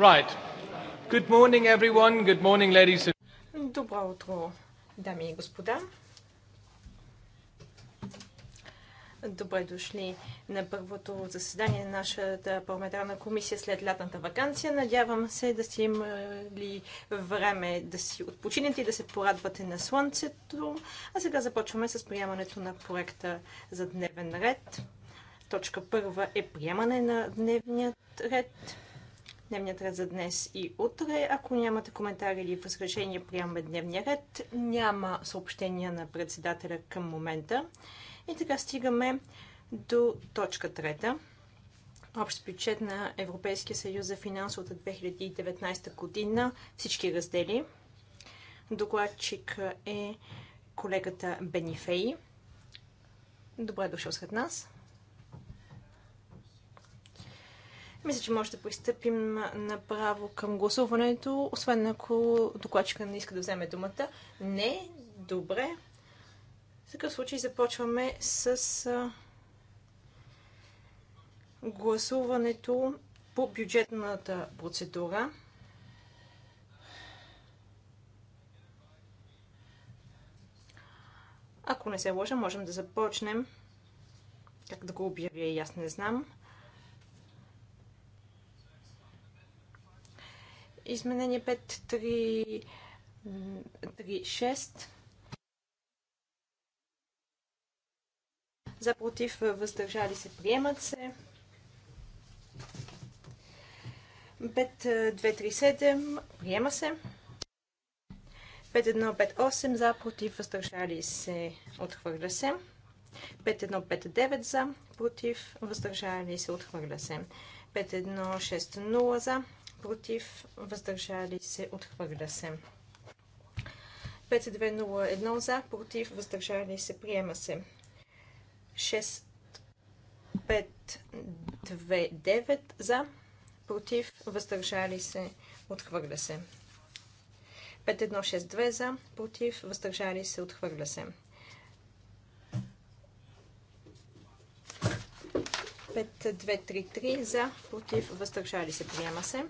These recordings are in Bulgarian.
Right. Good morning, everyone. Good morning, ladies and... Добро утро, дами и господа. Добре дошли на първото заседание на нашата парламентарна комисия след лятната вакансия. Надявам се да сте имали време да си отпочинете и да се порадвате на слънцето. А сега започваме с приемането на проекта за дневен ред. Точка първа е приемане на дневният ред дневният ред за днес и утре. Ако нямате коментари или възражения, приемаме дневния ред. Няма съобщения на председателя към момента. И така стигаме до точка трета. Общ бюджет на Европейския съюз за финансовата 2019 година. Всички раздели. Докладчик е колегата Бенифей. Добре дошъл сред нас. Мисля, че може да пристъпим направо към гласуването, освен ако докладчика не иска да вземе думата. Не, добре. В такъв случай започваме с гласуването по бюджетната процедура. Ако не се лъжа, можем да започнем. Как да го обявя и аз не знам. Изменение 5.3.6. За против въздържали се приемат се. 5237 приема се. 5158 за против въздържали се отхвърля се. 5159 за против въздържали се отхвърля се. 5160 за против, въздържали се, отхвърля се. 5201 за, против, въздържали се, приема се. 6529 за, против, въздържали се, отхвърля се. 5162 за, против, въздържали се, отхвърля се. 5233 за, против, въздържали се, приема се.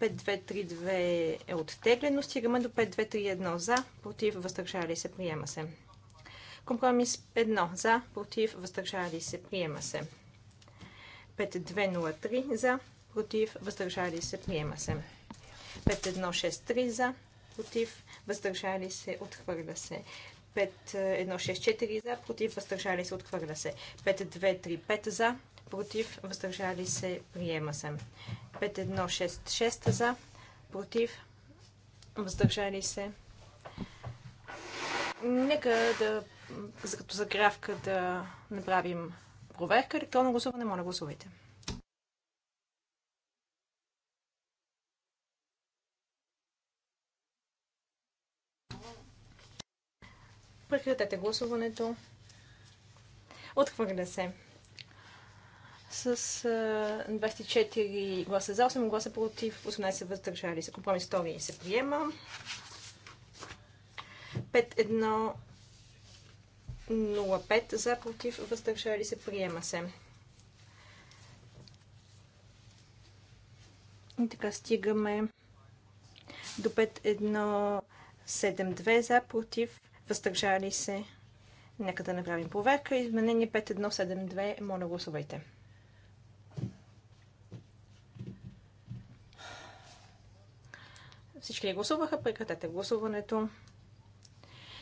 5232 е оттеглено. Стигаме до 5231 за, против, въздържали се, приема се. Компромис 1 за, против, въздържали се, приема се. 5203 за, против, въздържали се, приема се. 5 5-1-6-3 за, против, въздържали се, отхвърля се. 5164 е, за, против, въздържали се, отхвърля се. 5235 за, против, въздържали се, приема се. 5166 за, против, въздържали се. Нека да, като загравка да направим проверка. Електронно гласуване, моля гласувайте. Прекратете гласуването. Отхвърля се. С 24 гласа за, 8 гласа против, 18 въздържали се. Компромис 2 се приема. 5-1-05 за, против, въздържали се. Приема се. И така стигаме до 5 1 за, против, въздържали се. Нека да направим проверка. Изменение 5172. Моля, гласувайте. Всички ли гласуваха? Прекратете гласуването.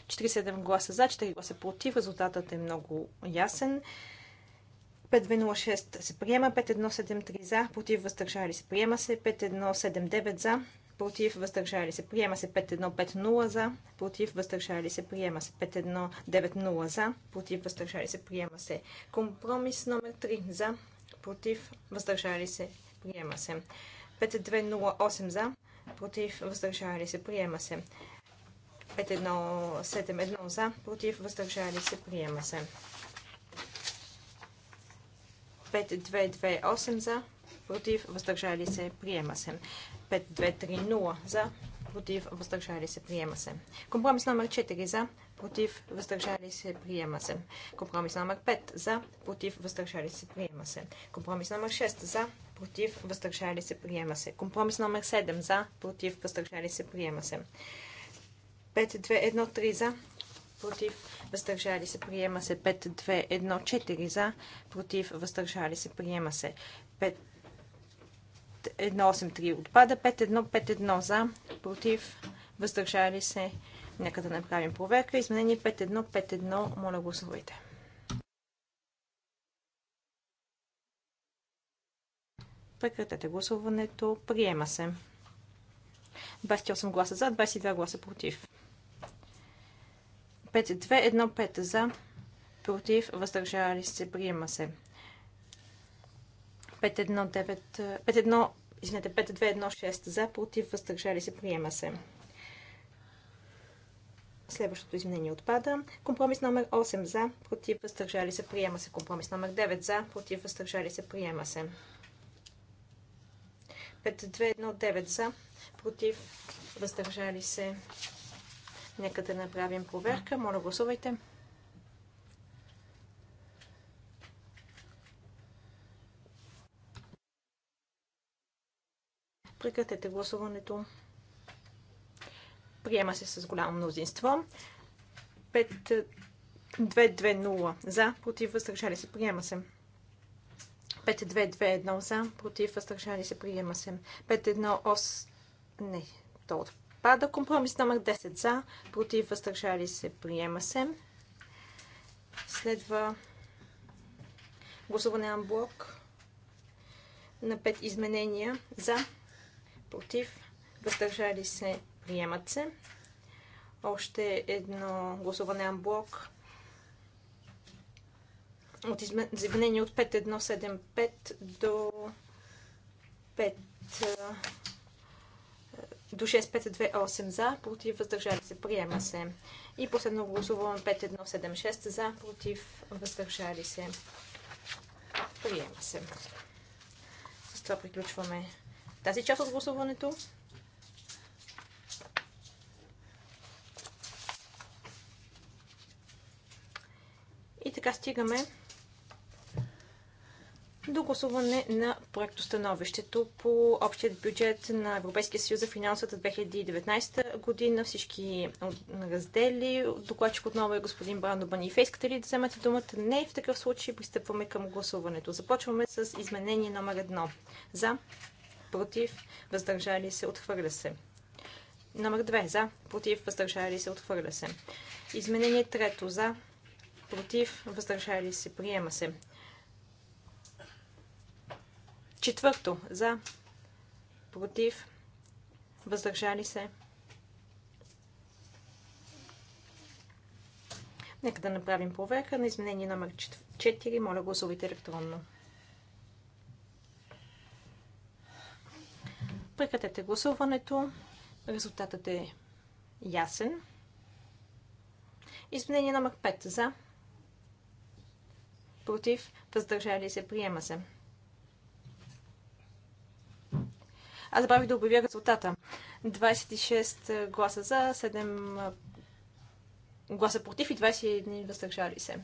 47 гласа за, 4 гласа против. Резултатът е много ясен. 5206 се приема, 5173 за, против въздържали се приема се, 5179 за, против, въздържали се, приема се 5150 за, против, въздържали се, приема се 5190 за, против, въздържали се, приема се. Компромис номер 3 за, против, въздържали се, приема се. 5208 за, против, въздържали се, приема се. 5171 за, против, въздържали се, приема се. 5228 за, против, въздържали се, приема се. 5 5-2-3-0 за, против, въздържали се, приема се. Компромис номер 4 за, против, въздържали се, приема се. Компромис номер 5 за, против, въздържали се, приема се. Компромис номер 6 за, против, въздържали се, приема се. Компромис номер 7 за, против, въздържали се, приема се. се. 5-2-1-4 за, против, въздържали се, приема се 5-2-1-4 за, против, въздържали се, приема се 5 3 отпада. 5151 за, против, въздържали се. Нека да направим проверка. Изменение 5151. Моля гласувайте. Прекратете гласуването. Приема се. 28 гласа за, 22 гласа против. 5215 за, против, въздържали се, приема се. 5216 за, против, въздържали се, приема се. Следващото изменение отпада. Компромис номер 8 за, против, въздържали се, приема се. Компромис номер 9 за, против, въздържали се, приема се. 5219 за, против, въздържали се. Нека да направим проверка. Моля, гласувайте. Прекратете гласуването. Приема се с голямо мнозинство. 5-2-2-0 за, против, въздържали се. Приема се. 5-2-2-1 за, против, въздържали се. Приема се. 5-1-8... Не, то отпада. Компромис номер 10 за, против, въздържали се. Приема се. Следва гласуване на блок на 5 изменения за, против, въздържали се, приемат се. Още едно гласуване блок от изменение от 5175 до 5 до 6528 за, против, въздържали се, приема се. И последно гласуваме 5176 за, против, въздържали се, приема се. С това приключваме тази част от гласуването. И така стигаме до гласуване на проектостановището по общият бюджет на Европейския съюз за финансовата 2019 година. Всички раздели. Докладчик отново е господин Брандо Банифей. Искате ли да вземете думата? Не. В такъв случай пристъпваме към гласуването. Започваме с изменение номер едно. За против, въздържали се, отхвърля се. Номер 2. За, против, въздържали се, отхвърля се. Изменение трето. За, против, въздържали се, приема се. Четвърто. За, против, въздържали се. Нека да направим проверка на изменение номер 4. Моля гласувайте електронно. Прекратете гласуването. Резултатът е ясен. Изменение номер 5 за. Против. Въздържали се. Приема се. Аз забравих да обявя резултата. 26 гласа за, 7 гласа против и 21 въздържали се.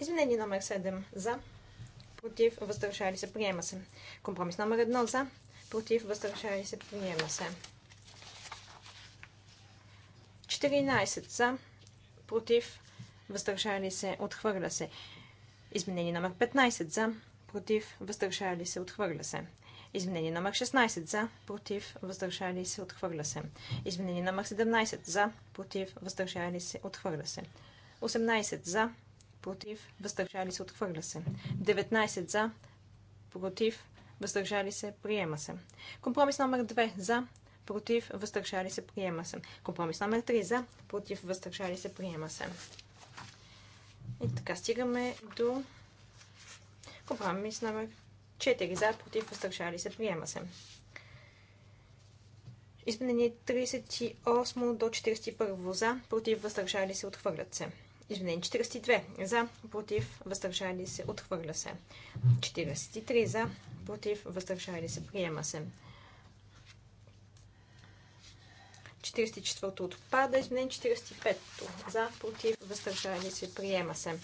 Изменение номер 7 за. Против. Въздържали се. Приема се. Компромис номер 1 за. Против. Въздържали се. Приема се. 14 за. Против. Въздържали се. Отхвърля се. Изменение номер 15 за. Против. Въздържали се. Отхвърля се. Изменение номер 16 за, против, въздържали се, отхвърля се. Изменение номер 17 за, против, въздържали се, отхвърля се. 18 за, против, въздържали се, отхвърля се. 19 за, против, въздържали се, приема се. Компромис номер 2 за, против, въздържали се, приема се. Компромис номер 3 за, против, въздържали се, приема се. И така стигаме до компромис номер 4 за, против, въздържали се, приема се. Изменение 38 до 41 за, против, въздържали се, отхвърлят се. Изменение 42 за, против, въздържали се, отхвърля се. 43 за, против, въздържали се, приема се. 44-то отпада, изменение 45-то. За, против, въздържали се, приема се.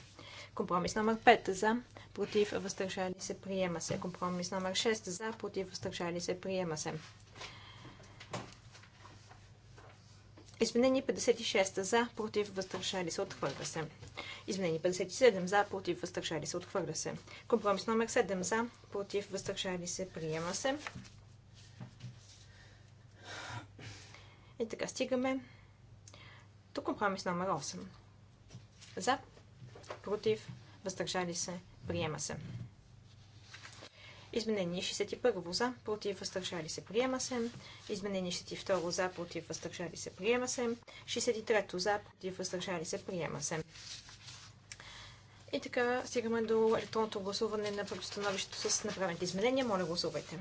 Компромис номер 5 за, против, въздържали се, приема се. Компромис номер 6 за, против, въздържали се, приема се. Изменение 56 за, против, въздържали се, отхвърля се. Изменение 57 за, против, въздържали се, отхвърля се. Компромис номер 7 за, против, въздържали се, приема се. И така стигаме до компромис номер 8. За, против, въздържали се, приема се. Изменение 61 за, против, въздържали се, приема се. Изменение 62 за, против, въздържали се, приема се. 63 за, против, въздържали се, приема се. И така стигаме до електронното гласуване на предостановището с направените изменения. Моля, гласувайте.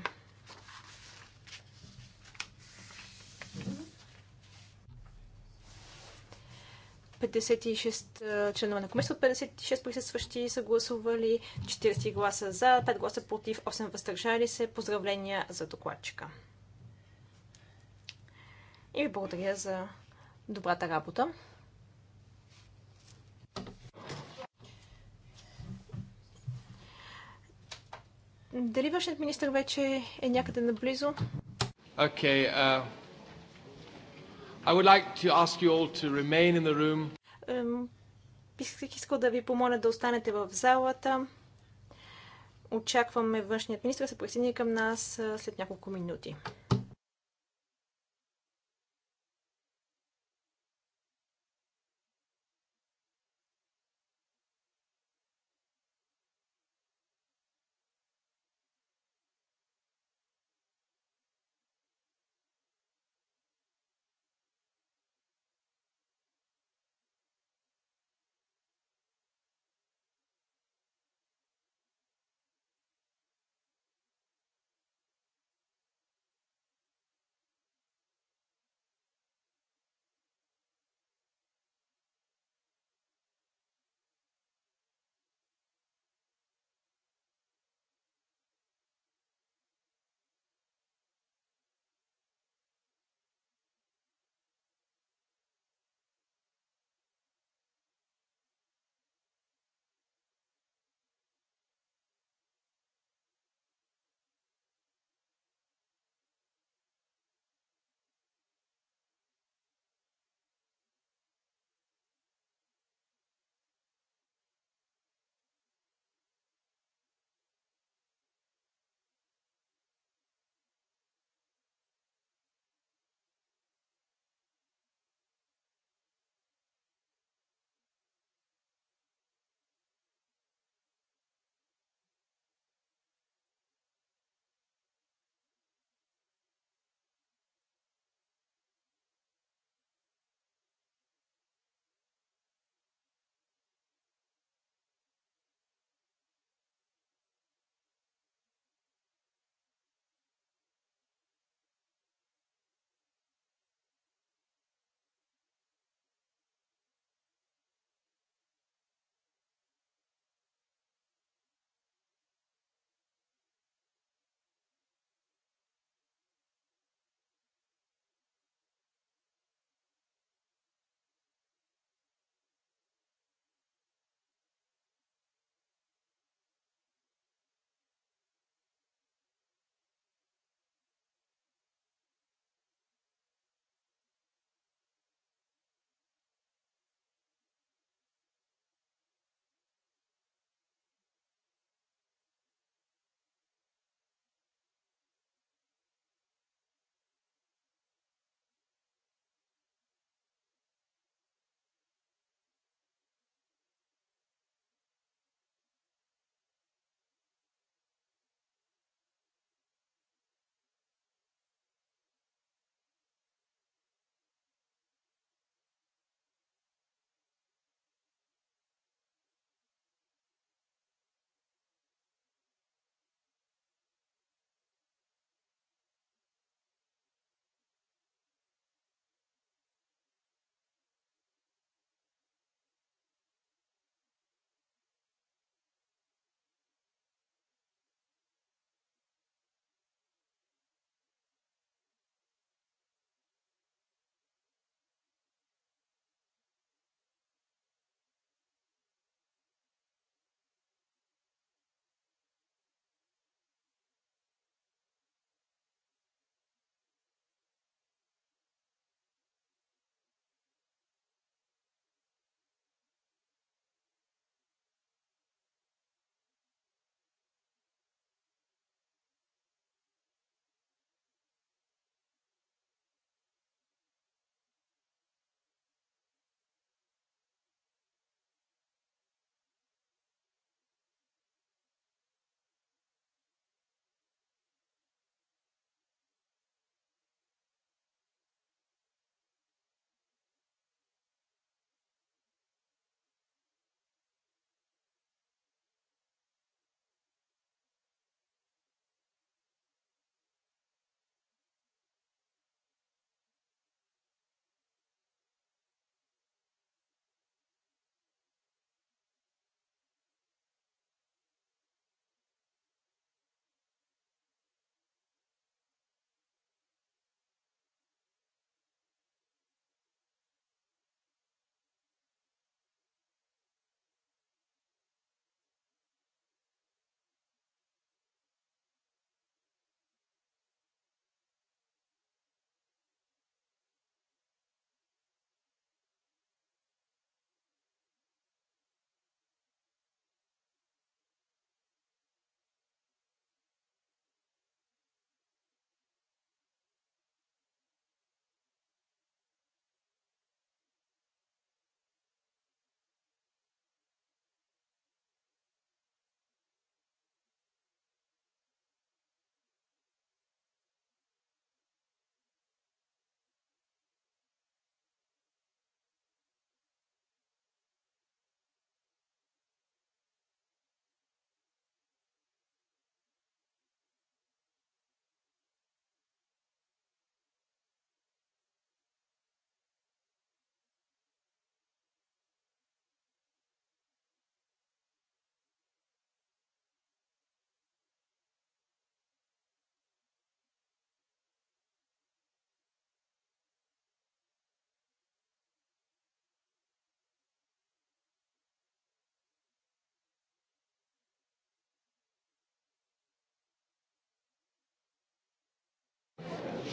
56 членове на комисията, 56 присъстващи са гласували, 40 гласа за, 5 гласа против, 8 въздържали се. Поздравления за докладчика. И ви благодаря за добрата работа. Дали вашият министр вече е някъде наблизо? Okay, uh... I would like to ask you all to remain in the room. Бих искал да ви помоля да останете в залата. Очакваме външният министр да се присъедини към нас след няколко минути.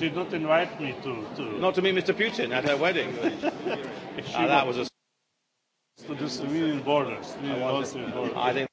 she not invite me to, to... Not to meet Mr. Putin at her wedding. she ah, that was a... To the civilian borders. I, I think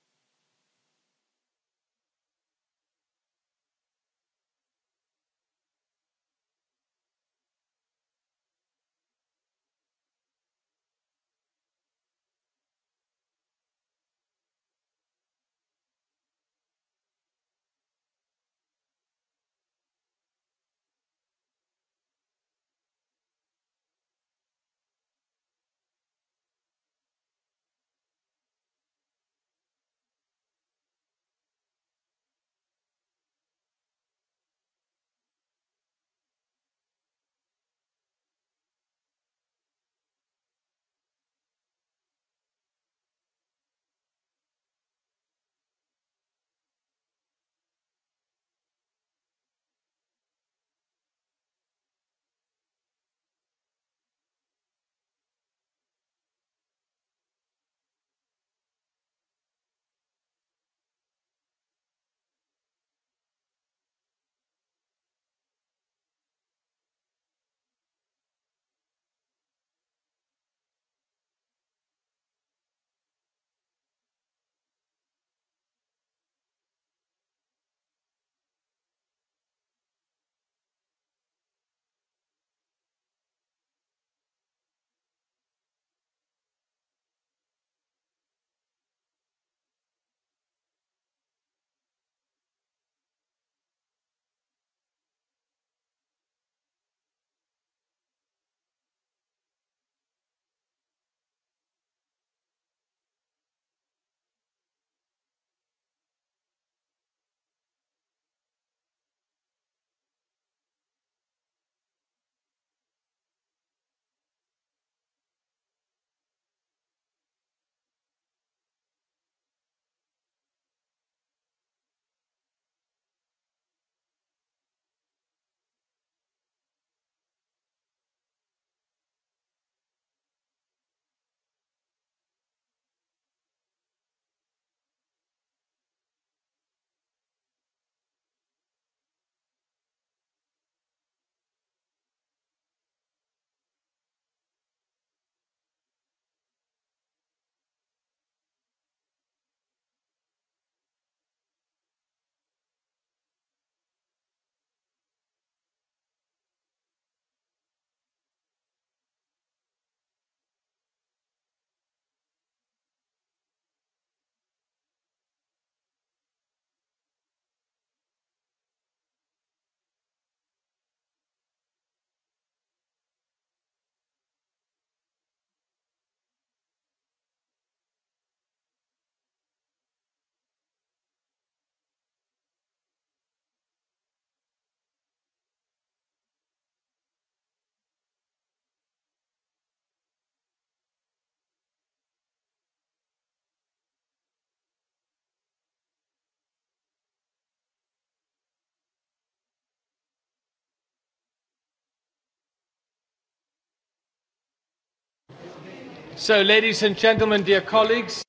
So, ladies and gentlemen, dear colleagues.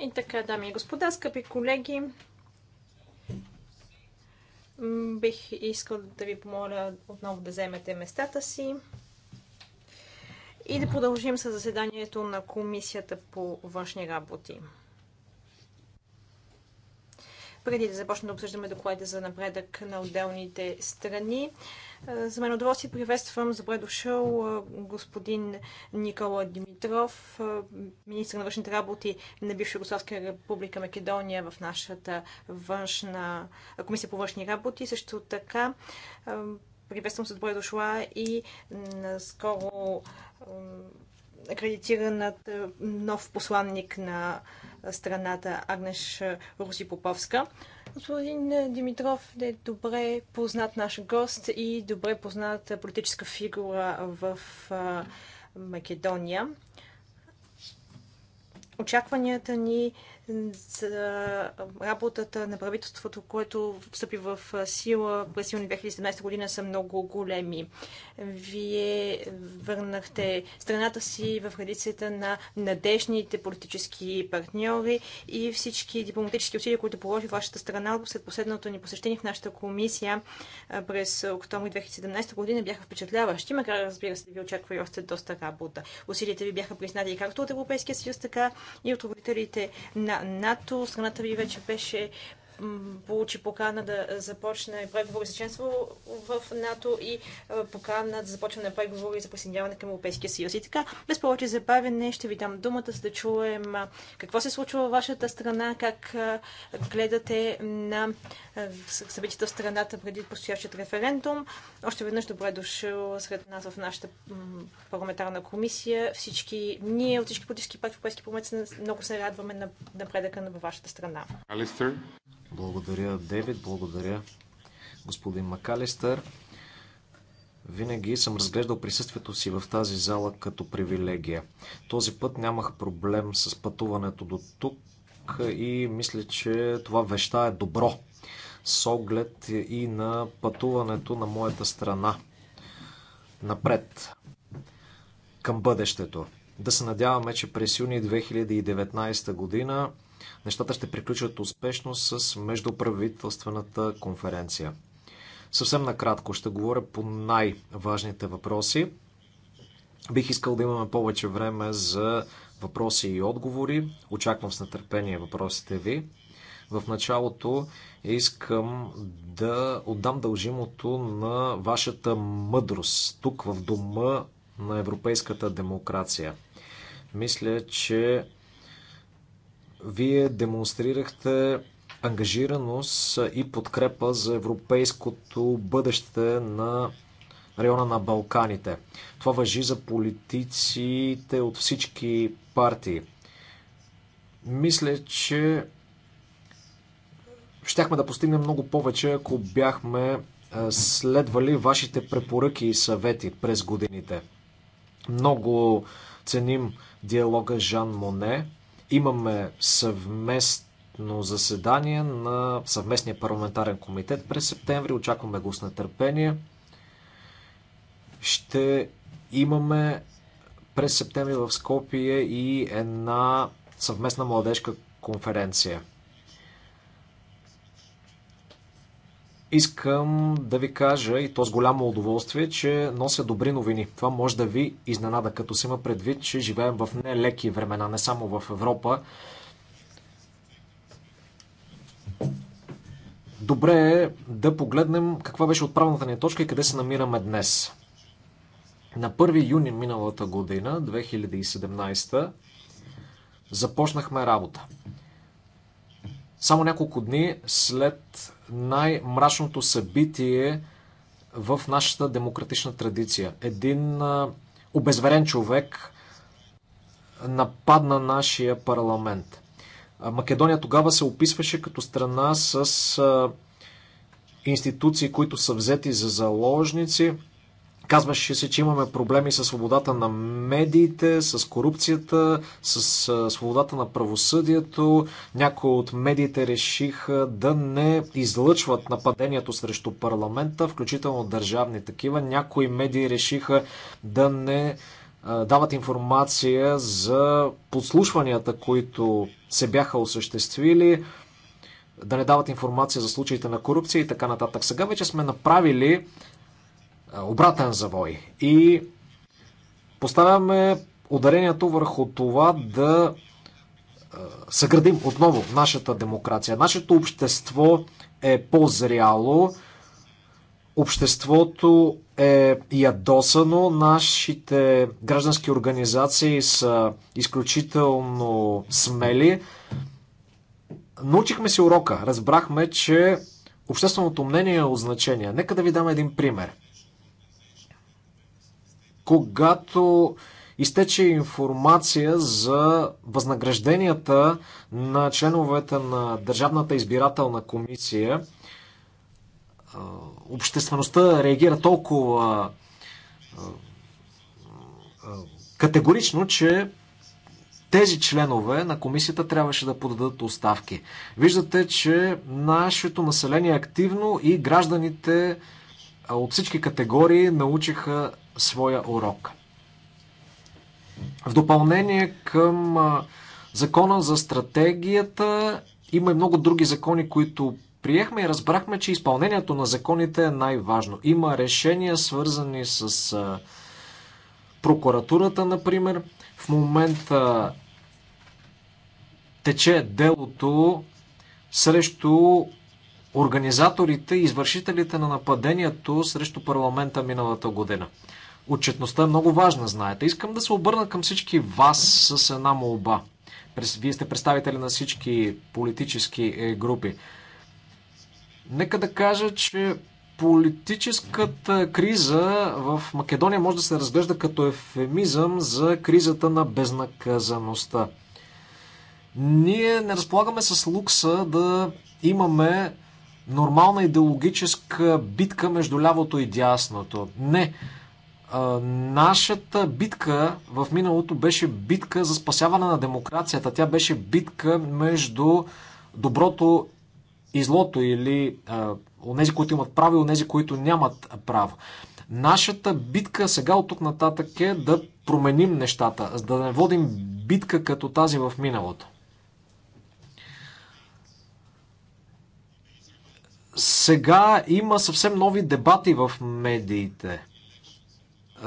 И така, дами и господа, скъпи колеги, бих искал да ви помоля отново да вземете местата си и да продължим с заседанието на Комисията по външни работи преди да започнем да обсъждаме докладите за напредък на отделните страни. За мен удоволствие приветствам, добре дошъл господин Никола Димитров, министр на външните работи на бивша Югославска република Македония в нашата външна комисия по външни работи. Също така приветствам с добре дошла и наскоро акредитиранът нов посланник на страната Агнеш Руси Поповска. Господин Димитров е добре познат наш гост и добре познат политическа фигура в Македония. Очакванията ни за работата на правителството, което встъпи в сила през юни 2017 година, са много големи. Вие върнахте страната си в редицата на надежните политически партньори и всички дипломатически усилия, които положи вашата страна след последното ни посещение в нашата комисия през октомври 2017 година бяха впечатляващи, макар разбира се ви очаква и още доста работа. Усилията ви бяха признати както от Европейския съюз, така и от родителите на на НАТО. Страната ви вече беше получи покана да започне преговори за членство в НАТО и е, покана да започне на преговори за присъединяване към Европейския съюз. И така, без повече забавене, ще ви дам думата, за да чуем е, какво се случва във вашата страна, как е, гледате на събитията в страната преди предстоящият референдум. Още веднъж добре дошъл сред нас в нашата парламентарна комисия. Всички ние от всички политически партии в Европейски парламент много се радваме на напредъка на вашата страна. Благодаря, Девид. Благодаря, господин Макалистър. Винаги съм разглеждал присъствието си в тази зала като привилегия. Този път нямах проблем с пътуването до тук и мисля, че това веща е добро с оглед и на пътуването на моята страна напред към бъдещето. Да се надяваме, че през юни 2019 година нещата ще приключат успешно с междуправителствената конференция. Съвсем накратко ще говоря по най-важните въпроси. Бих искал да имаме повече време за въпроси и отговори. Очаквам с нетърпение въпросите ви. В началото искам да отдам дължимото на вашата мъдрост тук в дома на европейската демокрация. Мисля, че вие демонстрирахте ангажираност и подкрепа за европейското бъдеще на района на Балканите. Това въжи за политиците от всички партии. Мисля, че щяхме да постигнем много повече, ако бяхме следвали вашите препоръки и съвети през годините. Много ценим диалога Жан Моне. Имаме съвместно заседание на съвместния парламентарен комитет през септември. Очакваме го с нетърпение. Ще имаме през септември в Скопие и една съвместна младежка конференция. Искам да ви кажа, и то с голямо удоволствие, че нося добри новини. Това може да ви изненада, като се има предвид, че живеем в нелеки времена, не само в Европа. Добре е да погледнем каква беше отправната ни точка и къде се намираме днес. На 1 юни миналата година, 2017, започнахме работа. Само няколко дни след най-мрачното събитие в нашата демократична традиция. Един обезверен човек нападна нашия парламент. Македония тогава се описваше като страна с институции, които са взети за заложници, Казваше се, че имаме проблеми с свободата на медиите, с корупцията, с свободата на правосъдието. Някои от медиите решиха да не излъчват нападението срещу парламента, включително държавни такива. Някои медии решиха да не дават информация за подслушванията, които се бяха осъществили, да не дават информация за случаите на корупция и така нататък. Сега вече сме направили обратен завой. И поставяме ударението върху това да съградим отново нашата демокрация. Нашето общество е по-зряло, обществото е ядосано, нашите граждански организации са изключително смели. Научихме си урока, разбрахме, че общественото мнение е от значение. Нека да ви дам един пример – когато изтече информация за възнагражденията на членовете на Държавната избирателна комисия. Обществеността реагира толкова категорично, че тези членове на комисията трябваше да подадат оставки. Виждате, че нашето население е активно и гражданите от всички категории научиха своя урок. В допълнение към закона за стратегията има и много други закони, които приехме и разбрахме, че изпълнението на законите е най-важно. Има решения, свързани с прокуратурата, например. В момента тече делото срещу организаторите и извършителите на нападението срещу парламента миналата година. Отчетността е много важна, знаете. Искам да се обърна към всички вас с една молба. Вие сте представители на всички политически е, групи. Нека да кажа, че политическата криза в Македония може да се разглежда като ефемизъм за кризата на безнаказаността. Ние не разполагаме с лукса да имаме нормална идеологическа битка между лявото и дясното. Не, нашата битка в миналото беше битка за спасяване на демокрацията. Тя беше битка между доброто и злото или а, онези, които имат право и онези, които нямат право. Нашата битка сега от тук нататък е да променим нещата, да не водим битка като тази в миналото. Сега има съвсем нови дебати в медиите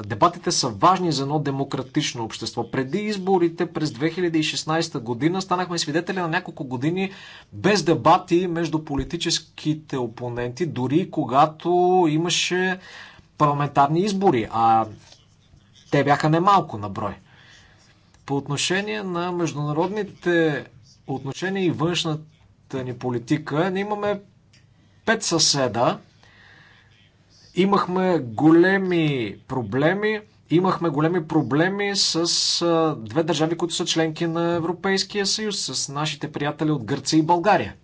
Дебатите са важни за едно демократично общество. Преди изборите през 2016 година станахме свидетели на няколко години без дебати между политическите опоненти, дори когато имаше парламентарни избори, а те бяха немалко на брой. По отношение на международните отношения и външната ни политика, ние имаме пет съседа, Имахме големи проблеми. Имахме големи проблеми с две държави, които са членки на Европейския съюз, с нашите приятели от Гърция и България.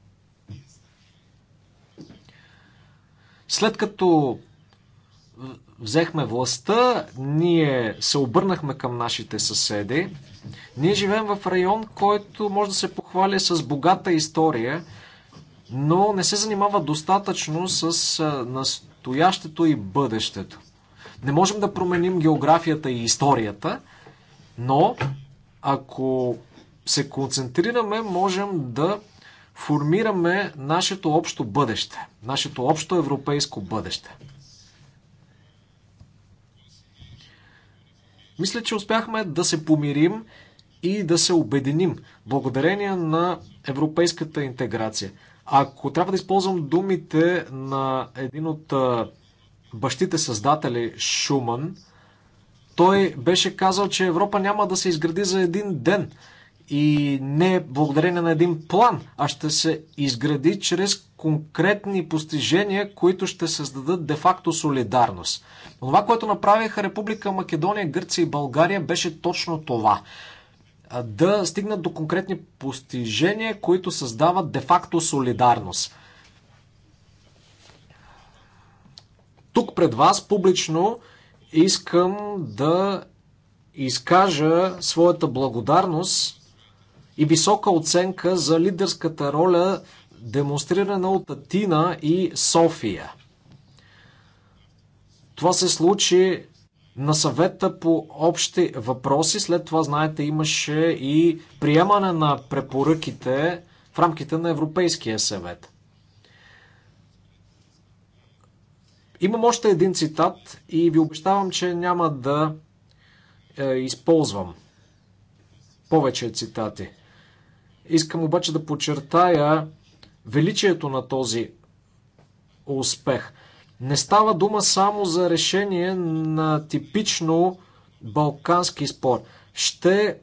След като взехме властта, ние се обърнахме към нашите съседи. Ние живеем в район, който може да се похвали с богата история, но не се занимава достатъчно с настоящето и бъдещето. Не можем да променим географията и историята, но ако се концентрираме, можем да формираме нашето общо бъдеще, нашето общо европейско бъдеще. Мисля, че успяхме да се помирим и да се обединим благодарение на европейската интеграция. Ако трябва да използвам думите на един от бащите създатели Шуман, той беше казал, че Европа няма да се изгради за един ден и не благодарение на един план, а ще се изгради чрез конкретни постижения, които ще създадат де-факто солидарност. Но това, което направиха Република Македония, Гърция и България, беше точно това да стигнат до конкретни постижения, които създават де-факто солидарност. Тук пред вас публично искам да изкажа своята благодарност и висока оценка за лидерската роля, демонстрирана от Атина и София. Това се случи на съвета по общи въпроси. След това, знаете, имаше и приемане на препоръките в рамките на Европейския съвет. Имам още един цитат и ви обещавам, че няма да е, използвам повече цитати. Искам обаче да подчертая величието на този успех – не става дума само за решение на типично балкански спор. Ще е,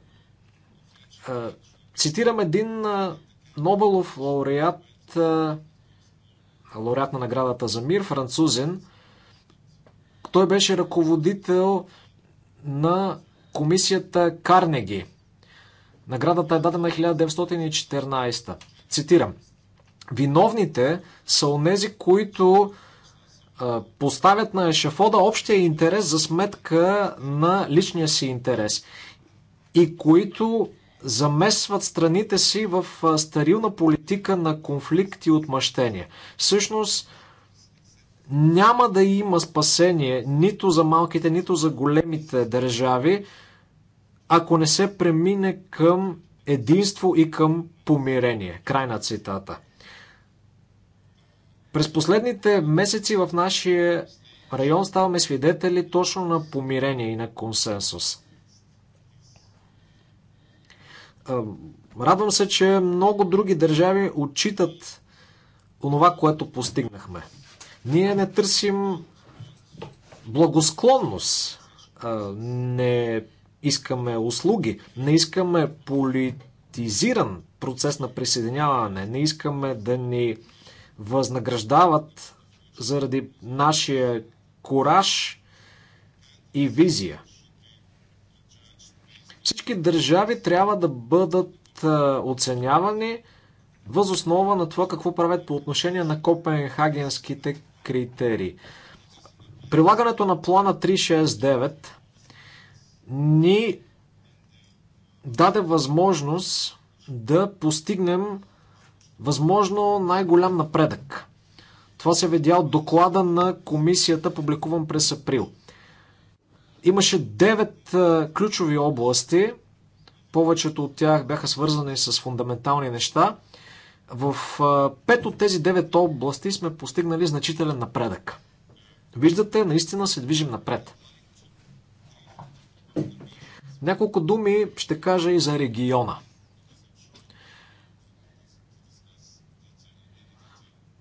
цитирам един е, Нобелов лауреат, е, лауреат на наградата за мир, французен. Той беше ръководител на комисията Карнеги. Наградата е дадена 1914. Цитирам. Виновните са онези, които поставят на ешафода общия интерес за сметка на личния си интерес и които замесват страните си в старилна политика на конфликт и отмъщение. Всъщност, няма да има спасение нито за малките, нито за големите държави, ако не се премине към единство и към помирение. Край на цитата. През последните месеци в нашия район ставаме свидетели точно на помирение и на консенсус. Радвам се, че много други държави отчитат онова, което постигнахме. Ние не търсим благосклонност, не искаме услуги, не искаме политизиран процес на присъединяване, не искаме да ни възнаграждават заради нашия кораж и визия. Всички държави трябва да бъдат е, оценявани възоснова на това какво правят по отношение на копенхагенските критерии. Прилагането на плана 369 ни даде възможност да постигнем възможно най-голям напредък. Това се е видя от доклада на комисията, публикуван през април. Имаше 9 е, ключови области, повечето от тях бяха свързани с фундаментални неща. В 5 е, от тези 9 области сме постигнали значителен напредък. Виждате, наистина се движим напред. Няколко думи ще кажа и за региона –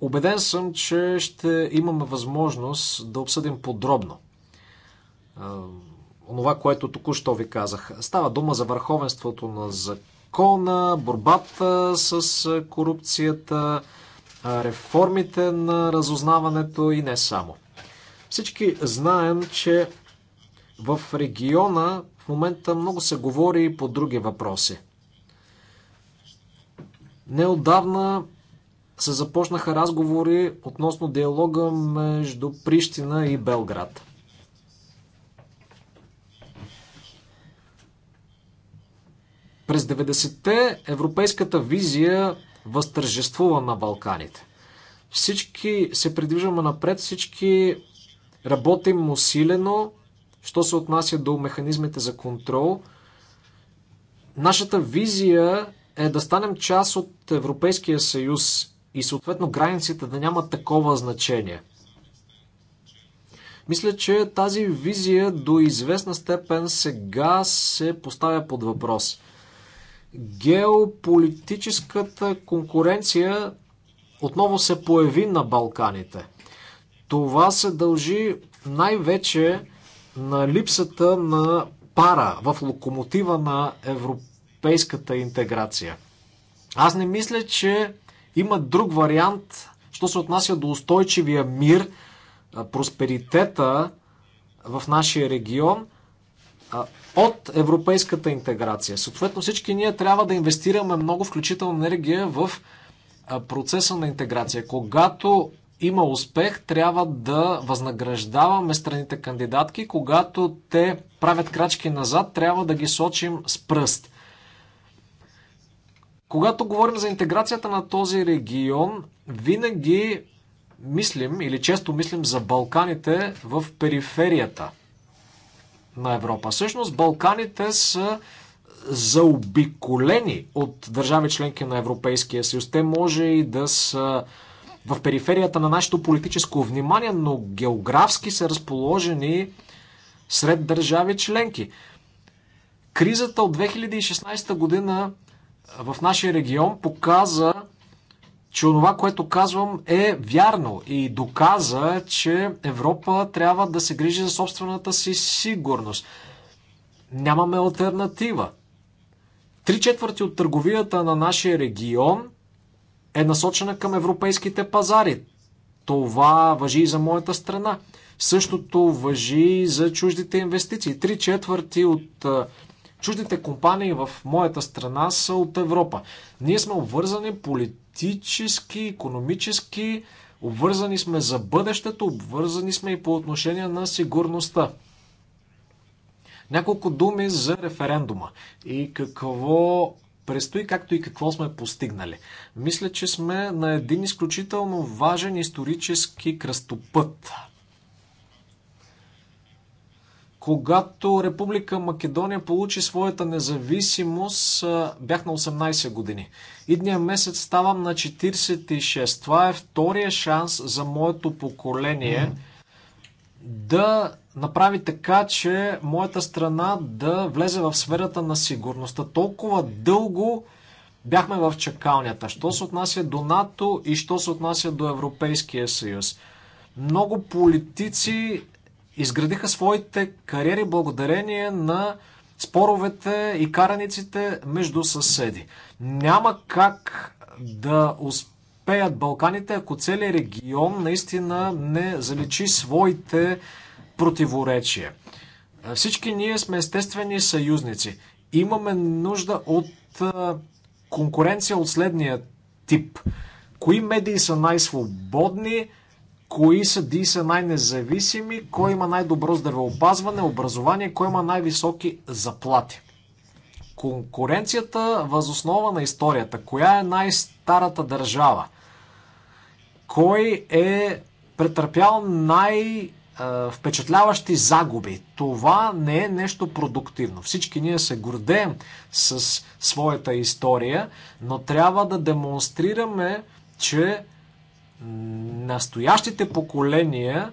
Обеден съм, че ще имаме възможност да обсъдим подробно онова, което току-що ви казах. Става дума за върховенството на закона, борбата с корупцията, реформите на разузнаването и не само. Всички знаем, че в региона в момента много се говори и по други въпроси. Неодавна се започнаха разговори относно диалога между Прищина и Белград. През 90-те европейската визия възтържествува на Балканите. Всички се придвижваме напред, всички работим усилено, що се отнася до механизмите за контрол. Нашата визия е да станем част от Европейския съюз и съответно границите да нямат такова значение. Мисля, че тази визия до известна степен сега се поставя под въпрос. Геополитическата конкуренция отново се появи на Балканите. Това се дължи най-вече на липсата на пара в локомотива на европейската интеграция. Аз не мисля, че има друг вариант, що се отнася до устойчивия мир, просперитета в нашия регион от европейската интеграция. Съответно всички ние трябва да инвестираме много включително енергия в процеса на интеграция. Когато има успех, трябва да възнаграждаваме страните кандидатки. Когато те правят крачки назад, трябва да ги сочим с пръст. Когато говорим за интеграцията на този регион, винаги мислим или често мислим за Балканите в периферията на Европа. Всъщност Балканите са заобиколени от държави членки на Европейския съюз. Те може и да са в периферията на нашето политическо внимание, но географски са разположени сред държави членки. Кризата от 2016 година в нашия регион показа, че това, което казвам е вярно и доказа, че Европа трябва да се грижи за собствената си сигурност. Нямаме альтернатива. Три четвърти от търговията на нашия регион е насочена към европейските пазари. Това въжи и за моята страна. Същото въжи и за чуждите инвестиции. Три четвърти от Чуждите компании в моята страна са от Европа. Ние сме обвързани политически, економически, обвързани сме за бъдещето, обвързани сме и по отношение на сигурността. Няколко думи за референдума и какво предстои, както и какво сме постигнали. Мисля, че сме на един изключително важен исторически кръстопът. Когато Република Македония получи своята независимост, бях на 18 години. Идния месец ставам на 46. Това е втория шанс за моето поколение да направи така, че моята страна да влезе в сферата на сигурността. Толкова дълго бяхме в чакалнята. Що се отнася до НАТО и що се отнася до Европейския съюз. Много политици изградиха своите кариери благодарение на споровете и караниците между съседи. Няма как да успеят Балканите, ако целият регион наистина не заличи своите противоречия. Всички ние сме естествени съюзници. Имаме нужда от конкуренция от следния тип. Кои медии са най-свободни, кои съдии са най-независими, кой има най-добро здравеопазване, образование, кой има най-високи заплати. Конкуренцията възоснова на историята. Коя е най-старата държава? Кой е претърпял най- впечатляващи загуби. Това не е нещо продуктивно. Всички ние се гордеем с своята история, но трябва да демонстрираме, че настоящите поколения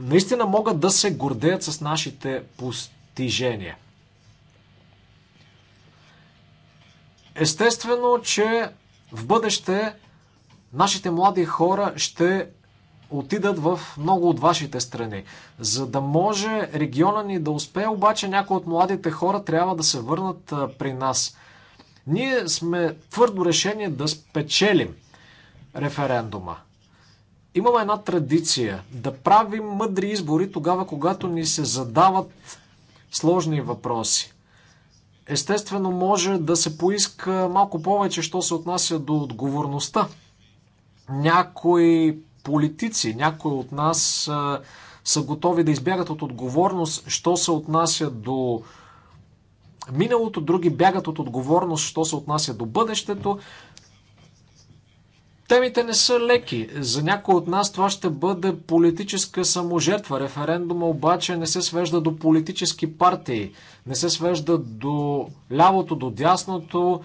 наистина могат да се гордеят с нашите постижения. Естествено, че в бъдеще нашите млади хора ще отидат в много от вашите страни. За да може региона ни да успее, обаче някои от младите хора трябва да се върнат при нас. Ние сме твърдо решени да спечелим референдума. Имаме една традиция да правим мъдри избори тогава, когато ни се задават сложни въпроси. Естествено, може да се поиска малко повече, що се отнася до отговорността. Някои политици, някои от нас а, са готови да избягат от отговорност, що се отнася до миналото, други бягат от отговорност, що се отнася до бъдещето. Темите не са леки. За някои от нас това ще бъде политическа саможертва. Референдума обаче не се свежда до политически партии, не се свежда до лявото, до дясното,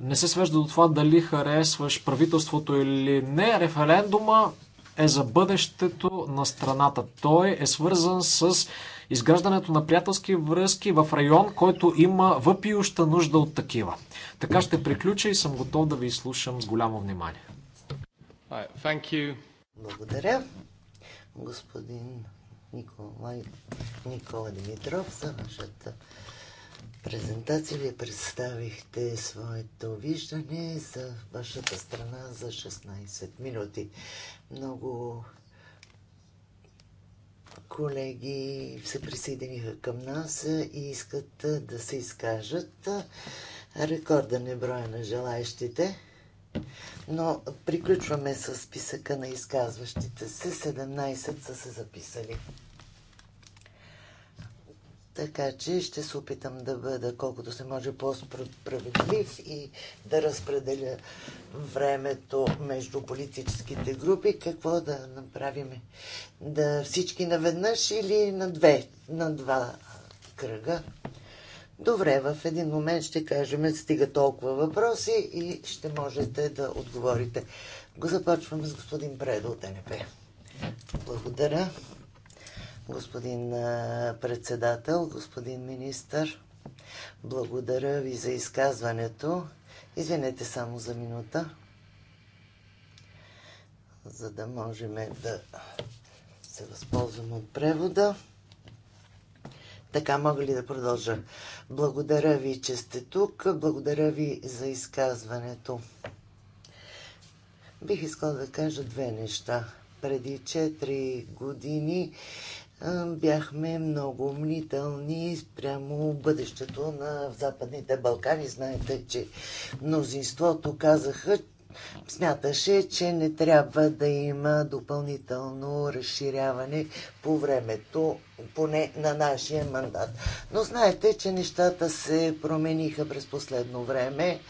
не се свежда до това дали харесваш правителството или не. Референдума е за бъдещето на страната. Той е свързан с изграждането на приятелски връзки в район, който има въпиюща нужда от такива. Така ще приключа и съм готов да ви слушам с голямо внимание. Благодаря, господин Николай, Никола Димитров, за вашата презентация. Вие представихте своето виждане за вашата страна за 16 минути. Много колеги се присъединиха към нас и искат да се изкажат. Рекорден е броя на желаящите. Но приключваме с списъка на изказващите се. 17 са се записали. Така че ще се опитам да бъда колкото се може по-справедлив и да разпределя времето между политическите групи. Какво да направим? Да всички наведнъж или на две, на два кръга? Добре, в един момент ще кажем, стига толкова въпроси и ще можете да отговорите. Го започвам с господин Предо от НП. Благодаря. Господин председател, господин министър, благодаря ви за изказването. Извинете само за минута, за да можем да се възползваме от превода. Така мога ли да продължа? Благодаря ви, че сте тук. Благодаря ви за изказването. Бих искала да кажа две неща. Преди 4 години бяхме много умнителни спрямо бъдещето на Западните Балкани. Знаете, че мнозинството казаха, смяташе, че не трябва да има допълнително разширяване по времето, поне на нашия мандат. Но знаете, че нещата се промениха през последно време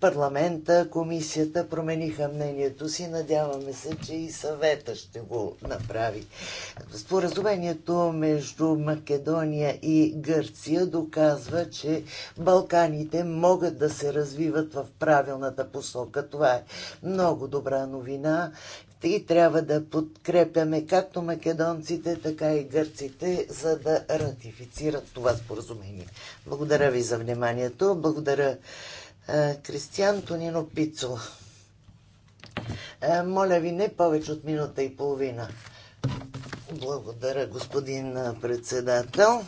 парламента, комисията промениха мнението си. Надяваме се, че и съвета ще го направи. Споразумението между Македония и Гърция доказва, че Балканите могат да се развиват в правилната посока. Това е много добра новина и трябва да подкрепяме както македонците, така и гърците, за да ратифицират това споразумение. Благодаря ви за вниманието. Благодаря е, Кристиан Тонино Пицо. Е, моля ви, не повече от минута и половина. Благодаря, господин е, председател.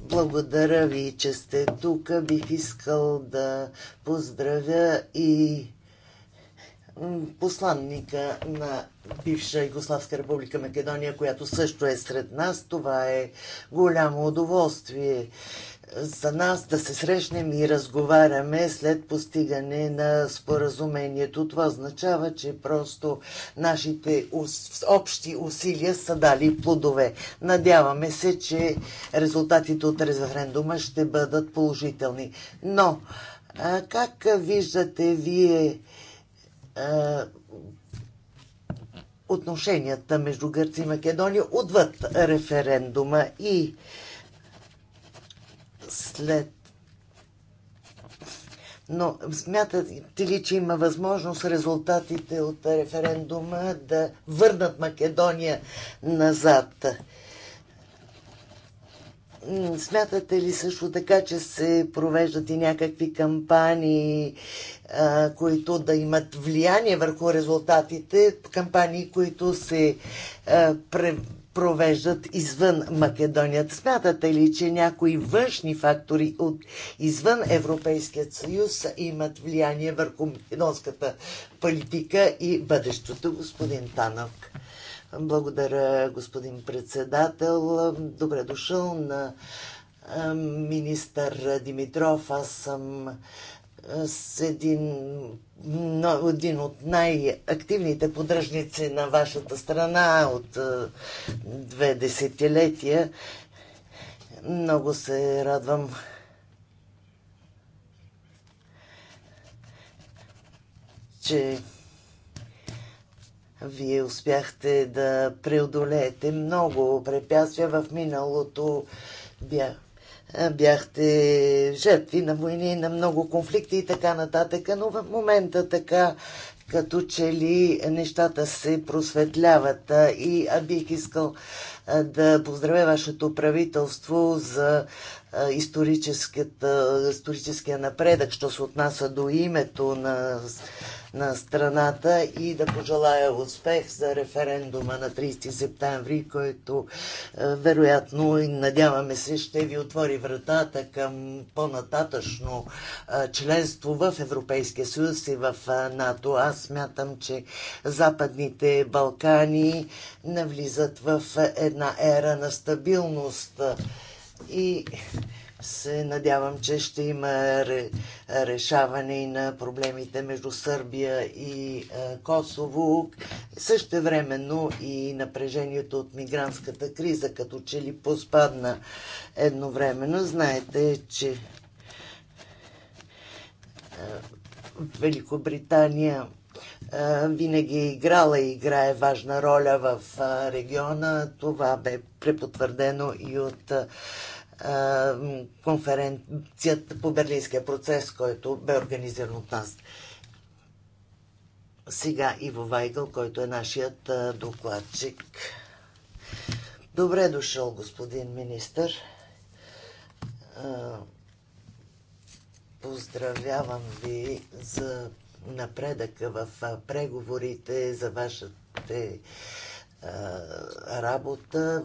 Благодаря ви, че сте тук. Бих искал да поздравя и посланника на бивша Югославска република Македония, която също е сред нас. Това е голямо удоволствие за нас да се срещнем и разговаряме след постигане на споразумението. Това означава, че просто нашите общи усилия са дали плодове. Надяваме се, че резултатите от референдума ще бъдат положителни. Но, как виждате вие отношенията между Гърция и Македония отвъд референдума и след но смятате ли, че има възможност резултатите от референдума да върнат Македония назад? Смятате ли също така, че се провеждат и някакви кампании, които да имат влияние върху резултатите? Кампании, които се провеждат извън Македония. Смятате ли, че някои външни фактори от извън Европейският съюз имат влияние върху македонската политика и бъдещето, господин Танок? Благодаря, господин председател. Добре дошъл на министър Димитров. Аз съм с един, един от най-активните поддръжници на вашата страна от две десетилетия. Много се радвам. че вие успяхте да преодолеете много препятствия в миналото. Бях е, бяхте жертви на войни, на много конфликти и така нататък, но в момента така като че ли нещата се просветляват и бих искал да поздравя вашето правителство за историческия напредък, що се отнася до името на, на страната и да пожелая успех за референдума на 30 септември, който вероятно, надяваме се, ще ви отвори вратата към по-нататъчно членство в Европейския съюз и в НАТО. Аз смятам, че Западните Балкани навлизат в една ера на стабилност и се надявам, че ще има решаване и на проблемите между Сърбия и е, Косово. Същевременно и напрежението от мигрантската криза, като че ли поспадна едновременно. Знаете, че е, Великобритания е, винаги е играла и играе важна роля в региона. Това бе препотвърдено и от конференцията по Берлинския процес, който бе организиран от нас. Сега Иво Вайгъл, който е нашият докладчик. Добре дошъл, господин министър. Поздравявам ви за напредъка в преговорите, за вашата работа.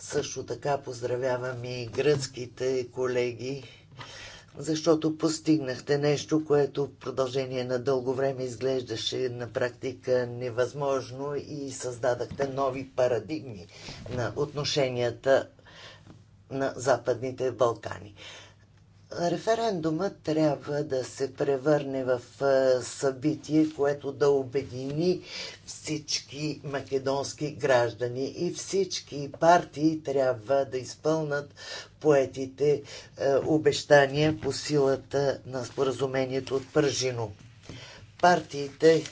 Също така поздравявам и гръцките колеги, защото постигнахте нещо, което в продължение на дълго време изглеждаше на практика невъзможно и създадахте нови парадигми на отношенията на Западните Балкани. Референдума трябва да се превърне в събитие, което да обедини всички македонски граждани и всички партии трябва да изпълнат поетите обещания по силата на споразумението от Пържино. Партиите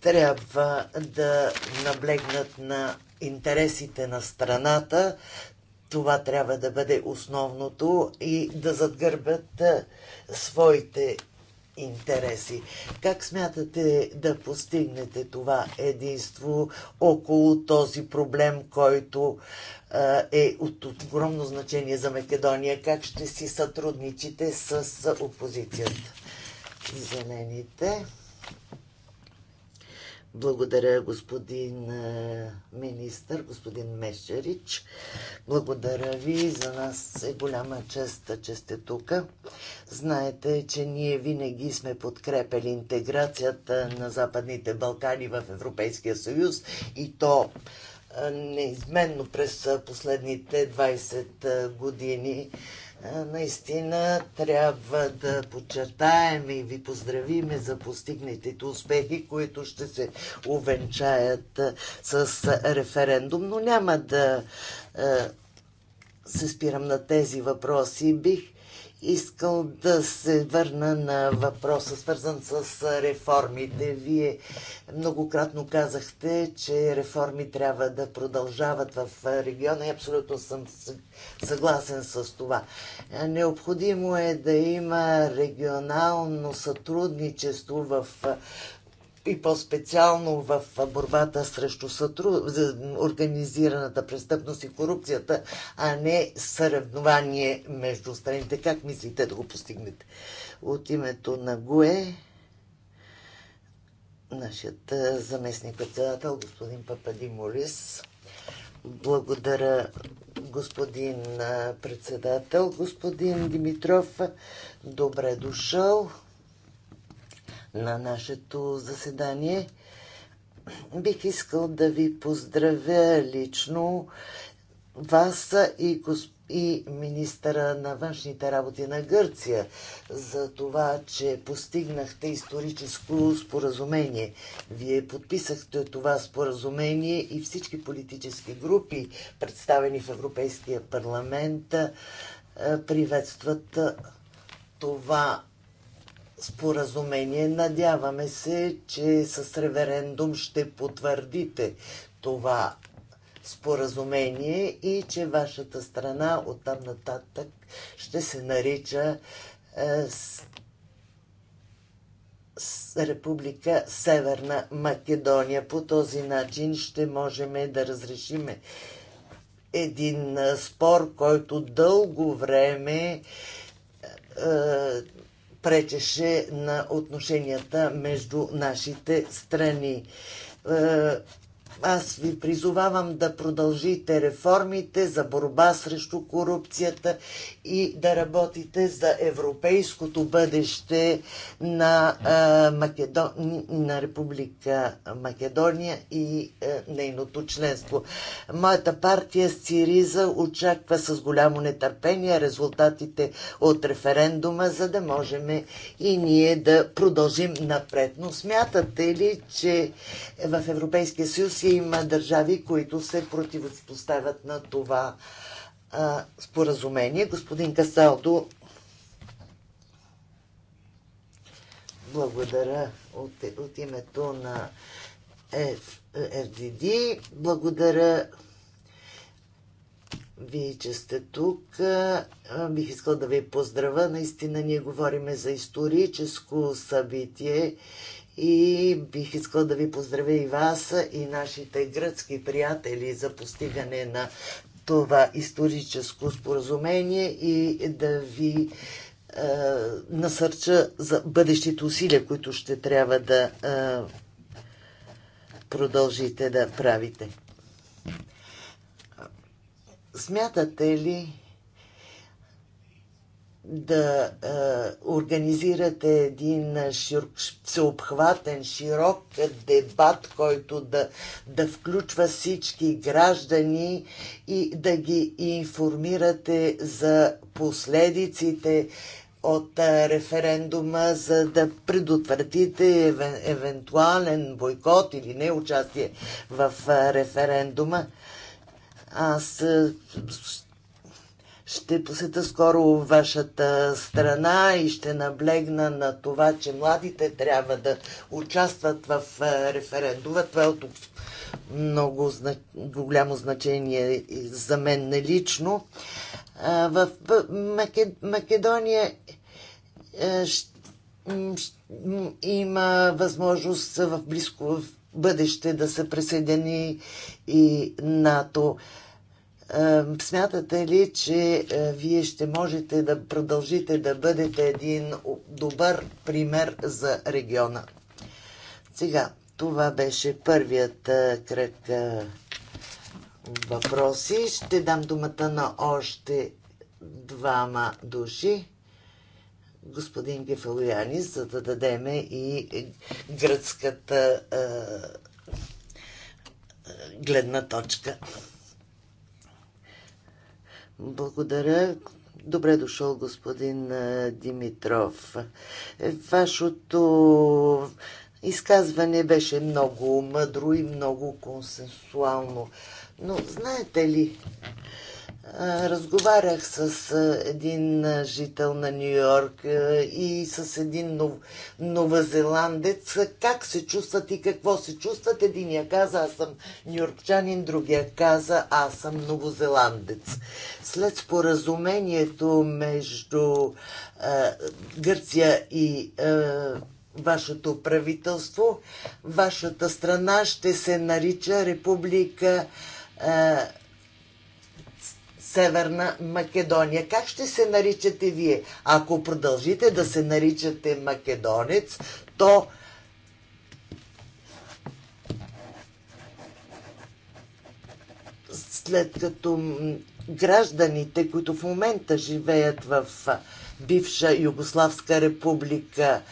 трябва да наблегнат на интересите на страната, това трябва да бъде основното и да задгърбят своите интереси. Как смятате да постигнете това единство около този проблем, който е от огромно значение за Македония? Как ще си сътрудничите с опозицията? Зелените. Благодаря, господин е, министър, господин Мещерич, Благодаря ви. За нас е голяма чест, че сте тук. Знаете, че ние винаги сме подкрепили интеграцията на Западните Балкани в Европейския съюз и то е, неизменно през е, последните 20 години наистина трябва да подчертаем и ви поздравиме за постигнатите успехи, които ще се увенчаят с референдум, но няма да се спирам на тези въпроси. Бих искал да се върна на въпроса, свързан с реформите. Вие многократно казахте, че реформи трябва да продължават в региона и абсолютно съм съгласен с това. Необходимо е да има регионално сътрудничество в и по-специално в борбата срещу сътру... организираната престъпност и корупцията, а не съревнование между страните. Как мислите да го постигнете? От името на ГУЕ, нашият заместник-председател, господин Морис. Благодаря, господин председател. Господин Димитров, добре дошъл на нашето заседание. Бих искал да ви поздравя лично вас и, госп... и министъра на външните работи на Гърция за това, че постигнахте историческо споразумение. Вие подписахте това споразумение и всички политически групи, представени в Европейския парламент, е, приветстват това споразумение. Надяваме се, че с референдум ще потвърдите това споразумение и че вашата страна оттам нататък ще се нарича е, с, с Република Северна Македония. По този начин ще можем да разрешиме един е, спор, който дълго време е, пречеше на отношенията между нашите страни. Е, аз ви призовавам да продължите реформите за борба срещу корупцията и да работите за европейското бъдеще на, е, Македон... на Република Македония и е, нейното членство. Моята партия Сириза очаква с голямо нетърпение резултатите от референдума, за да можем и ние да продължим напред. Но смятате ли, че в Европейския съюз е има държави, които се противопоставят на това а, споразумение. Господин Касалдо, благодаря от, от името на РДД, е е Благодаря вие, че сте тук. Бих искал да ви поздравя. Наистина ние говориме за историческо събитие и бих искал да ви поздравя и вас и нашите гръцки приятели за постигане на това историческо споразумение и да ви е, насърча за бъдещите усилия, които ще трябва да е, продължите да правите. Смятате ли, да е, организирате един шир, всеобхватен, широк дебат, който да, да включва всички граждани и да ги информирате за последиците от е, референдума, за да предотвратите евентуален бойкот или не участие в е, референдума. Аз е, ще посета скоро вашата страна и ще наблегна на това, че младите трябва да участват в референдума. Това е от много голямо значение за мен лично. В Македония има възможност в близко бъдеще да се присъедини и НАТО. Смятате ли, че е, вие ще можете да продължите да бъдете един добър пример за региона? Сега, това беше първият е, кръг е, въпроси. Ще дам думата на още двама души. Господин Гефалоянис, за да дадеме и гръцката гледна точка. Благодаря. Добре дошъл, господин Димитров. Вашето изказване беше много мъдро и много консенсуално. Но знаете ли, разговарях с един жител на Нью Йорк и с един нов, новозеландец. Как се чувстват и какво се чувстват? Единия каза, аз съм нью-йоркчанин, другия каза, аз съм новозеландец. След споразумението между а, Гърция и а, вашето правителство, вашата страна ще се нарича Република а, Северна Македония. Как ще се наричате вие? Ако продължите да се наричате македонец, то след като гражданите, които в момента живеят в бивша Югославска република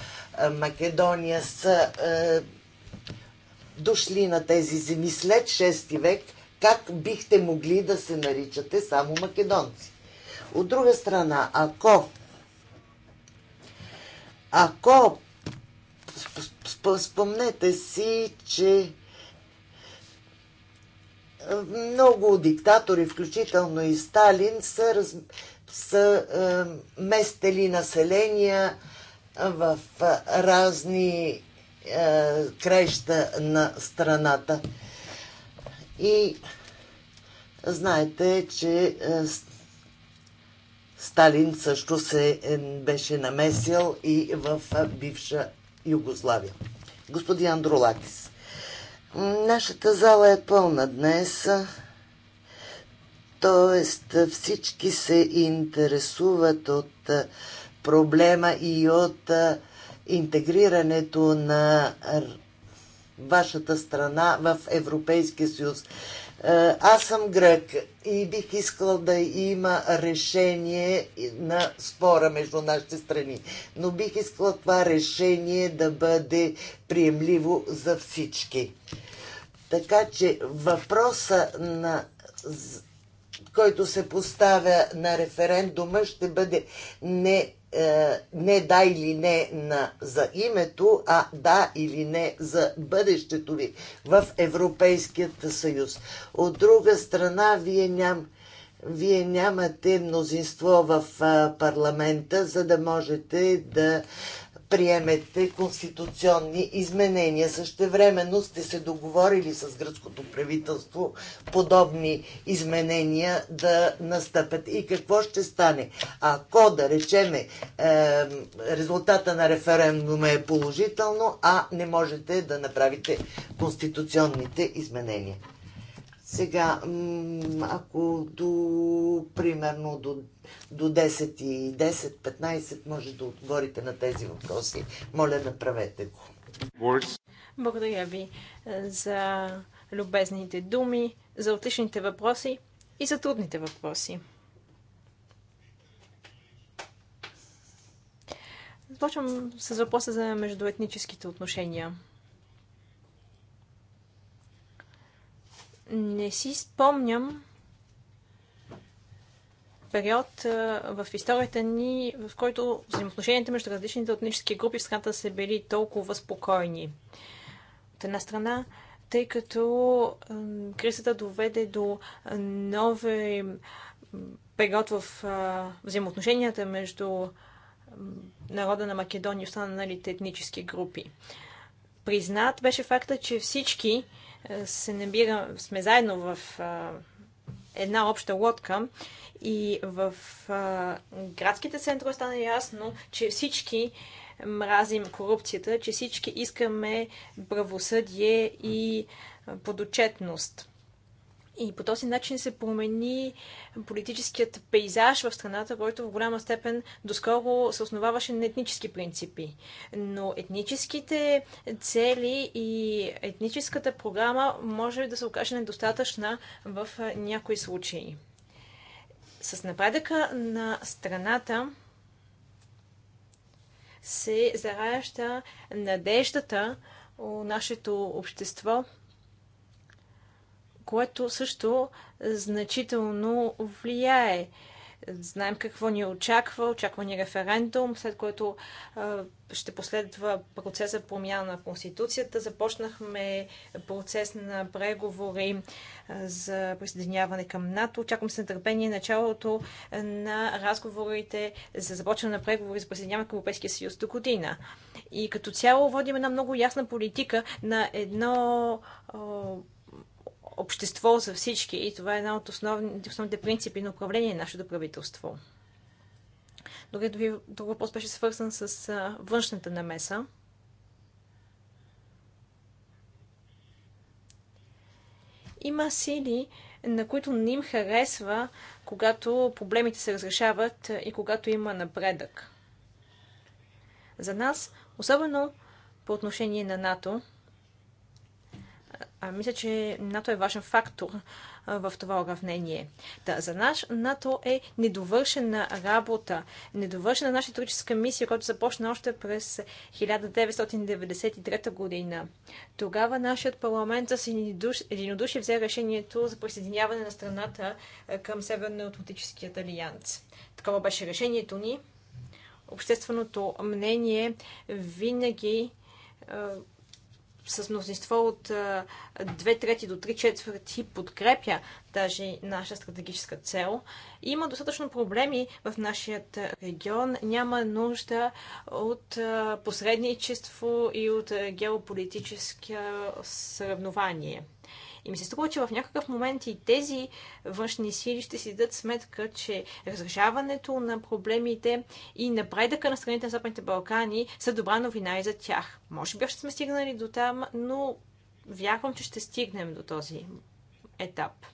Македония, са е, дошли на тези земи след 6 век – как бихте могли да се наричате само македонци? От друга страна, ако ако спомнете си, че е, много диктатори, включително и Сталин, са, раз, са е, местели населения е, в е, разни е, краища на страната. И знаете, че е, Сталин също се е, беше намесил и в е, бивша Югославия. Господин Андролакис, нашата зала е пълна днес, т.е. всички се интересуват от проблема и от интегрирането на вашата страна в Европейския съюз. Е, аз съм грък и бих искал да има решение на спора между нашите страни, но бих искала това решение да бъде приемливо за всички. Така че въпроса на който се поставя на референдума, ще бъде не е, не да или не на, за името, а да или не за бъдещето ви в Европейският съюз. От друга страна, вие, ням, вие нямате мнозинство в е, парламента, за да можете да приемете конституционни изменения. Същевременно сте се договорили с гръцкото правителство подобни изменения да настъпят. И какво ще стане? Ако, да речеме, резултата на референдума е положително, а не можете да направите конституционните изменения. Сега, ако до, примерно до, до 10 и 10-15 може да отговорите на тези въпроси, моля, направете го. Благодаря ви е, за любезните думи, за отличните въпроси и за трудните въпроси. Започвам с въпроса за междуетническите отношения. Не си спомням период в историята ни, в който взаимоотношенията между различните етнически групи в страната са били толкова спокойни. От една страна, тъй като кризата доведе до нови период в взаимоотношенията между народа на Македония и останалите етнически групи. Признат беше факта, че всички се набирам, сме заедно в една обща лодка и в градските центрове стана ясно, че всички мразим корупцията, че всички искаме правосъдие и подотчетност. И по този начин се промени политическият пейзаж в страната, който в голяма степен доскоро се основаваше на етнически принципи. Но етническите цели и етническата програма може да се окаже недостатъчна в някои случаи. С напредъка на страната се зараяща надеждата у нашето общество – което също значително влияе. Знаем какво ни очаква, очаква ни референдум, след което ще последва процеса промяна на Конституцията. Започнахме процес на преговори за присъединяване към НАТО. Очаквам с нетърпение началото на разговорите за започване на преговори за присъединяване към Европейския съюз до година. И като цяло водим една много ясна политика на едно общество за всички. И това е една от основните, основните принципи на управление на нашето правителство. Другият друг въпрос беше свързан с външната намеса. Има сили, на които не им харесва, когато проблемите се разрешават и когато има напредък. За нас, особено по отношение на НАТО, а, мисля, че НАТО е важен фактор в това уравнение. Да, за нас НАТО е недовършена работа, недовършена наша историческа мисия, която започна още през 1993 година. Тогава нашият парламент с единодушие взе решението за присъединяване на страната към Северно-Атлантическият алианс. Такова беше решението ни. Общественото мнение винаги с мнозинство от две трети до три четвърти подкрепя тази наша стратегическа цел. Има достатъчно проблеми в нашия регион. Няма нужда от посредничество и от геополитическо съревнование. И ми се струва, че в някакъв момент и тези външни сили ще си дадат сметка, че разрешаването на проблемите и напредъка на страните на Западните Балкани са добра новина и за тях. Може би още сме стигнали до там, но вярвам, че ще стигнем до този етап.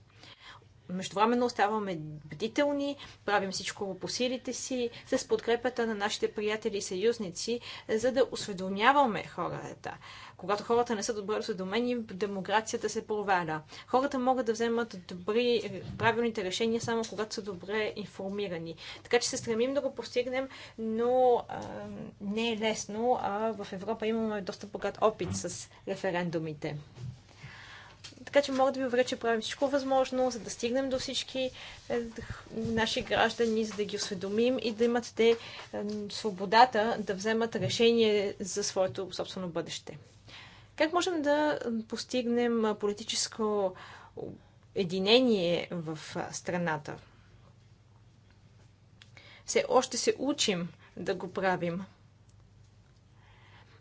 Междувременно оставаме бдителни, правим всичко по силите си, с подкрепата на нашите приятели и съюзници, за да осведомяваме хората. Когато хората не са добре осведомени, демокрацията се проваля. Хората могат да вземат добри, правилните решения само когато са добре информирани. Така че се стремим да го постигнем, но а, не е лесно. А в Европа имаме доста богат опит с референдумите. Така че мога да ви уверя, че правим всичко възможно, за да стигнем до всички е, наши граждани, за да ги осведомим и да имат те е, свободата да вземат решение за своето собствено бъдеще. Как можем да постигнем политическо единение в страната? Все още се учим да го правим –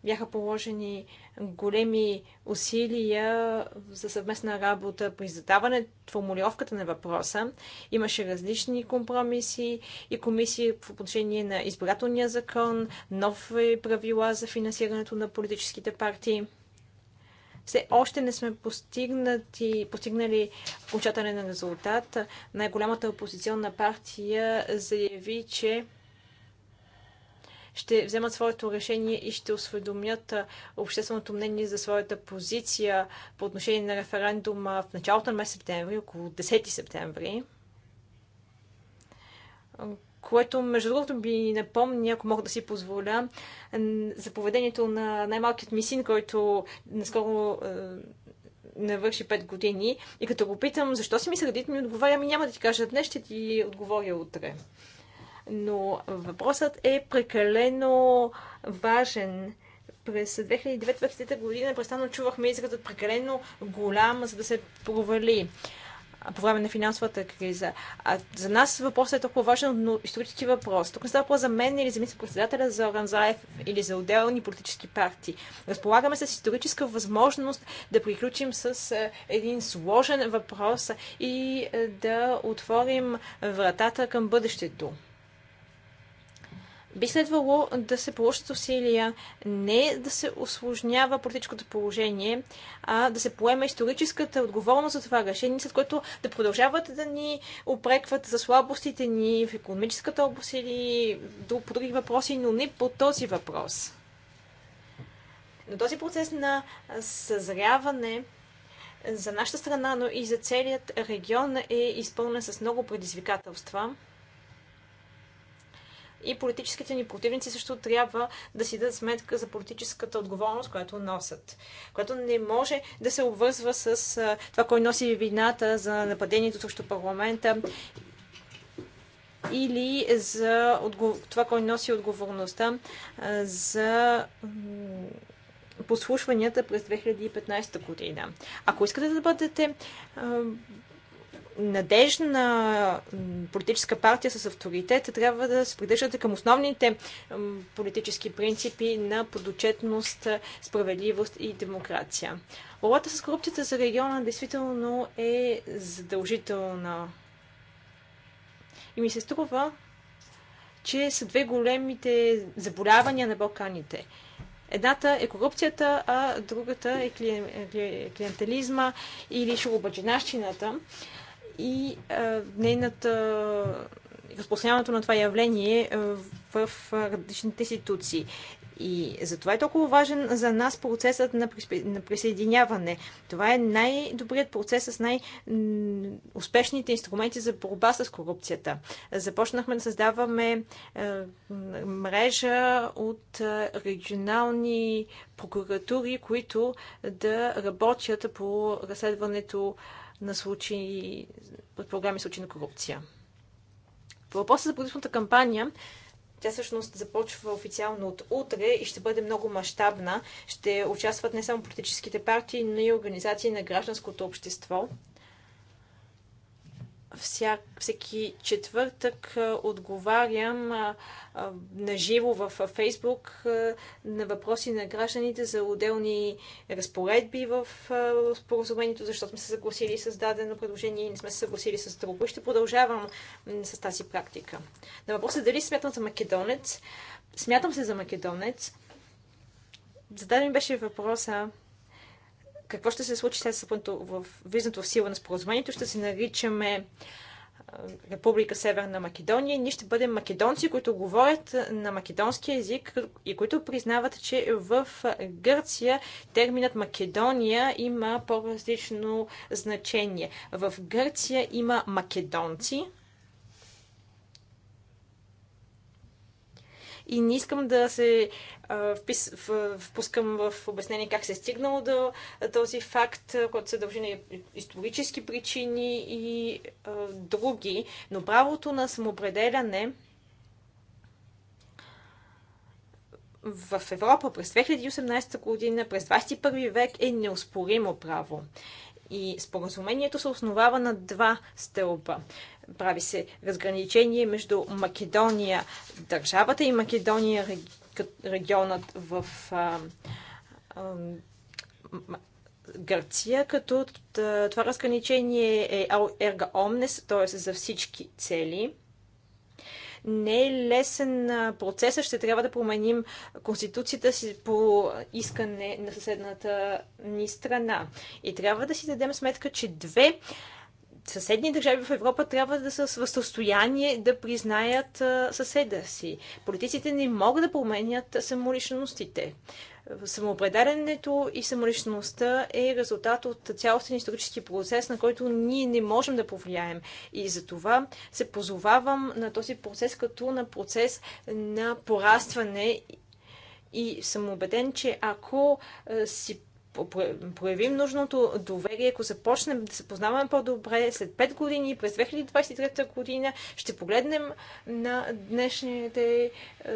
бяха положени големи усилия за съвместна работа по издаване формулировката на въпроса. Имаше различни компромиси и комисии по отношение на избирателния закон, нови правила за финансирането на политическите партии. Все още не сме постигнати, постигнали окончателен резултат. Най-голямата опозиционна партия заяви, че ще вземат своето решение и ще осведомят общественото мнение за своята позиция по отношение на референдума в началото на месец септември, около 10 септември. Което, между другото, би напомня, ако мога да си позволя, за поведението на най-малкият ми син, който наскоро навърши 5 години и като го питам защо си ми сърдит, ми отговаря, ми няма да ти кажа днес, ще ти отговоря утре но въпросът е прекалено важен. През 2009-2010 година престанно чувахме изразът прекалено голям, за да се провали по време на финансовата криза. А за нас въпросът е толкова важен, но исторически въпрос. Тук не става въпрос за мен или за мисля председателя за Оранзаев или за отделни политически партии. Разполагаме с историческа възможност да приключим с един сложен въпрос и да отворим вратата към бъдещето би следвало да се положат усилия не да се осложнява политическото положение, а да се поеме историческата отговорност за това решение, след което да продължават да ни опрекват за слабостите ни в економическата област или по други въпроси, но не по този въпрос. Но този процес на съзряване за нашата страна, но и за целият регион е изпълнен с много предизвикателства и политическите ни противници също трябва да си дадат сметка за политическата отговорност, която носят. Която не може да се обвързва с това, кой носи вината за нападението срещу парламента или за това, кой носи отговорността за послушванията през 2015 година. Ако искате да бъдете надежна политическа партия с авторитет трябва да се придържат към основните политически принципи на подотчетност, справедливост и демокрация. Борбата с корупцията за региона действително е задължителна. И ми се струва, че са две големите заболявания на Балканите. Едната е корупцията, а другата е клиентализма или шурубаджинащината и а, нейната разпространяването на това явление в различните институции. И затова е толкова важен за нас процесът на, присъ... на присъединяване. Това е най-добрият процес с най-успешните инструменти за борба с корупцията. Започнахме да създаваме е, мрежа от регионални прокуратури, които да работят по разследването е, на случаи, от програми случаи на корупция. По въпроса за предишната кампания, тя всъщност започва официално от утре и ще бъде много мащабна. Ще участват не само политическите партии, но и организации на гражданското общество вся, всеки четвъртък отговарям на живо в Фейсбук на въпроси на гражданите за отделни разпоредби в споразумението, защото сме се съгласили с дадено предложение и не сме се съгласили с друго. ще продължавам с тази практика. На въпроса дали смятам за македонец, смятам се за македонец. Зададен беше въпроса какво ще се случи след в влизането в сила на споразумението, ще се наричаме Република Северна Македония. Ние ще бъдем македонци, които говорят на македонски язик и които признават, че в Гърция терминът Македония има по-различно значение. В Гърция има македонци, и не искам да се впис, впускам в обяснение как се е стигнало до този факт, който се дължи на исторически причини и а, други, но правото на самоопределяне в Европа през 2018 година, през 21 век е неоспоримо право. И споразумението се основава на два стълба. Прави се разграничение между Македония, държавата и Македония, регионът в а, а, Гърция, като това разграничение е ерга омнес, т.е. за всички цели. Не е лесен процес, ще трябва да променим конституцията си по искане на съседната ни страна. И трябва да си дадем сметка, че две съседни държави в Европа трябва да са в състояние да признаят съседа си. Политиците не могат да променят самоличностите. Самоопределенето и самоличността е резултат от цялостен исторически процес, на който ние не можем да повлияем. И за това се позовавам на този процес като на процес на порастване и съм убеден, че ако си проявим нужното доверие, ако започнем да се познаваме по-добре след 5 години, през 2023 година, ще погледнем на днешните е,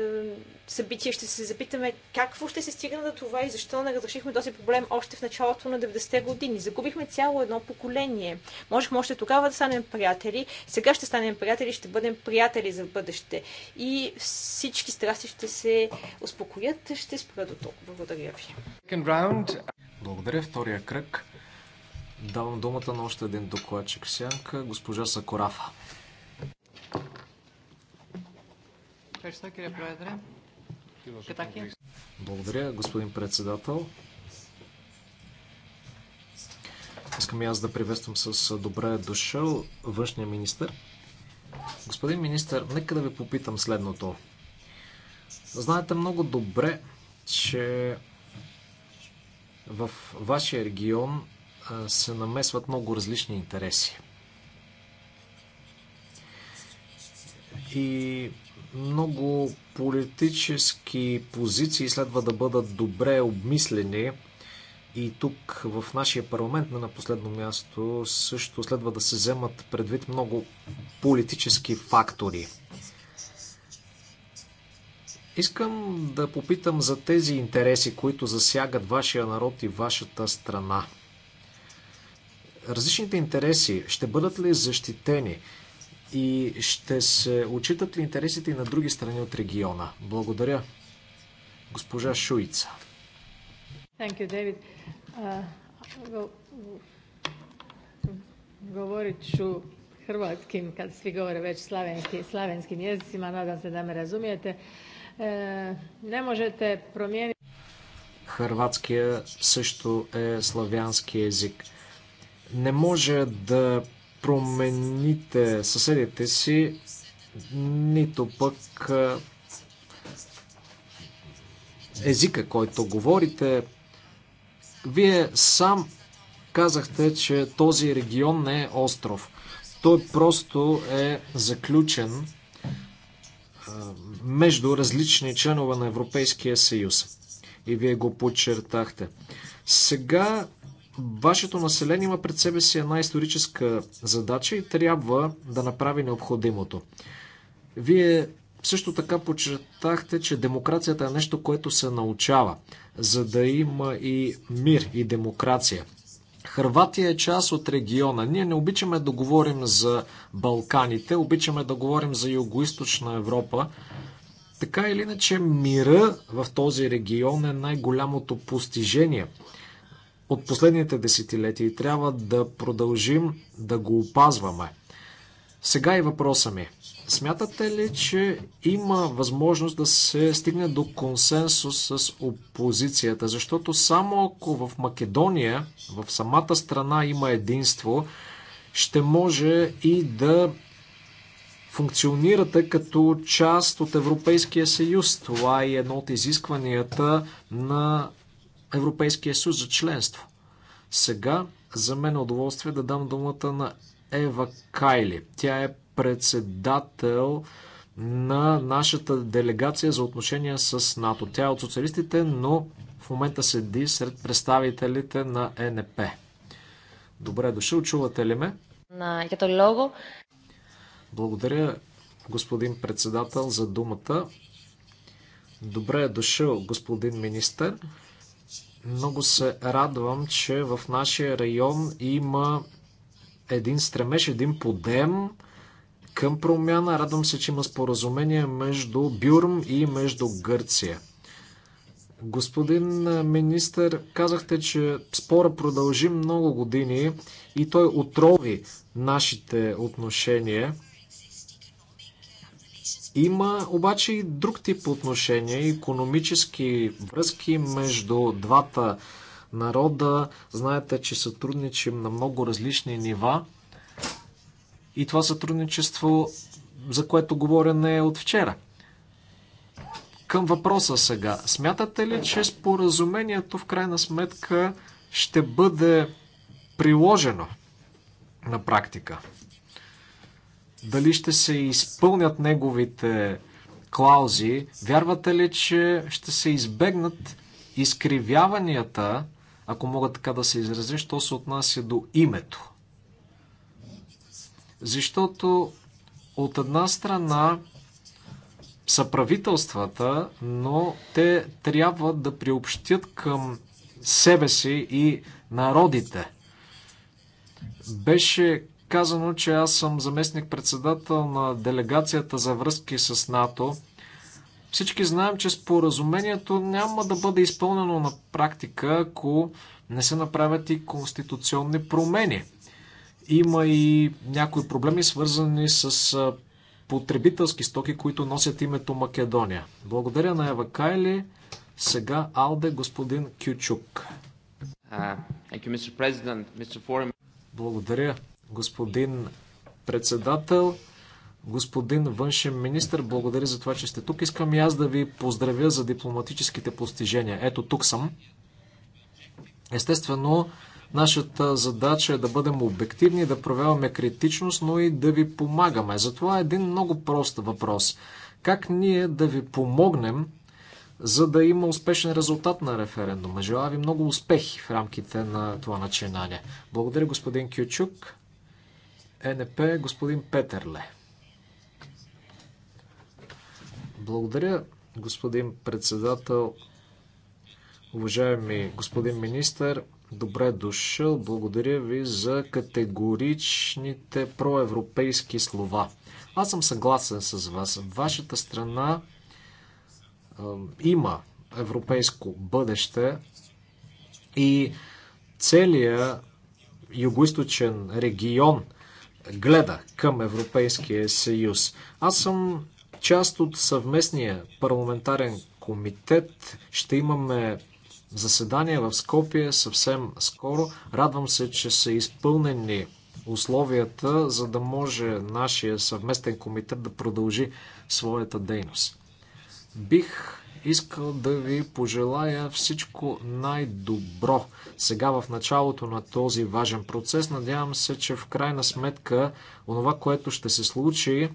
събития, ще се запитаме какво ще се стигна до това и защо не разрешихме този проблем още в началото на 90-те години. Загубихме цяло едно поколение. Можехме още тогава да станем приятели, сега ще станем приятели, ще бъдем приятели за бъдеще. И всички страсти ще се успокоят, ще спра до толкова. Благодаря ви. Благодаря. Втория кръг. Давам думата на още един докладчик в сянка, госпожа Сакорафа. Благодаря, господин председател. Искам и аз да приветствам с добре дошъл външния министр. Господин министр, нека да ви попитам следното. Знаете много добре, че в вашия регион се намесват много различни интереси. И много политически позиции следва да бъдат добре обмислени. И тук в нашия парламент, на последно място, също следва да се вземат предвид много политически фактори. Искам да попитам за тези интереси, които засягат вашия народ и вашата страна. Различните интереси ще бъдат ли защитени и ще се учитат ли интересите и на други страни от региона? Благодаря. Госпожа Шуица. Thank you, David. Uh, go, govorit ću hrvatskim, kad svi govore već slavenskim, slavenskim jezicima, nadam Uh, е, не можете промени. Хрватския също е славянски език. Не може да промените съседите си, нито пък е, езика, който говорите. Вие сам казахте, че този регион не е остров. Той просто е заключен между различни членове на Европейския съюз. И вие го подчертахте. Сега вашето население има пред себе си една историческа задача и трябва да направи необходимото. Вие също така подчертахте, че демокрацията е нещо, което се научава, за да има и мир и демокрация. Хрватия е част от региона. Ние не обичаме да говорим за Балканите, обичаме да говорим за Юго-Источна Европа, така или иначе, мира в този регион е най-голямото постижение от последните десетилетия и трябва да продължим да го опазваме. Сега и въпроса ми. Е, смятате ли, че има възможност да се стигне до консенсус с опозицията? Защото само ако в Македония, в самата страна има единство, ще може и да функционирате като част от Европейския съюз. Това е едно от изискванията на Европейския съюз за членство. Сега за мен е удоволствие да дам думата на Ева Кайли. Тя е председател на нашата делегация за отношения с НАТО. Тя е от социалистите, но в момента седи сред представителите на НП. Добре дошъл, чувате ли ме? На, για лого. Благодаря, господин председател, за думата. Добре е дошъл, господин министър. Много се радвам, че в нашия район има един стремеж, един подем към промяна. Радвам се, че има споразумение между Бюрм и между Гърция. Господин министър, казахте, че спора продължи много години и той отрови нашите отношения. Има обаче и друг тип отношения, економически връзки между двата народа. Знаете, че сътрудничим на много различни нива. И това сътрудничество, за което говоря, не е от вчера. Към въпроса сега. Смятате ли, че споразумението в крайна сметка ще бъде приложено на практика? дали ще се изпълнят неговите клаузи, вярвате ли, че ще се избегнат изкривяванията, ако мога така да се изрази, що се отнася до името? Защото от една страна са правителствата, но те трябва да приобщят към себе си и народите. Беше казано, че аз съм заместник-председател на делегацията за връзки с НАТО. Всички знаем, че споразумението няма да бъде изпълнено на практика, ако не се направят и конституционни промени. Има и някои проблеми, свързани с потребителски стоки, които носят името Македония. Благодаря на Ева Кайли. Сега Алде господин Кючук. Uh, Благодаря, господин председател. Господин външен министр, благодаря за това, че сте тук. Искам и аз да ви поздравя за дипломатическите постижения. Ето тук съм. Естествено, нашата задача е да бъдем обективни, да проявяваме критичност, но и да ви помагаме. Затова е един много прост въпрос. Как ние да ви помогнем, за да има успешен резултат на референдума? Желая ви много успехи в рамките на това начинание. Благодаря, господин Кючук. Е НП господин Петърле. Благодаря, господин председател. Уважаеми господин министър, добре дошъл. Благодаря ви за категоричните проевропейски слова. Аз съм съгласен с вас. Вашата страна е, има европейско бъдеще и целият югоисточен регион – гледа към Европейския съюз. Аз съм част от съвместния парламентарен комитет. Ще имаме заседание в Скопие съвсем скоро. Радвам се, че са изпълнени условията, за да може нашия съвместен комитет да продължи своята дейност. Бих искал да ви пожелая всичко най-добро сега в началото на този важен процес. Надявам се, че в крайна сметка онова, което ще се случи,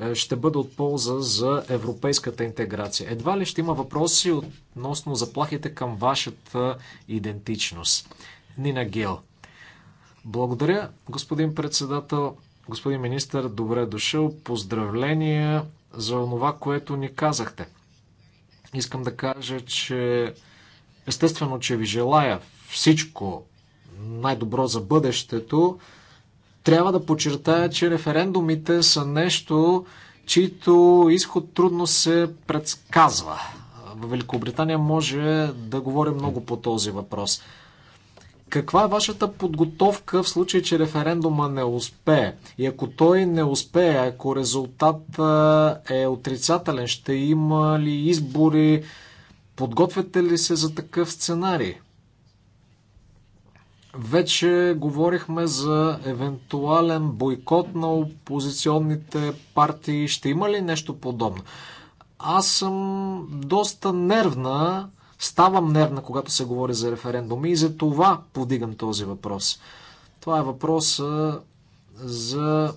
е, ще бъде от полза за европейската интеграция. Едва ли ще има въпроси относно заплахите към вашата идентичност. Нина Гел. Благодаря, господин председател. Господин министър, добре дошъл. Поздравления за това, което ни казахте. Искам да кажа, че естествено, че ви желая всичко най-добро за бъдещето. Трябва да подчертая, че референдумите са нещо, чието изход трудно се предсказва. В Великобритания може да говорим много по този въпрос. Каква е вашата подготовка в случай, че референдума не успее? И ако той не успее, ако резултат е отрицателен, ще има ли избори? Подготвяте ли се за такъв сценарий? Вече говорихме за евентуален бойкот на опозиционните партии. Ще има ли нещо подобно? Аз съм доста нервна Ставам нервна, когато се говори за референдуми и за това подигам този въпрос. Това е въпрос за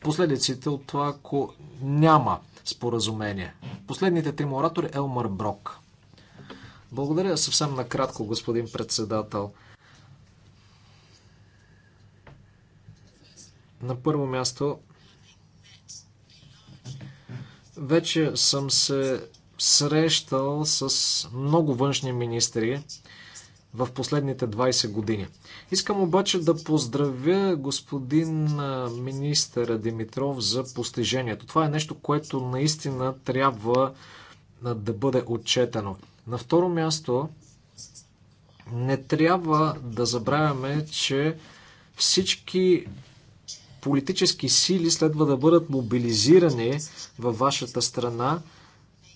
последиците от това, ако няма споразумение. Последните три оратори Елмар Брок. Благодаря съвсем накратко, господин председател. На първо място, вече съм се срещал с много външни министри в последните 20 години. Искам обаче да поздравя господин министър Димитров за постижението. Това е нещо, което наистина трябва да бъде отчетено. На второ място, не трябва да забравяме, че всички политически сили следва да бъдат мобилизирани във вашата страна,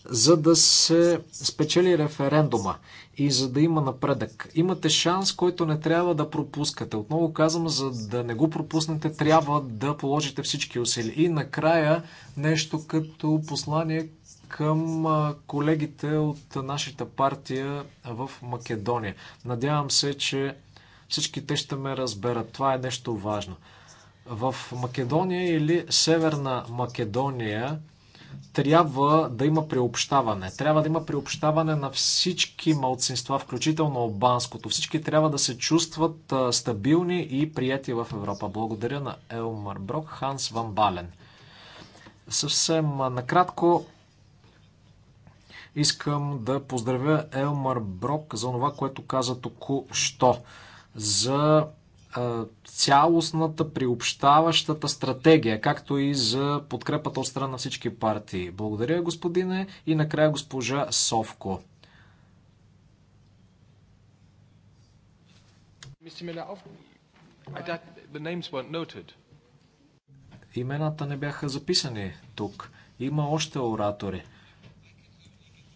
за да се спечели референдума и за да има напредък. Имате шанс, който не трябва да пропускате. Отново казвам, за да не го пропуснете, трябва да положите всички усилия. И накрая нещо като послание към колегите от нашата партия в Македония. Надявам се, че всички те ще ме разберат. Това е нещо важно. В Македония или Северна Македония трябва да има приобщаване. Трябва да има приобщаване на всички малцинства, включително албанското. Всички трябва да се чувстват стабилни и прияти в Европа. Благодаря на Елмар Брок, Ханс Ван Бален. Съвсем накратко искам да поздравя Елмар Брок за това, което каза току-що за цялостната приобщаващата стратегия, както и за подкрепата от страна на всички партии. Благодаря, господине. И накрая госпожа Совко. Имената не бяха записани тук. Има още оратори.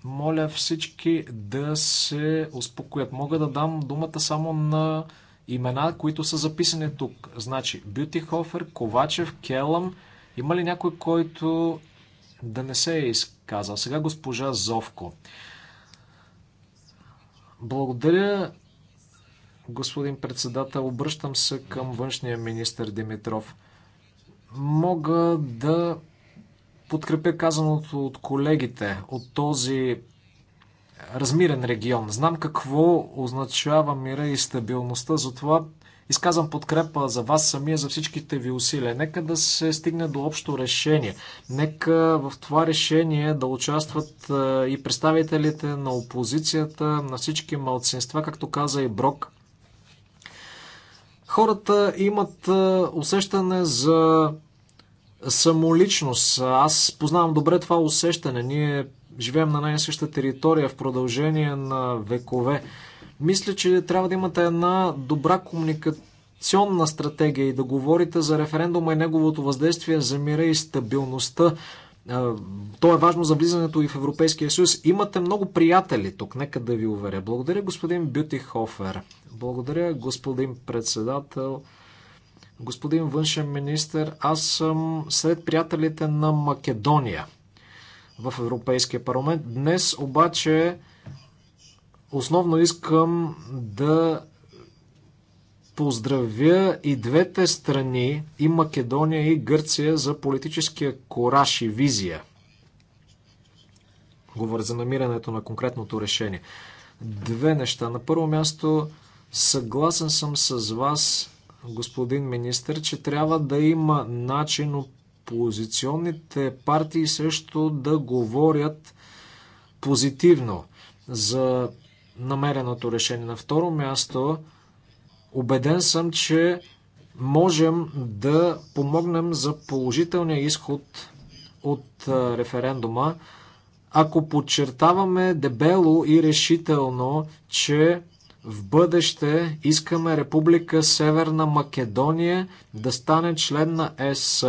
Моля всички да се успокоят. Мога да дам думата само на имена, които са записани тук. Значи, Бютихофер, Ковачев, Келъм. Има ли някой, който да не се е изказал? Сега госпожа Зовко. Благодаря, господин председател. Обръщам се към външния министр Димитров. Мога да подкрепя казаното от колегите от този размирен регион. Знам какво означава мира и стабилността, затова изказвам подкрепа за вас самия, за всичките ви усилия. Нека да се стигне до общо решение. Нека в това решение да участват е, и представителите на опозицията, на всички малцинства, както каза и Брок. Хората имат е, усещане за самоличност. Аз познавам добре това усещане. Ние живеем на най-съща територия в продължение на векове. Мисля, че трябва да имате една добра комуникационна стратегия и да говорите за референдума и неговото въздействие за мира и стабилността. Е, то е важно за влизането и в Европейския съюз. Имате много приятели тук, нека да ви уверя. Благодаря, господин Бютихофер. Благодаря, господин председател. Господин външен министр, аз съм сред приятелите на Македония – в Европейския парламент. Днес обаче основно искам да поздравя и двете страни, и Македония, и Гърция, за политическия кораж и визия. Говоря за намирането на конкретното решение. Две неща. На първо място, съгласен съм с вас, господин министр, че трябва да има начин опозиционните партии също да говорят позитивно за намереното решение. На второ място, убеден съм, че можем да помогнем за положителния изход от референдума, ако подчертаваме дебело и решително, че в бъдеще искаме Република Северна Македония да стане член на ЕС.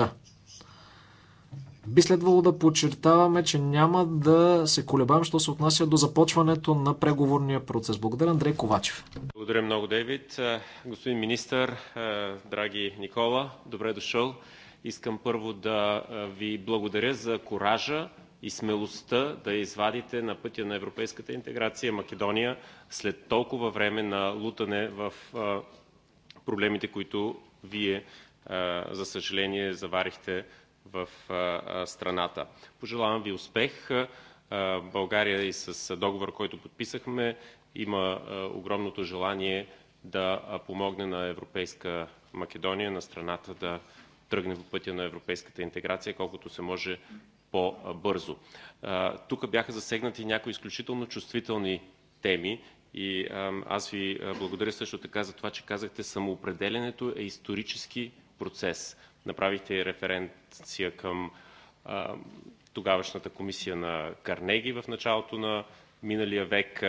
Би следвало да подчертаваме, че няма да се колебаем, що се отнася до започването на преговорния процес. Благодаря, Андрей Ковачев. Благодаря много, Дейвид. Е, господин министър, е, драги Никола, добре дошъл. Искам първо да е, ви благодаря за коража и смелостта да извадите на пътя на европейската интеграция Македония след толкова време на лутане в проблемите, които вие, за съжаление, заварихте в страната. Пожелавам ви успех. България и с договор, който подписахме, има огромното желание да помогне на Европейска Македония, на страната да тръгне по пътя на европейската интеграция колкото се може по-бързо. Тук бяха засегнати някои изключително чувствителни теми и аз ви благодаря също така за това, че казахте самоопределенето е исторически процес. Направихте и референция към а, тогавашната комисия на Карнеги в началото на миналия век.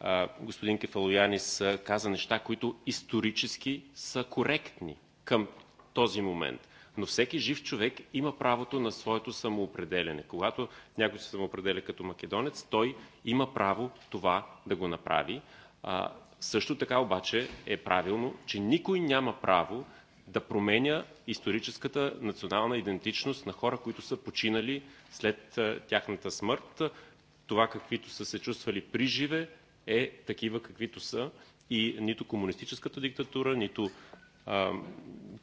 А, господин Кефалоянис каза неща, които исторически са коректни към този момент. Но всеки жив човек има правото на своето самоопределене. Когато някой се самоопределя като македонец, той има право това да го направи. А, също така обаче е правилно, че никой няма право да променя историческата национална идентичност на хора, които са починали след е, тяхната смърт. Това, каквито са се чувствали при живе, е такива, каквито са. И нито комунистическата диктатура, нито а,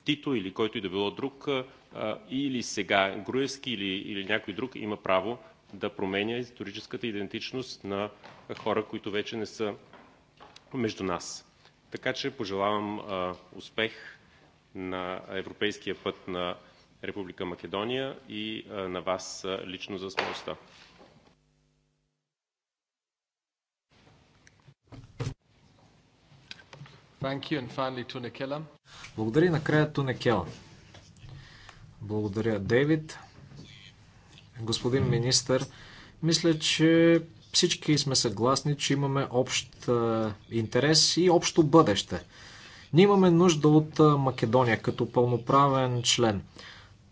Тито или който и да било друг, е, а, или сега Груевски или, или някой друг има право да променя историческата идентичност на хора, които вече не са между нас. Така че пожелавам а, успех на европейския път на Република Македония и на вас лично за смелостта. Благодаря и накрая Тунекела. Благодаря, Дейвид. Господин министър, мисля, че всички сме съгласни, че имаме общ интерес и общо бъдеще. Ние имаме нужда от Македония като пълноправен член.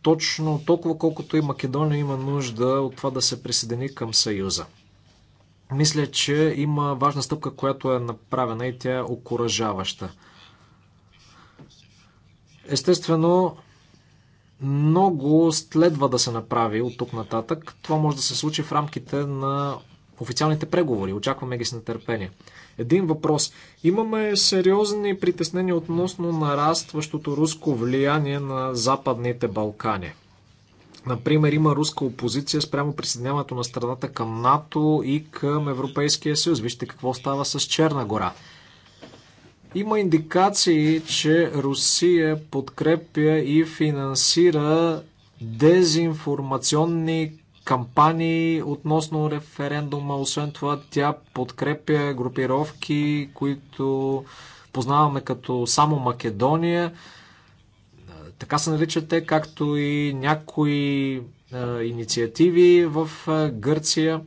Точно толкова колкото и Македония има нужда от това да се присъедини към Съюза. Мисля, че има важна стъпка, която е направена и тя е окоръжаваща. Естествено, много следва да се направи от тук нататък. Това може да се случи в рамките на официалните преговори. Очакваме ги с нетърпение. Един въпрос. Имаме сериозни притеснения относно нарастващото руско влияние на Западните Балкани. Например, има руска опозиция спрямо присъединяването на страната към НАТО и към Европейския съюз. Вижте какво става с Черна гора. Има индикации, че Русия подкрепя и финансира дезинформационни кампании относно референдума. Освен това, тя подкрепя групировки, които познаваме като само Македония. Така се наричат те, както и някои е, инициативи в е, Гърция.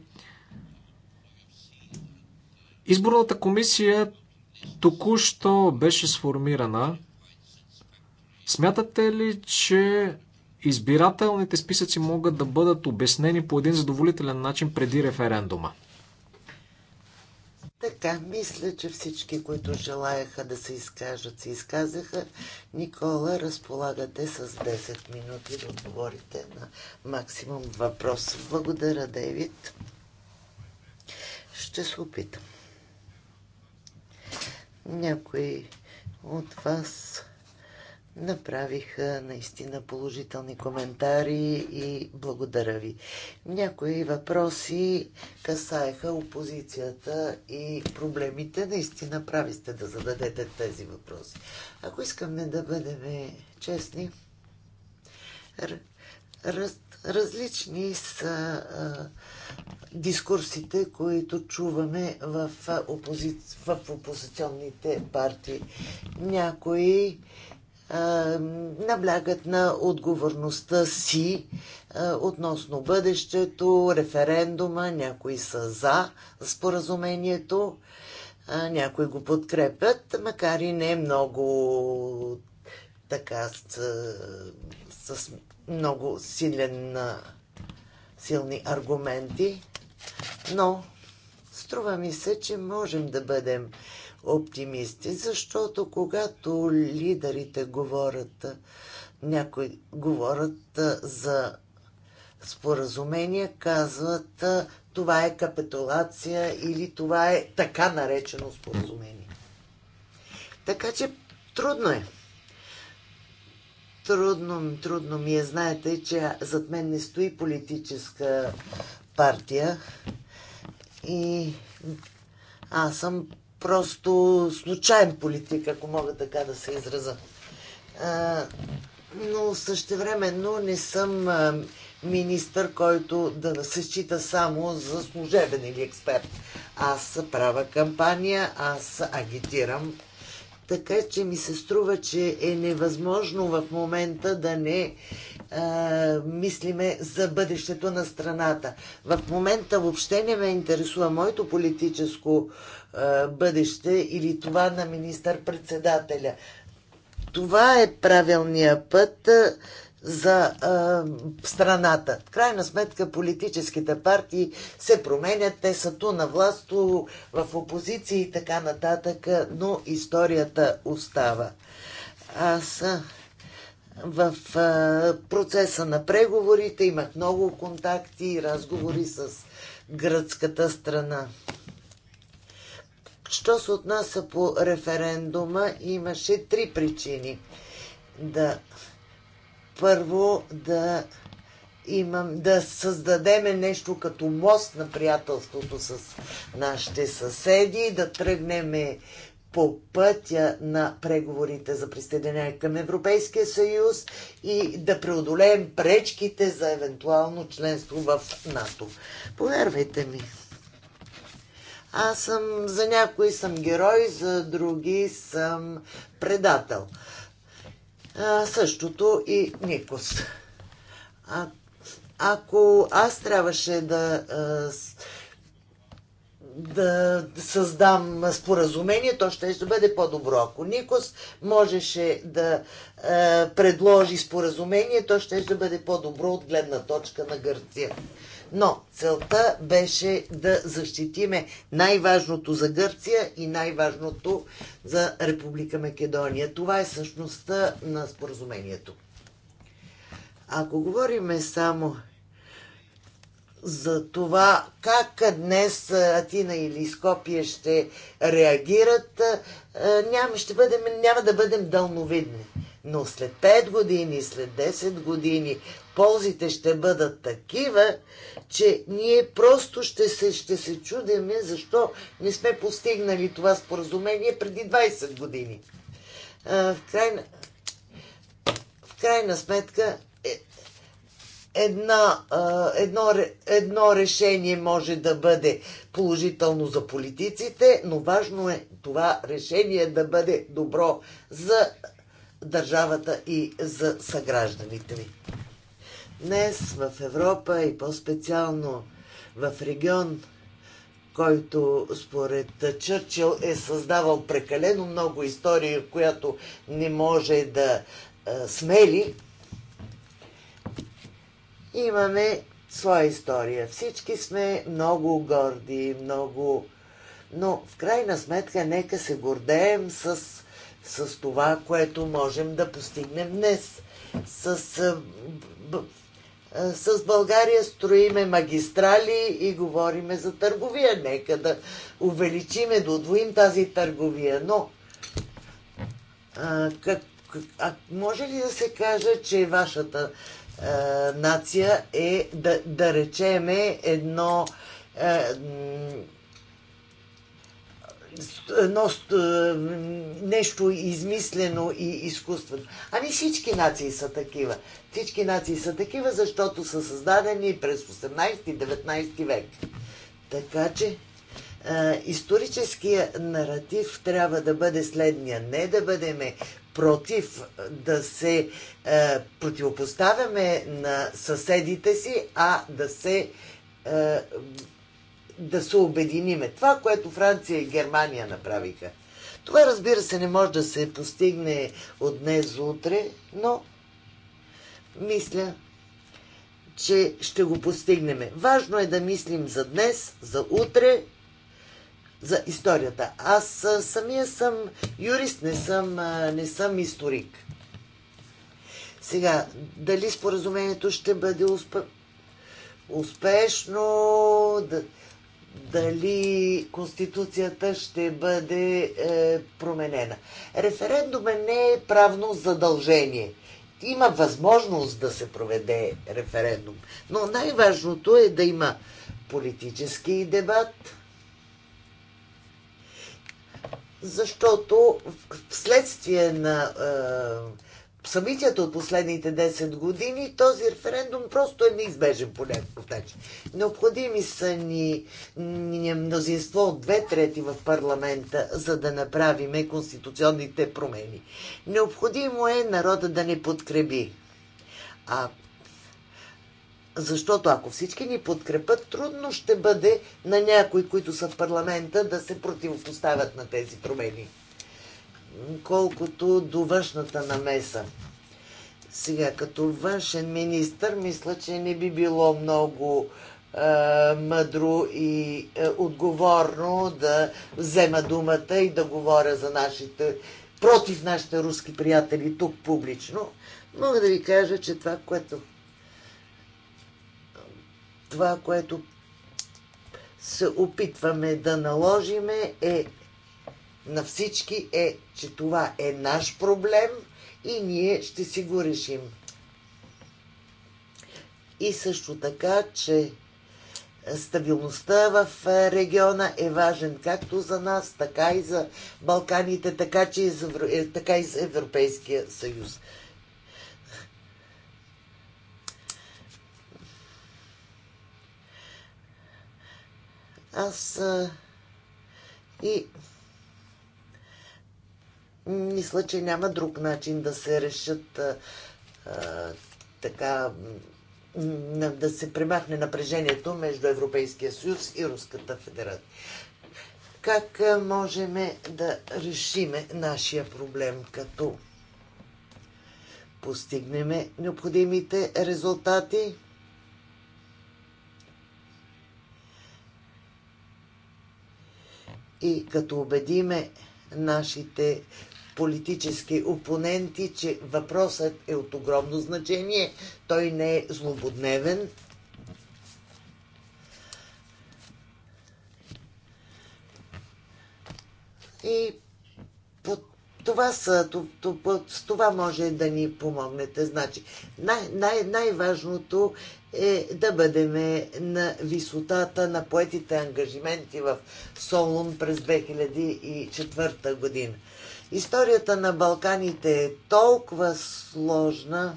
Изборната комисия току-що беше сформирана. Смятате ли, че избирателните списъци могат да бъдат обяснени по един задоволителен начин преди референдума. Така, мисля, че всички, които желаяха да се изкажат, се изказаха. Никола, разполагате с 10 минути да отговорите на максимум въпрос. Благодаря, Дейвид. Ще се опитам. Някой от вас направиха наистина положителни коментари и благодаря ви. Някои въпроси касаеха опозицията и проблемите. Наистина прави сте да зададете тези въпроси. Ако искаме да бъдем честни, раз, различни са а, дискурсите, които чуваме в, опози... в опозиционните партии. Някои наблягат на отговорността си относно бъдещето, референдума, някои са за споразумението, някои го подкрепят, макар и не много така с, с много силен, силни аргументи, но струва ми се, че можем да бъдем оптимисти, защото когато лидерите говорят, някои говорят за споразумения, казват това е капитулация или това е така наречено споразумение. Така че трудно е. Трудно, трудно ми е. Знаете, че зад мен не стои политическа партия и аз съм просто случайен политик, ако мога така да се израза. А, но същевременно не съм а, министър, който да се счита само за служебен или експерт. Аз правя кампания, аз агитирам. Така че ми се струва, че е невъзможно в момента да не а, мислиме за бъдещето на страната. В момента въобще не ме интересува моето политическо а, е, бъдеще или това на министър-председателя. Това е правилният път е, за а, е, страната. В крайна сметка политическите партии се променят, те са ту на власт, ту в опозиция и така нататък, но историята остава. Аз в а, процеса на преговорите имах много контакти и разговори с гръцката страна. Що се отнася по референдума, имаше три причини. Да, първо да имам, да създадеме нещо като мост на приятелството с нашите съседи, да тръгнеме по пътя на преговорите за присъединение към Европейския съюз и да преодолеем пречките за евентуално членство в НАТО. Повярвайте ми. Аз съм, за някои съм герой, за други съм предател. А, същото и Никос. А, ако аз трябваше да, да създам споразумение, то ще ще бъде по-добро. Ако Никос можеше да предложи споразумение, то ще ще бъде по-добро от гледна точка на Гърция но целта беше да защитиме най-важното за Гърция и най-важното за Република Македония. Това е същността на споразумението. Ако говориме само за това как днес Атина или Скопие ще реагират, е, няма, ще бъдем, няма да бъдем дълновидни. Но след 5 години, след 10 години, ползите ще бъдат такива, че ние просто ще се, ще се чудеме защо не сме постигнали това споразумение преди 20 години. А, в, крайна, в крайна сметка е, една, едно, едно решение може да бъде положително за политиците, но важно е това решение да бъде добро за държавата и за съгражданите ви. Днес в Европа и по-специално в регион, който според Чърчил е създавал прекалено много истории, която не може да а, смели, имаме своя история. Всички сме много горди, много... Но в крайна сметка нека се гордеем с, с това, което можем да постигнем днес. С с България строиме магистрали и говориме за търговия. Нека да увеличиме, да удвоим тази търговия. Но а, как, а може ли да се каже, че вашата а, нация е, да, да речеме, едно а, едно, е, нещо измислено и изкуствено. Ами всички нации са такива. Всички нации са такива, защото са създадени през 18-19 век. Така че е, историческия наратив трябва да бъде следния. Не да бъдеме против да се а, е, противопоставяме на съседите си, а да се да се обединиме. Това, което Франция и Германия направиха. Това, разбира се, не може да се постигне от днес за утре, но мисля, че ще го постигнем. Важно е да мислим за днес, за утре, за историята. Аз самия съм юрист, не съм, не съм историк. Сега, дали споразумението ще бъде успе... успешно, да дали Конституцията ще бъде е, променена. е не е правно задължение. Има възможност да се проведе референдум, но най-важното е да има политически дебат, защото вследствие на е, събитията от последните 10 години, този референдум просто е неизбежен по някакъв начин. Необходими са ни, ни мнозинство от две трети в парламента, за да направиме конституционните промени. Необходимо е народа да ни подкреби. А защото ако всички ни подкрепят, трудно ще бъде на някои, които са в парламента, да се противопоставят на тези промени колкото до външната намеса. Сега, като външен министр, мисля, че не би било много е, мъдро и е, отговорно да взема думата и да говоря за нашите, против нашите руски приятели тук публично. Мога да ви кажа, че това, което това, което се опитваме да наложиме е на всички е, че това е наш проблем и ние ще си го решим. И също така, че стабилността в е, региона е важен както за нас, така и за Балканите, така, че и за, е, така и за Европейския съюз. Аз е, и мисля, че няма друг начин да се решат а, така да се премахне напрежението между Европейския съюз и Руската федерация. Как можем да решиме нашия проблем, като постигнем необходимите резултати? И като убедиме нашите политически опоненти, че въпросът е от огромно значение. Той не е злободневен. И под това са, с това може да ни помогнете. Значи, най- най- най-важното е да бъдем на висотата на поетите ангажименти в Солун през 2004 година. Историята на Балканите е толкова сложна,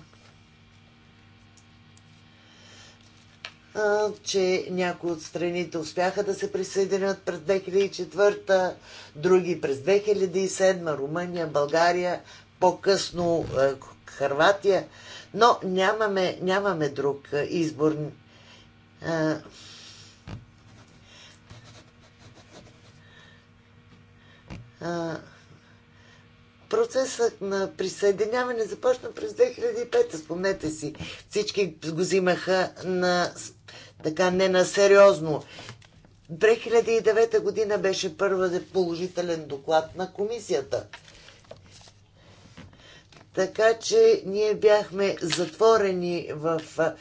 че някои от страните успяха да се присъединят през 2004, други през 2007, Румъния, България, по-късно Харватия, но нямаме, нямаме друг избор. Uh... Процесът на присъединяване започна през 2005. Спомнете си, всички го взимаха на, така не на сериозно. 2009 година беше първа положителен доклад на комисията. Така че ние бяхме затворени в е,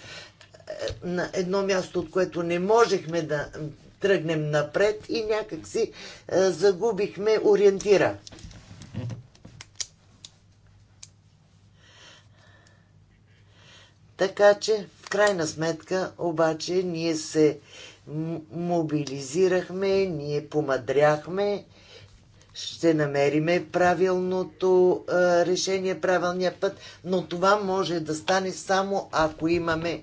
на едно място, от което не можехме да тръгнем напред и някакси е, загубихме ориентира. Така че, в крайна сметка, обаче, ние се мобилизирахме, ние помадряхме, ще намериме правилното а, решение, правилния път, но това може да стане само ако имаме а,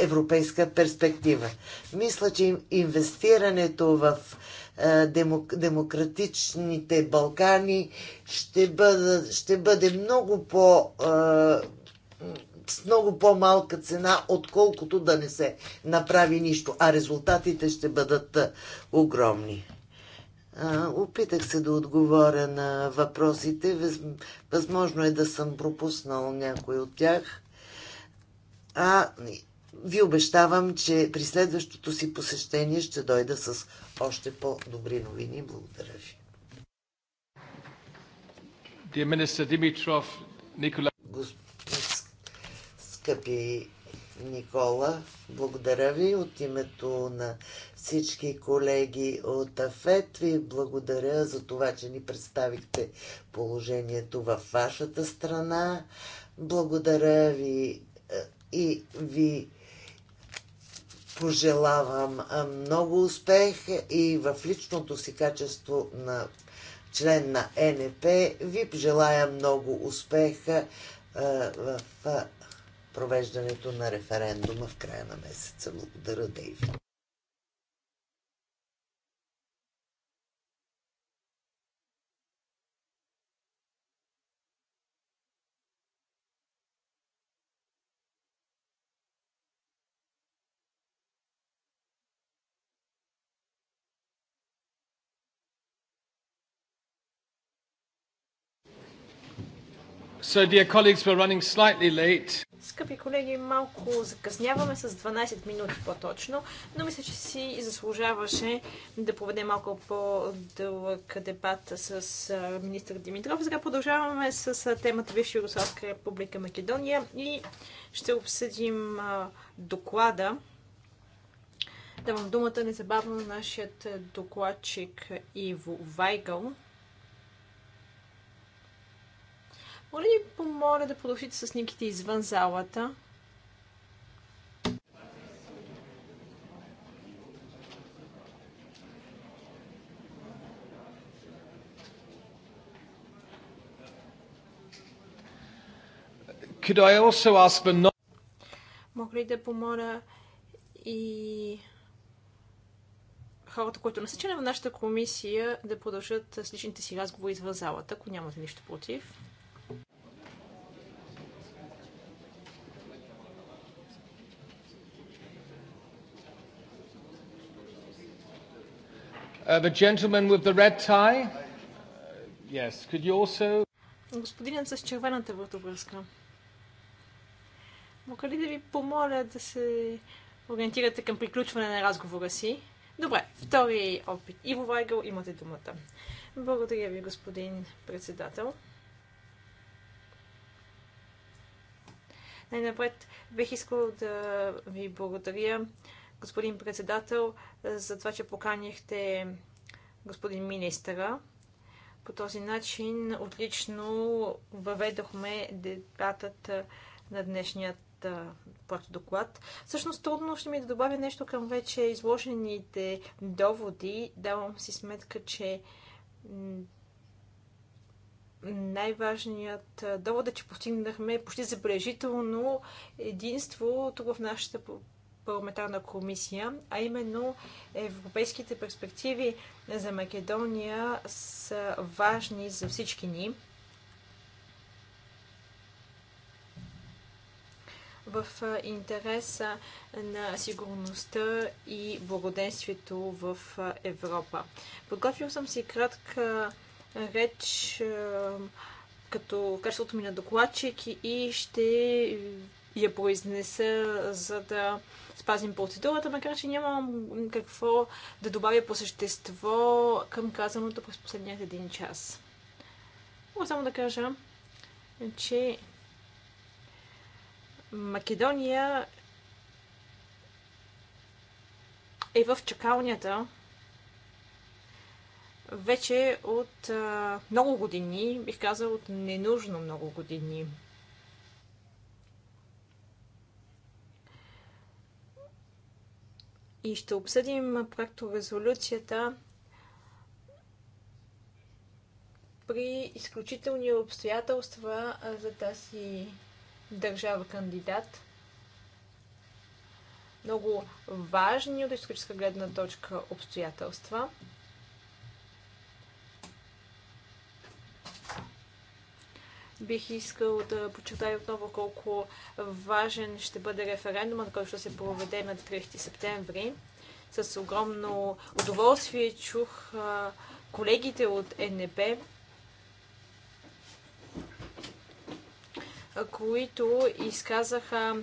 европейска перспектива. Мисля, че инвестирането в а, демок, демократичните Балкани ще бъде, ще бъде много по- а, с много по-малка цена, отколкото да не се направи нищо. А резултатите ще бъдат огромни. Опитах се да отговоря на въпросите. Възможно е да съм пропуснал някой от тях. А ви обещавам, че при следващото си посещение ще дойда с още по-добри новини. Благодаря ви. Господин Скъпи Никола, благодаря ви от името на всички колеги от АФЕТ. Ви благодаря за това, че ни представихте положението в вашата страна. Благодаря ви е, и ви пожелавам е, много успех и в личното си качество на член на НП ви желая много успеха е, в провеждането на референдума в края на месеца. Благодаря, Дейвид. So, dear colleagues, we're running slightly late. Скъпи колеги, малко закъсняваме с 12 минути по-точно, но мисля, че си заслужаваше да поведе малко по-дълъг дебат с министър Димитров. Сега продължаваме с темата Бивши Югославска република Македония и ще обсъдим доклада. Давам думата незабавно на нашият докладчик Иво Вайгъл. Моля ви помоля да продължите с снимките извън залата. Could I also ask for not... Мога ли да помоля и хората, които не са членове на нашата комисия, да продължат с личните си разговори извън залата, ако нямате нищо против? Uh, the gentleman with the red tie. Uh, yes, could you also... Господинът с червената вратовръзка. Мога ли да ви помоля да се ориентирате към приключване на разговора си? Добре, втори опит. Иво Вайгъл, имате думата. Благодаря ви, господин председател. Най-напред бих искал да ви благодаря господин председател, е, за това, че поканихте господин министъра. По този начин отлично въведохме дебатът е, на днешният е, доклад. Всъщност трудно ще ми да добавя нещо към вече изложените доводи. Давам си сметка, че най-важният довод е, че постигнахме почти забележително единство тук в нашата парламентарна комисия, а именно европейските перспективи за Македония са важни за всички ни. в интереса на сигурността и благоденствието в Европа. Подготвил съм си кратка реч като качеството ми на докладчик и ще я произнеса, за да спазим процедурата, макар че нямам какво да добавя по същество към казаното през последният един час. Мога само да кажа, че Македония е в чакалнята вече от а, много години, бих казал от ненужно много години. и ще обсъдим проекторезолюцията при изключителни обстоятелства за тази държава кандидат. Много важни от историческа гледна точка обстоятелства. Бих искал да почитай отново колко важен ще бъде референдумът, който ще се проведе на 30 септември. С огромно удоволствие чух колегите от НП, които изказаха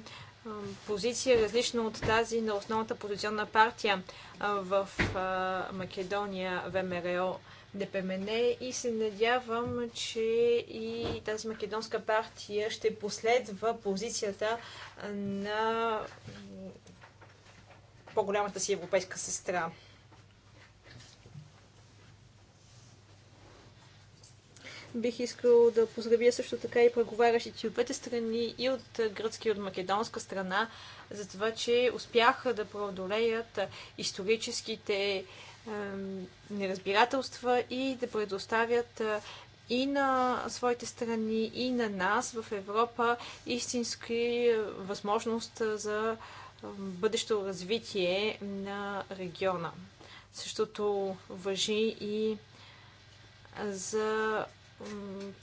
позиция различна от тази на основната позиционна партия в Македония ВМРО ДПМН и се надявам, че и тази македонска партия ще последва позицията на по-голямата си европейска сестра. Бих искал да поздравя също така и преговарящите от двете страни, и от гръцки, и от македонска страна, за това, че успяха да преодолеят историческите неразбирателства и да предоставят е, и на своите страни, и на нас в Европа истински е, възможност е, за бъдещо развитие на региона. Същото въжи и за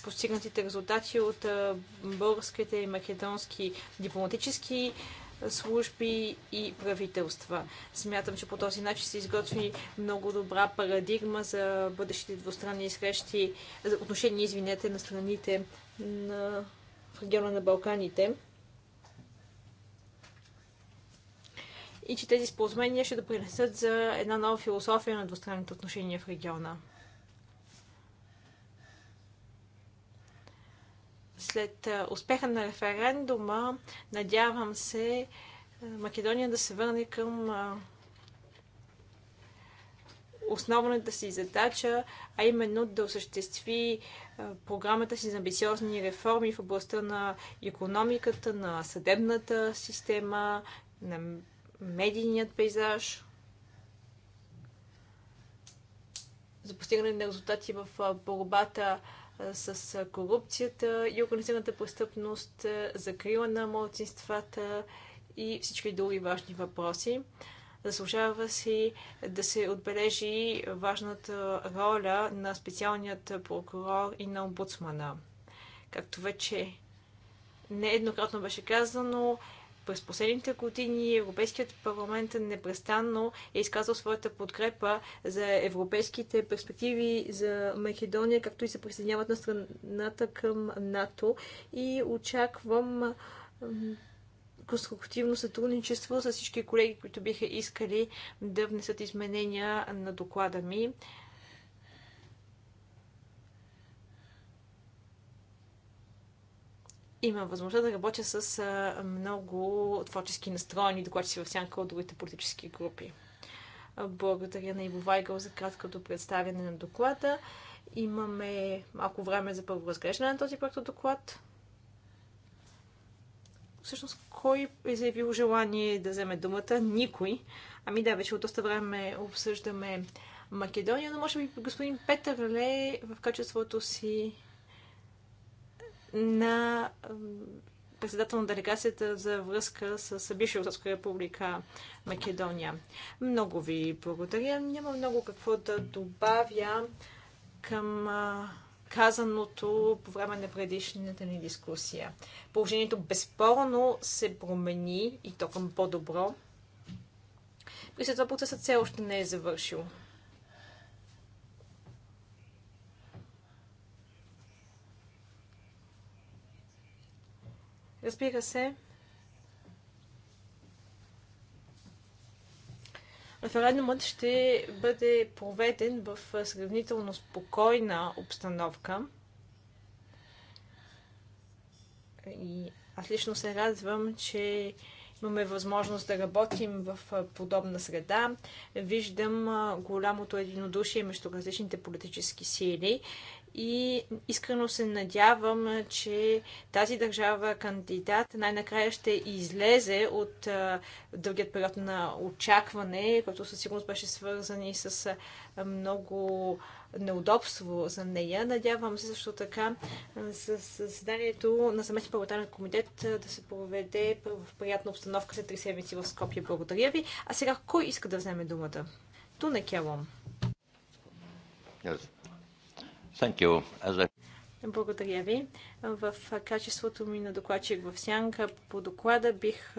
постигнатите резултати от българските и македонски дипломатически служби и правителства. Смятам, че по този начин се изготви много добра парадигма за бъдещите двустранни срещи, за отношения, извинете, на страните на, в региона на Балканите. И че тези споразумения ще допринесат за една нова философия на двустранните отношения в региона. След успеха на референдума, надявам се Македония да се върне към основната си задача, а именно да осъществи програмата си за амбициозни реформи в областта на економиката, на съдебната система, на медийният пейзаж, за постигане на резултати в борбата с корупцията и организираната престъпност, закрила на младсинствата и всички други важни въпроси. Заслужава си да се отбележи важната роля на специалният прокурор и на омбудсмана. Както вече нееднократно беше казано, през последните години Европейският парламент непрестанно е изказал своята подкрепа за европейските перспективи за Македония, както и се присъединяват на страната към НАТО и очаквам конструктивно сътрудничество с всички колеги, които биха искали да внесат изменения на доклада ми. имам възможност да работя с много творчески настроени докладчици в сянка от другите политически групи. Благодаря на Иво Вайгъл за краткото представяне на доклада. Имаме малко време за първо разглеждане на този проект доклад. Всъщност, кой е заявил желание да вземе думата? Никой. Ами да, вече от доста време обсъждаме Македония, но може би господин Петър Ле в качеството си на председател на делегацията за връзка с бивша Руска република Македония. Много ви благодаря. Няма много какво да добавя към казаното по време на предишната ни дискусия. Положението безспорно се промени и то към по-добро. При след това процесът все още не е завършил. Разбира се, референдумът ще бъде проведен в сравнително спокойна обстановка. И аз лично се радвам, че имаме възможност да работим в подобна среда. Виждам голямото единодушие между различните политически сили и искрено се надявам, че тази държава кандидат най-накрая ще излезе от дългият период на очакване, който със сигурност беше свързан и с много неудобство за нея. Надявам се също така с заседанието на съместния парламентарен комитет да се проведе в приятна обстановка след три седмици в Скопия. Благодаря ви. А сега кой иска да вземе думата? Туне Келом. Yes. A... Благодаря ви. В качеството ми на докладчик в Сянка по доклада бих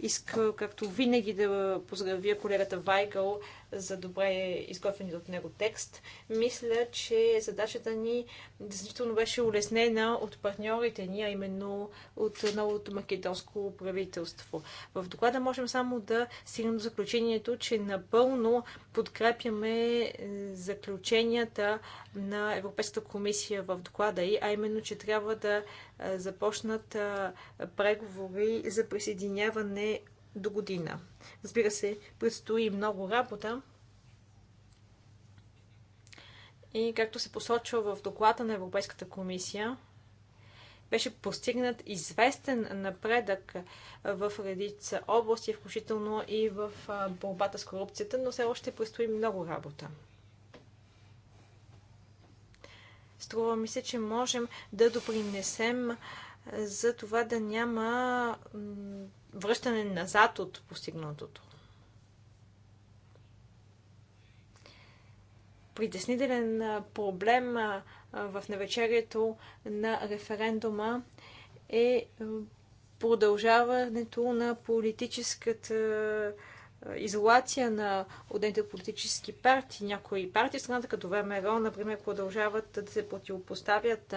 искал, както винаги, да поздравя колегата Вайгъл за добре изготвени от него текст. Мисля, че задачата ни действително беше улеснена от партньорите ни, а именно от новото македонско правителство. В доклада можем само да стигнем до заключението, че напълно подкрепяме е, заключенията на Европейската комисия в доклада и, а именно, че трябва да е, започнат е, преговори за присъединяване до година. Разбира се, предстои много работа. И както се посочва в доклада на Европейската комисия, беше постигнат известен напредък в редица области, включително и в борбата с корупцията, но все още предстои много работа. Струва ми се, че можем да допринесем за това да няма връщане назад от постигнатото. Притеснителен проблем в навечерието на референдума е продължаването на политическата изолация на отделните политически партии. Някои партии в страната, като ВМРО, например, продължават да се противопоставят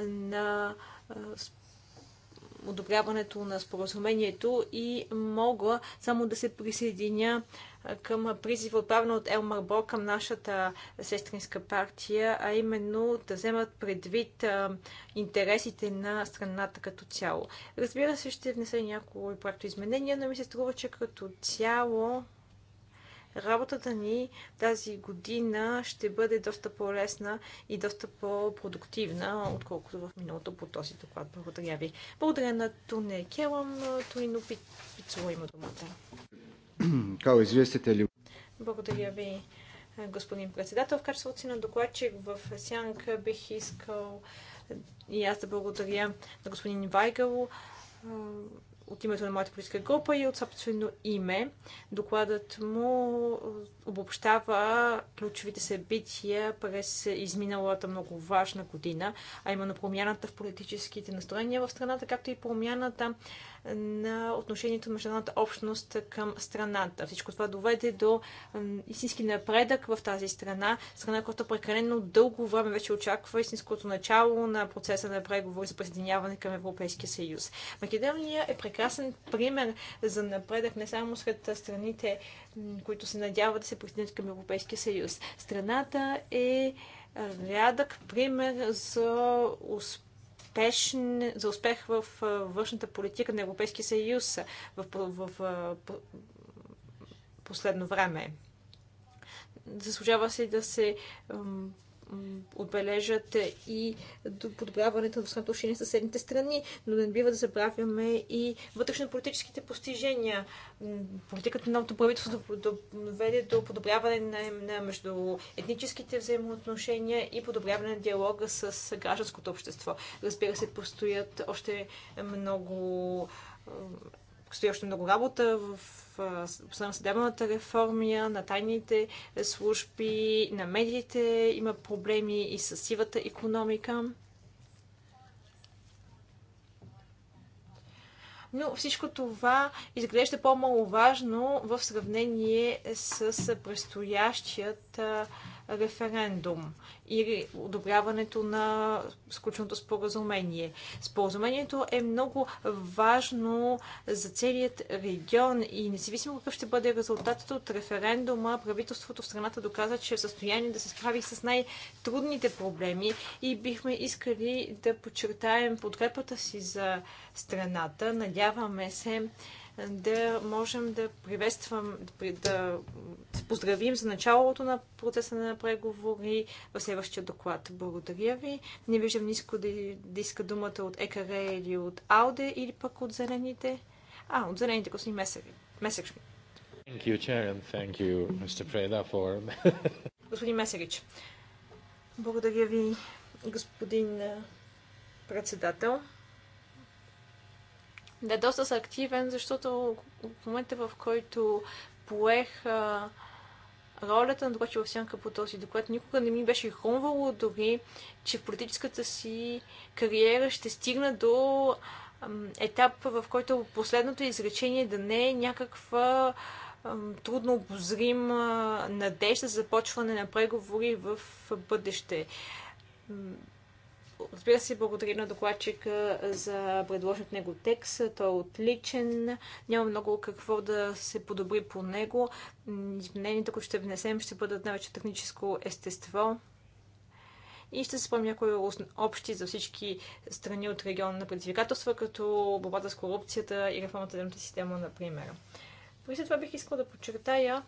на одобряването на споразумението и мога само да се присъединя към призива отправен от Елмар Бо към нашата сестринска партия, а именно да вземат предвид интересите на страната като цяло. Разбира се, ще внесе някои проекто изменения, но ми се струва, че като цяло работата ни тази година ще бъде доста по-лесна и доста по-продуктивна, отколкото в миналото по този доклад. Благодаря ви. Благодаря на Туне Келам. Туино Пицово има думата. Као известите Благодаря ви господин председател. В качеството си на докладчик в Сянка бих искал и аз да благодаря на господин Вайгал от името на моята политическа група и от собствено име. Докладът му е, обобщава ключовите събития през изминалата много важна година, а именно промяната в политическите настроения в страната, както и промяната на отношението на международната общност към страната. Всичко това доведе до истински напредък в тази страна, страна, която прекалено дълго време вече очаква истинското начало на процеса на преговори за присъединяване към Европейския съюз. Македония е прекрасен пример за напредък не само сред страните, които се надяват да се присъединят към Европейския съюз. Страната е рядък пример за успех успешен, за успех в външната политика на Европейския съюз в, в, в последно време. Заслужава се да се отбележат и подобряването на отношение с съседните страни, но не бива да забравяме и вътрешно-политическите постижения. Политиката на новото правителство доведе до подобряване на, на между етническите взаимоотношения и подобряване на диалога с гражданското общество. Разбира се, постоят още много стои още много работа в на съдебната реформия, на тайните служби, на медиите. Има проблеми и с сивата економика. но всичко това изглежда по-маловажно в сравнение с предстоящият референдум или одобряването на сключеното споразумение. Споразумението е много важно за целият регион и независимо какъв ще бъде резултатът от референдума, правителството в страната доказа, че е в състояние да се справи с най-трудните проблеми и бихме искали да подчертаем подкрепата си за страната. Надяваме се да можем да приветствам, да се поздравим за началото на процеса на преговори в следващия доклад. Благодаря ви. Не виждам ниско да, да иска думата от ЕКР или от АУДЕ или пък от зелените. А, от зелените, господин Месек. Thank you, Chair, and thank you, Mr. Preda, for... господин Месерич, благодаря ви, господин председател да е доста са активен, защото в момента в който поех а, ролята на докладчик в сянка по този доклад, никога не ми беше хрумвало дори, че в политическата си кариера ще стигна до етап, в който последното изречение да не е някаква трудно обозрима надежда за започване на преговори в бъдеще. Разбира се, благодаря на докладчика за предложен от него текст. Той е отличен. Няма много какво да се подобри по него. Изменението, които ще внесем, ще бъдат най-вече техническо естество. И ще се спомня някои общи за всички страни от региона на предизвикателства, като борбата с корупцията и реформата на система, например. При това бих искала да подчертая,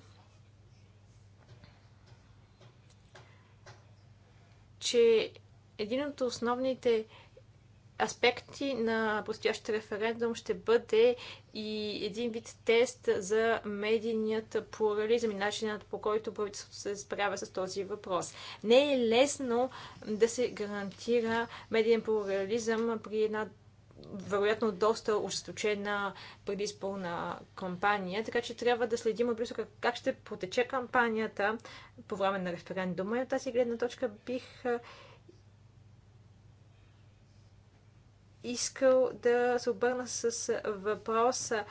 че един от основните аспекти на предстоящ референдум ще бъде и един вид тест за медийният плурализъм и начинът по който правителството се справя с този въпрос. Не е лесно да се гарантира медиен плурализъм при една вероятно доста ожесточена предизпълна кампания, така че трябва да следим близо как, как ще протече кампанията по време на референдума. И от тази гледна точка бих искал да се обърна с въпроса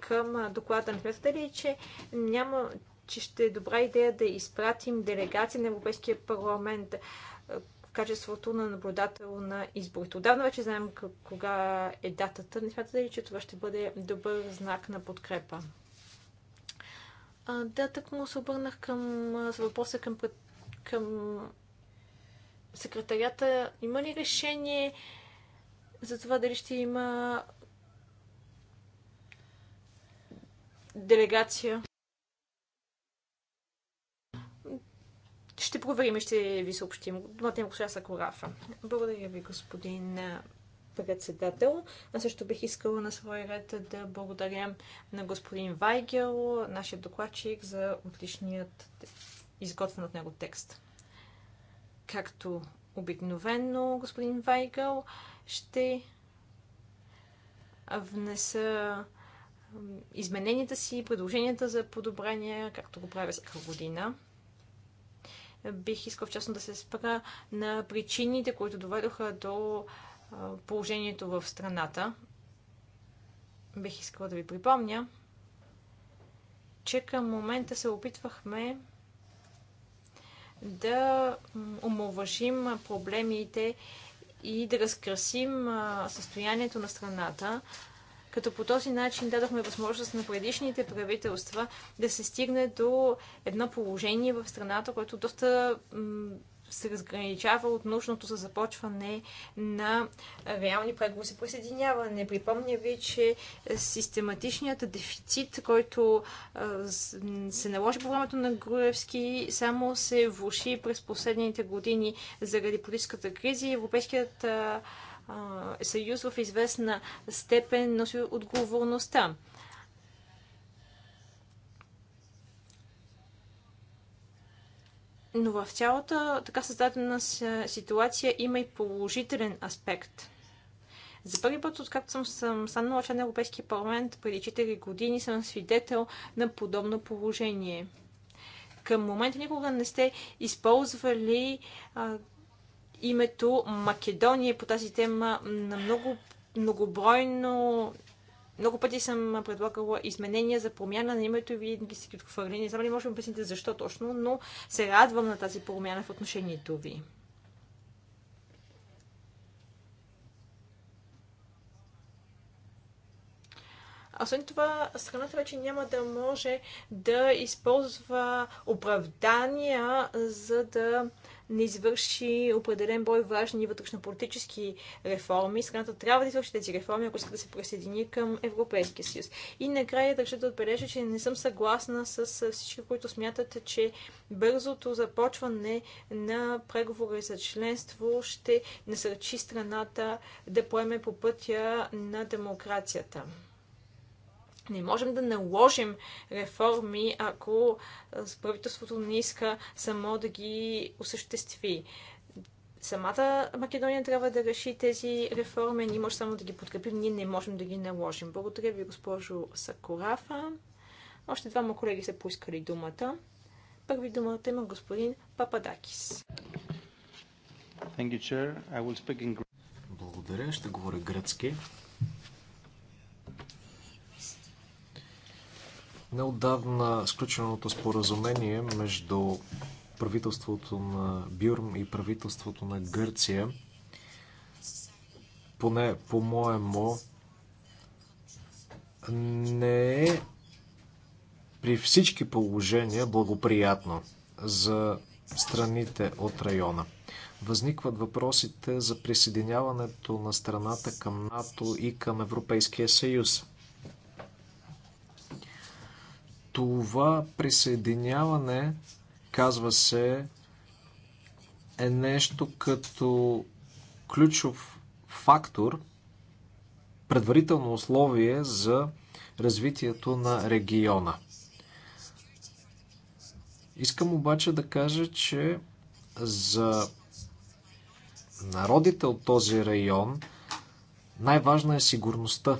към доклада. на смятате ли, е, че няма, че ще е добра идея да изпратим делегация на Европейския парламент в качеството на наблюдател на изборите. Отдавна вече знаем кога е датата. Не смятате ли, че това ще бъде добър знак на подкрепа? А, да, так му се обърнах към, с въпроса към, към секретарията. Има ли решение за това дали ще има делегация. Ще проверим и ще ви съобщим. Думата им госпожа Сакорафа. Благодаря ви, господин председател. Аз също бих искала на своя ред да благодаря на господин Вайгел, нашия докладчик, за отличният изготвен от него текст. Както обикновено, господин Вайгел, ще внеса измененията си, предложенията за подобрения, както го правя всяка година. Бих искал частно да се спра на причините, които доведоха до положението в страната. Бих искала да ви припомня, че към момента се опитвахме да омоважим проблемите и да разкрасим състоянието на страната, като по този начин дадохме възможност на предишните правителства да се стигне до едно положение в страната, което доста се разграничава от нужното за започване на реални преговори за присъединяване. Припомня ви, че систематичният дефицит, който се наложи по времето на Груевски, само се влуши през последните години заради политическата криза и Европейският съюз в известна степен носи отговорността. Но в цялата така създадена е, ситуация има и положителен аспект. За първи път, откакто съм, съм станала член на Европейския парламент преди 4 години, съм свидетел на подобно положение. Към момента никога не сте използвали а, името Македония по тази тема на много многобройно много пъти съм предлагала изменения за промяна на името и вие ги сте отхвърли. Не знам ли може да обясните защо точно, но се радвам на тази промяна в отношението ви. А освен това, страната вече няма да може да използва оправдания, за да не извърши определен брой важни вътрешнополитически реформи. Страната трябва да извърши тези реформи, ако иска да се присъедини към Европейския съюз. И накрая държа да отбележа, че не съм съгласна с всички, които смятат, че бързото започване на преговори за членство ще насърчи страната да поеме по пътя на демокрацията. Не можем да наложим реформи, ако правителството не иска само да ги осъществи самата Македония трябва да реши тези реформи. Ние може само да ги подкрепим, ние не можем да ги наложим. Благодаря ви, госпожо Сакорафа. Още двама колеги са поискали думата. Първи думата има господин Пападакис. Благодаря, ще говоря гръцки. Неодавна сключеното споразумение между правителството на Бюрм и правителството на Гърция, поне по-моему, не е при всички положения благоприятно за страните от района. Възникват въпросите за присъединяването на страната към НАТО и към Европейския съюз това присъединяване, казва се, е нещо като ключов фактор, предварително условие за развитието на региона. Искам обаче да кажа, че за народите от този район най-важна е сигурността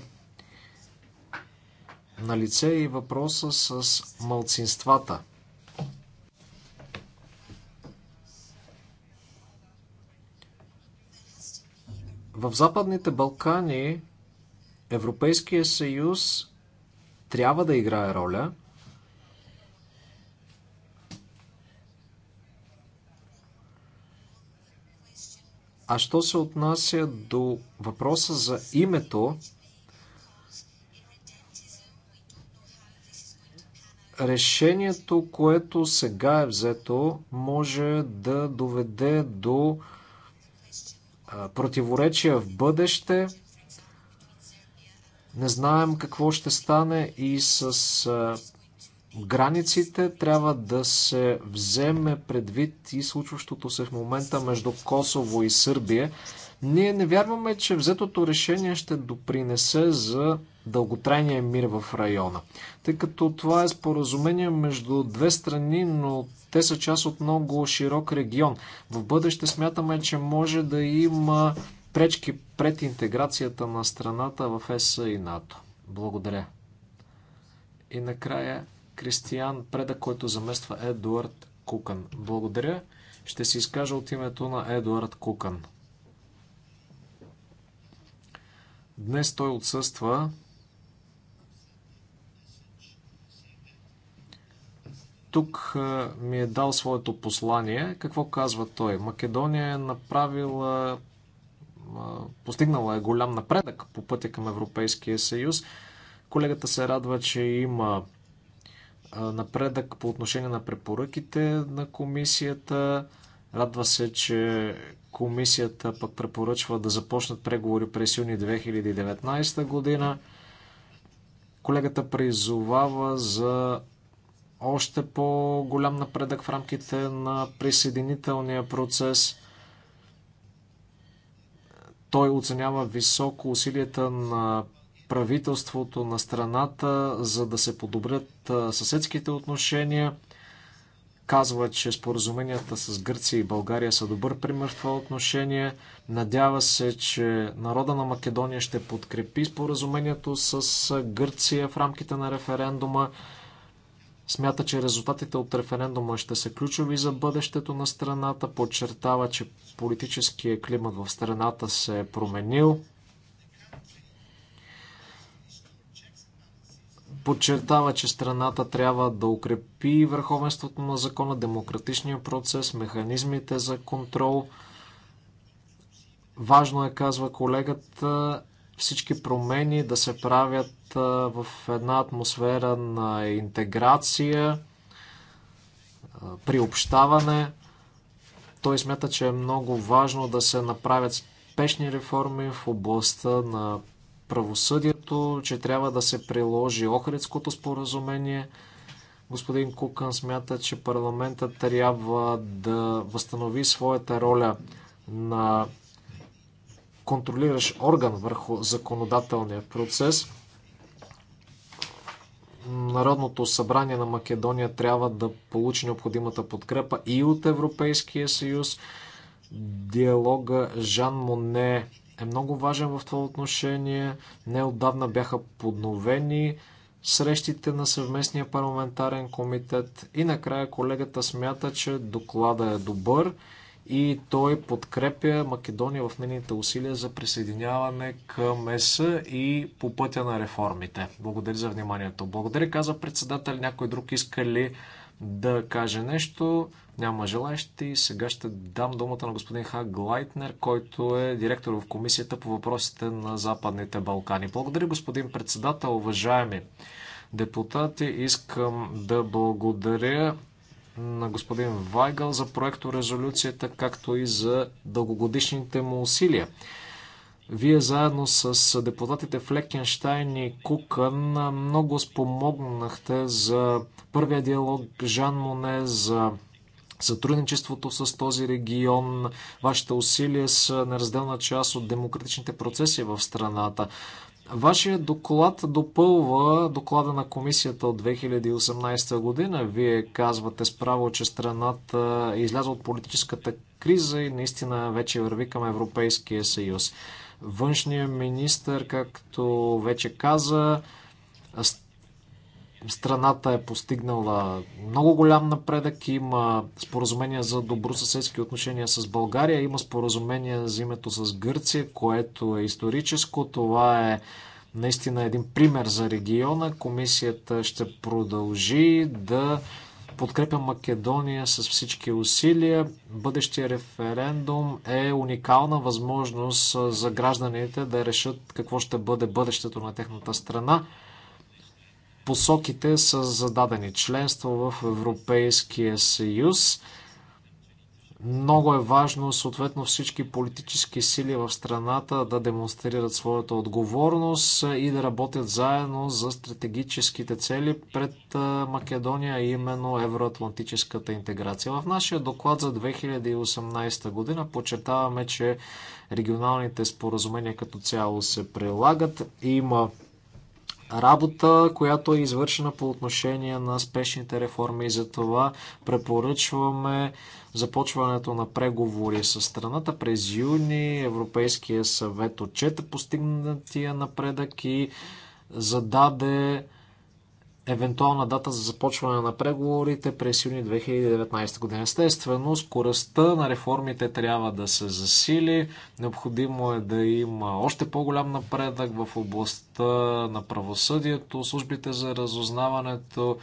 на лице и въпроса с малцинствата. В Западните Балкани Европейския съюз трябва да играе роля. А що се отнася до въпроса за името, решението, което сега е взето, може да доведе до противоречия в бъдеще. Не знаем какво ще стане и с границите. Трябва да се вземе предвид и случващото се в момента между Косово и Сърбия. Ние не вярваме, че взетото решение ще допринесе за дълготрайния мир в района, тъй като това е споразумение между две страни, но те са част от много широк регион. В бъдеще смятаме, че може да има пречки пред интеграцията на страната в ЕС и НАТО. Благодаря. И накрая Кристиян Преда, който замества Едуард Кукан. Благодаря. Ще се изкажа от името на Едуард Кукан. Днес той отсъства. Тук ми е дал своето послание. Какво казва той? Македония е направила, постигнала е голям напредък по пътя към Европейския съюз. Колегата се радва, че има напредък по отношение на препоръките на комисията. Радва се, че комисията пък препоръчва да започнат преговори през юни 2019 година. Колегата призовава за още по-голям напредък в рамките на присъединителния процес. Той оценява високо усилията на правителството на страната, за да се подобрят съседските отношения – казва, че споразуменията с Гърция и България са добър пример в това отношение. Надява се, че народа на Македония ще подкрепи споразумението с Гърция в рамките на референдума. Смята, че резултатите от референдума ще са ключови за бъдещето на страната. Подчертава, че политическия климат в страната се е променил. подчертава, че страната трябва да укрепи върховенството на закона, демократичния процес, механизмите за контрол. Важно е, казва колегата, всички промени да се правят в една атмосфера на интеграция, приобщаване. Той смята, че е много важно да се направят спешни реформи в областта на правосъдието, че трябва да се приложи Охридското споразумение. Господин Кукън смята, че парламента трябва да възстанови своята роля на контролиращ орган върху законодателния процес. Народното събрание на Македония трябва да получи необходимата подкрепа и от Европейския съюз. Диалога Жан Моне е много важен в това отношение. Неотдавна бяха подновени срещите на съвместния парламентарен комитет и накрая колегата смята, че доклада е добър и той подкрепя Македония в нейните усилия за присъединяване към ЕС и по пътя на реформите. Благодаря за вниманието. Благодаря, каза председател. Някой друг иска ли да каже нещо. Няма желаящи. Сега ще дам думата на господин Хаг Глайтнер, който е директор в Комисията по въпросите на Западните Балкани. Благодаря, господин председател, уважаеми депутати. Искам да благодаря на господин Вайгъл за проекто резолюцията, както и за дългогодишните му усилия вие заедно с депутатите Флекенштайн и Кукън много спомогнахте за първия диалог Жан Моне, за сътрудничеството с този регион. Вашите усилия са неразделна част от демократичните процеси в страната. Вашия доклад допълва доклада на комисията от 2018 година. Вие казвате справо, че страната изляза от политическата криза и наистина вече върви към Европейския съюз външния министр, както вече каза, страната е постигнала много голям напредък. Има споразумение за добросъседски отношения с България, има споразумение за името с Гърция, което е историческо. Това е наистина един пример за региона. Комисията ще продължи да Подкрепям Македония с всички усилия. Бъдещия референдум е уникална възможност за гражданите да решат какво ще бъде бъдещето на техната страна. Посоките са зададени. Членство в Европейския съюз – много е важно съответно всички политически сили в страната да демонстрират своята отговорност и да работят заедно за стратегическите цели пред Македония, именно евроатлантическата интеграция. В нашия доклад за 2018 година подчертаваме, че регионалните споразумения като цяло се прилагат. Има работа, която е извършена по отношение на спешните реформи и за това препоръчваме започването на преговори с страната през юни. Европейския съвет отчета постигнатия напредък и зададе евентуална дата за започване на преговорите през юни 2019 година. Естествено, скоростта на реформите трябва да се засили. Необходимо е да има още по-голям напредък в областта на правосъдието, службите за разузнаването,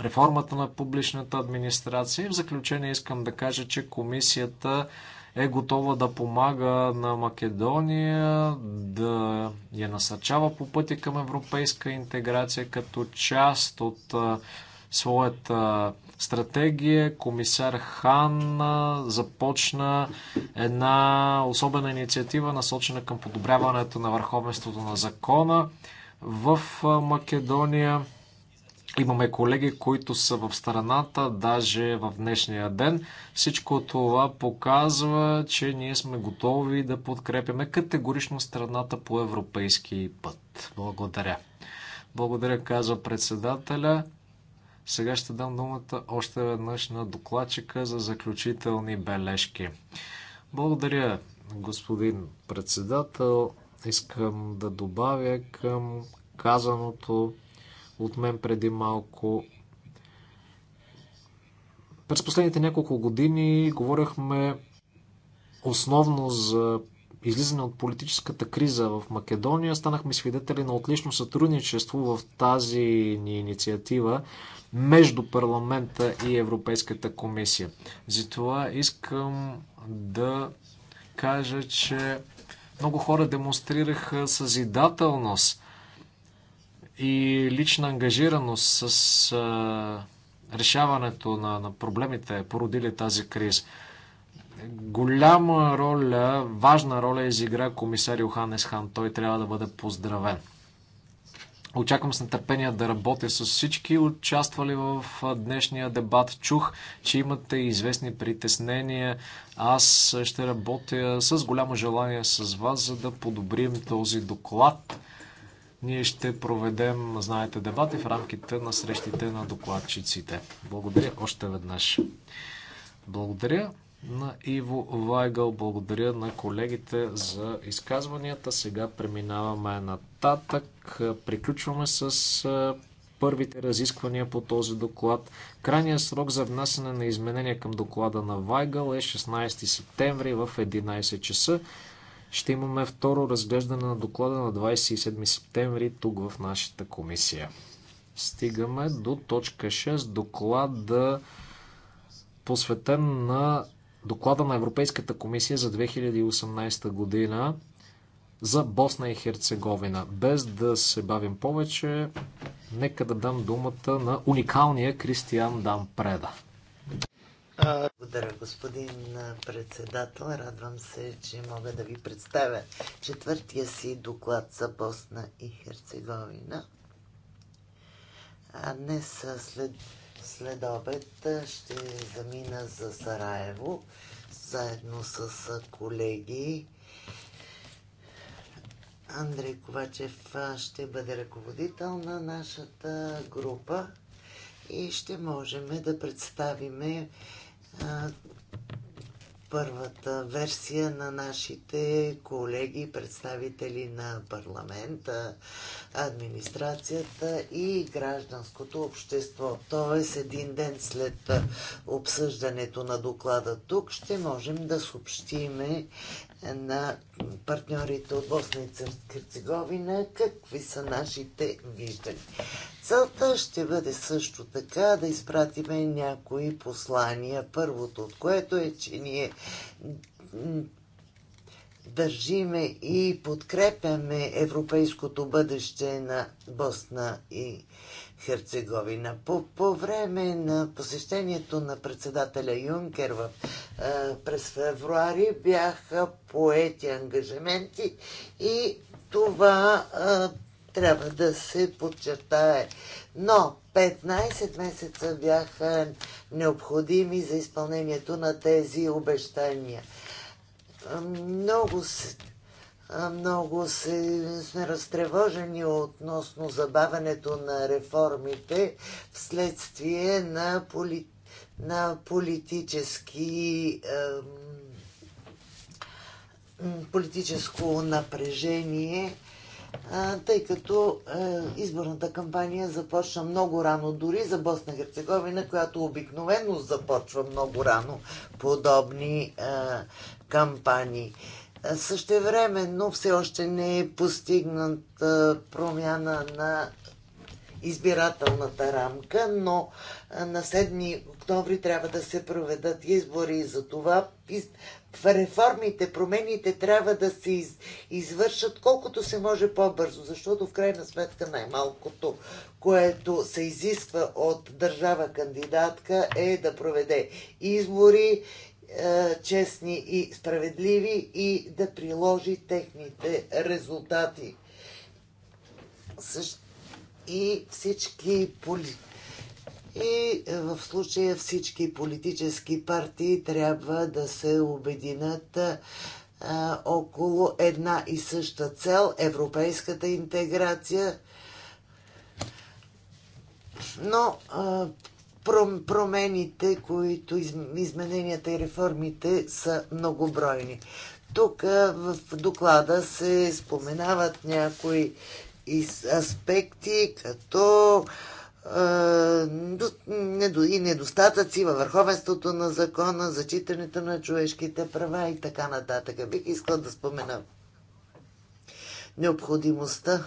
реформата на публичната администрация. И в заключение искам да кажа, че комисията е готова да помага на Македония, да я насърчава по пътя към европейска интеграция като част от своята стратегия. Комисар Хан започна една особена инициатива, насочена към подобряването на върховенството на закона в Македония. Имаме колеги, които са в страната, даже в днешния ден. Всичко това показва, че ние сме готови да подкрепяме категорично страната по европейски път. Благодаря. Благодаря, казва председателя. Сега ще дам думата още веднъж на докладчика за заключителни бележки. Благодаря, господин председател. Искам да добавя към казаното от мен преди малко. През последните няколко години говорихме основно за излизане от политическата криза в Македония. Станахме свидетели на отлично сътрудничество в тази ни инициатива между парламента и Европейската комисия. Затова искам да кажа, че много хора демонстрираха съзидателност и лична ангажираност с а, решаването на, на проблемите, породили тази криз. Голяма роля, важна роля изигра комисар Йоханес Хан. Той трябва да бъде поздравен. Очаквам с нетърпение да работя с всички участвали в днешния дебат. Чух, че имате известни притеснения. Аз ще работя с голямо желание с вас, за да подобрим този доклад ние ще проведем, знаете, дебати в рамките на срещите на докладчиците. Благодаря още веднъж. Благодаря на Иво Вайгъл, благодаря на колегите за изказванията. Сега преминаваме нататък. Приключваме с първите разисквания по този доклад. Крайният срок за внасяне на изменения към доклада на Вайгъл е 16 септември в 11 часа. Ще имаме второ разглеждане на доклада на 27 септември тук в нашата комисия. Стигаме до точка 6, доклада посветен на доклада на Европейската комисия за 2018 година за Босна и Херцеговина. Без да се бавим повече, нека да дам думата на уникалния Кристиан Дампреда. Благодаря, господин председател. Радвам се, че мога да ви представя четвъртия си доклад за Босна и Херцеговина. А днес след, след обед ще замина за Сараево, заедно с колеги. Андрей Ковачев ще бъде ръководител на нашата група и ще можем да представиме първата версия на нашите колеги, представители на парламента, администрацията и гражданското общество. Тоест, един ден след обсъждането на доклада тук ще можем да съобщиме на партньорите от Босна и Херцеговина, какви са нашите виждания. Целта ще бъде също така да изпратиме някои послания. Първото от което е, че ние държиме и подкрепяме европейското бъдеще на Босна и Херцеговина. По, по време на посещението на председателя Юнкер в, а, през февруари бяха поети ангажименти и това а, трябва да се подчертае. Но 15 месеца бяха необходими за изпълнението на тези обещания. Много се. Много се, сме разтревожени относно забавянето на реформите вследствие на, поли, на политически политическо напрежение, тъй като изборната кампания започна много рано, дори за Босна Херцеговина, която обикновено започва много рано подобни кампании. Същевременно все още не е постигнат промяна на избирателната рамка, но на 7 октомври трябва да се проведат избори и за това реформите, промените трябва да се извършат колкото се може по-бързо, защото в крайна сметка най-малкото, което се изисква от държава кандидатка е да проведе избори е, честни и справедливи и да приложи техните резултати. И всички поли... И е, в случая всички политически партии трябва да се обединят е, около една и съща цел европейската интеграция. Но промените, които измененията и реформите са многобройни. Тук в доклада се споменават някои аспекти, като и недостатъци във върховенството на закона, зачитането на човешките права и така нататък. Бих искал да спомена необходимостта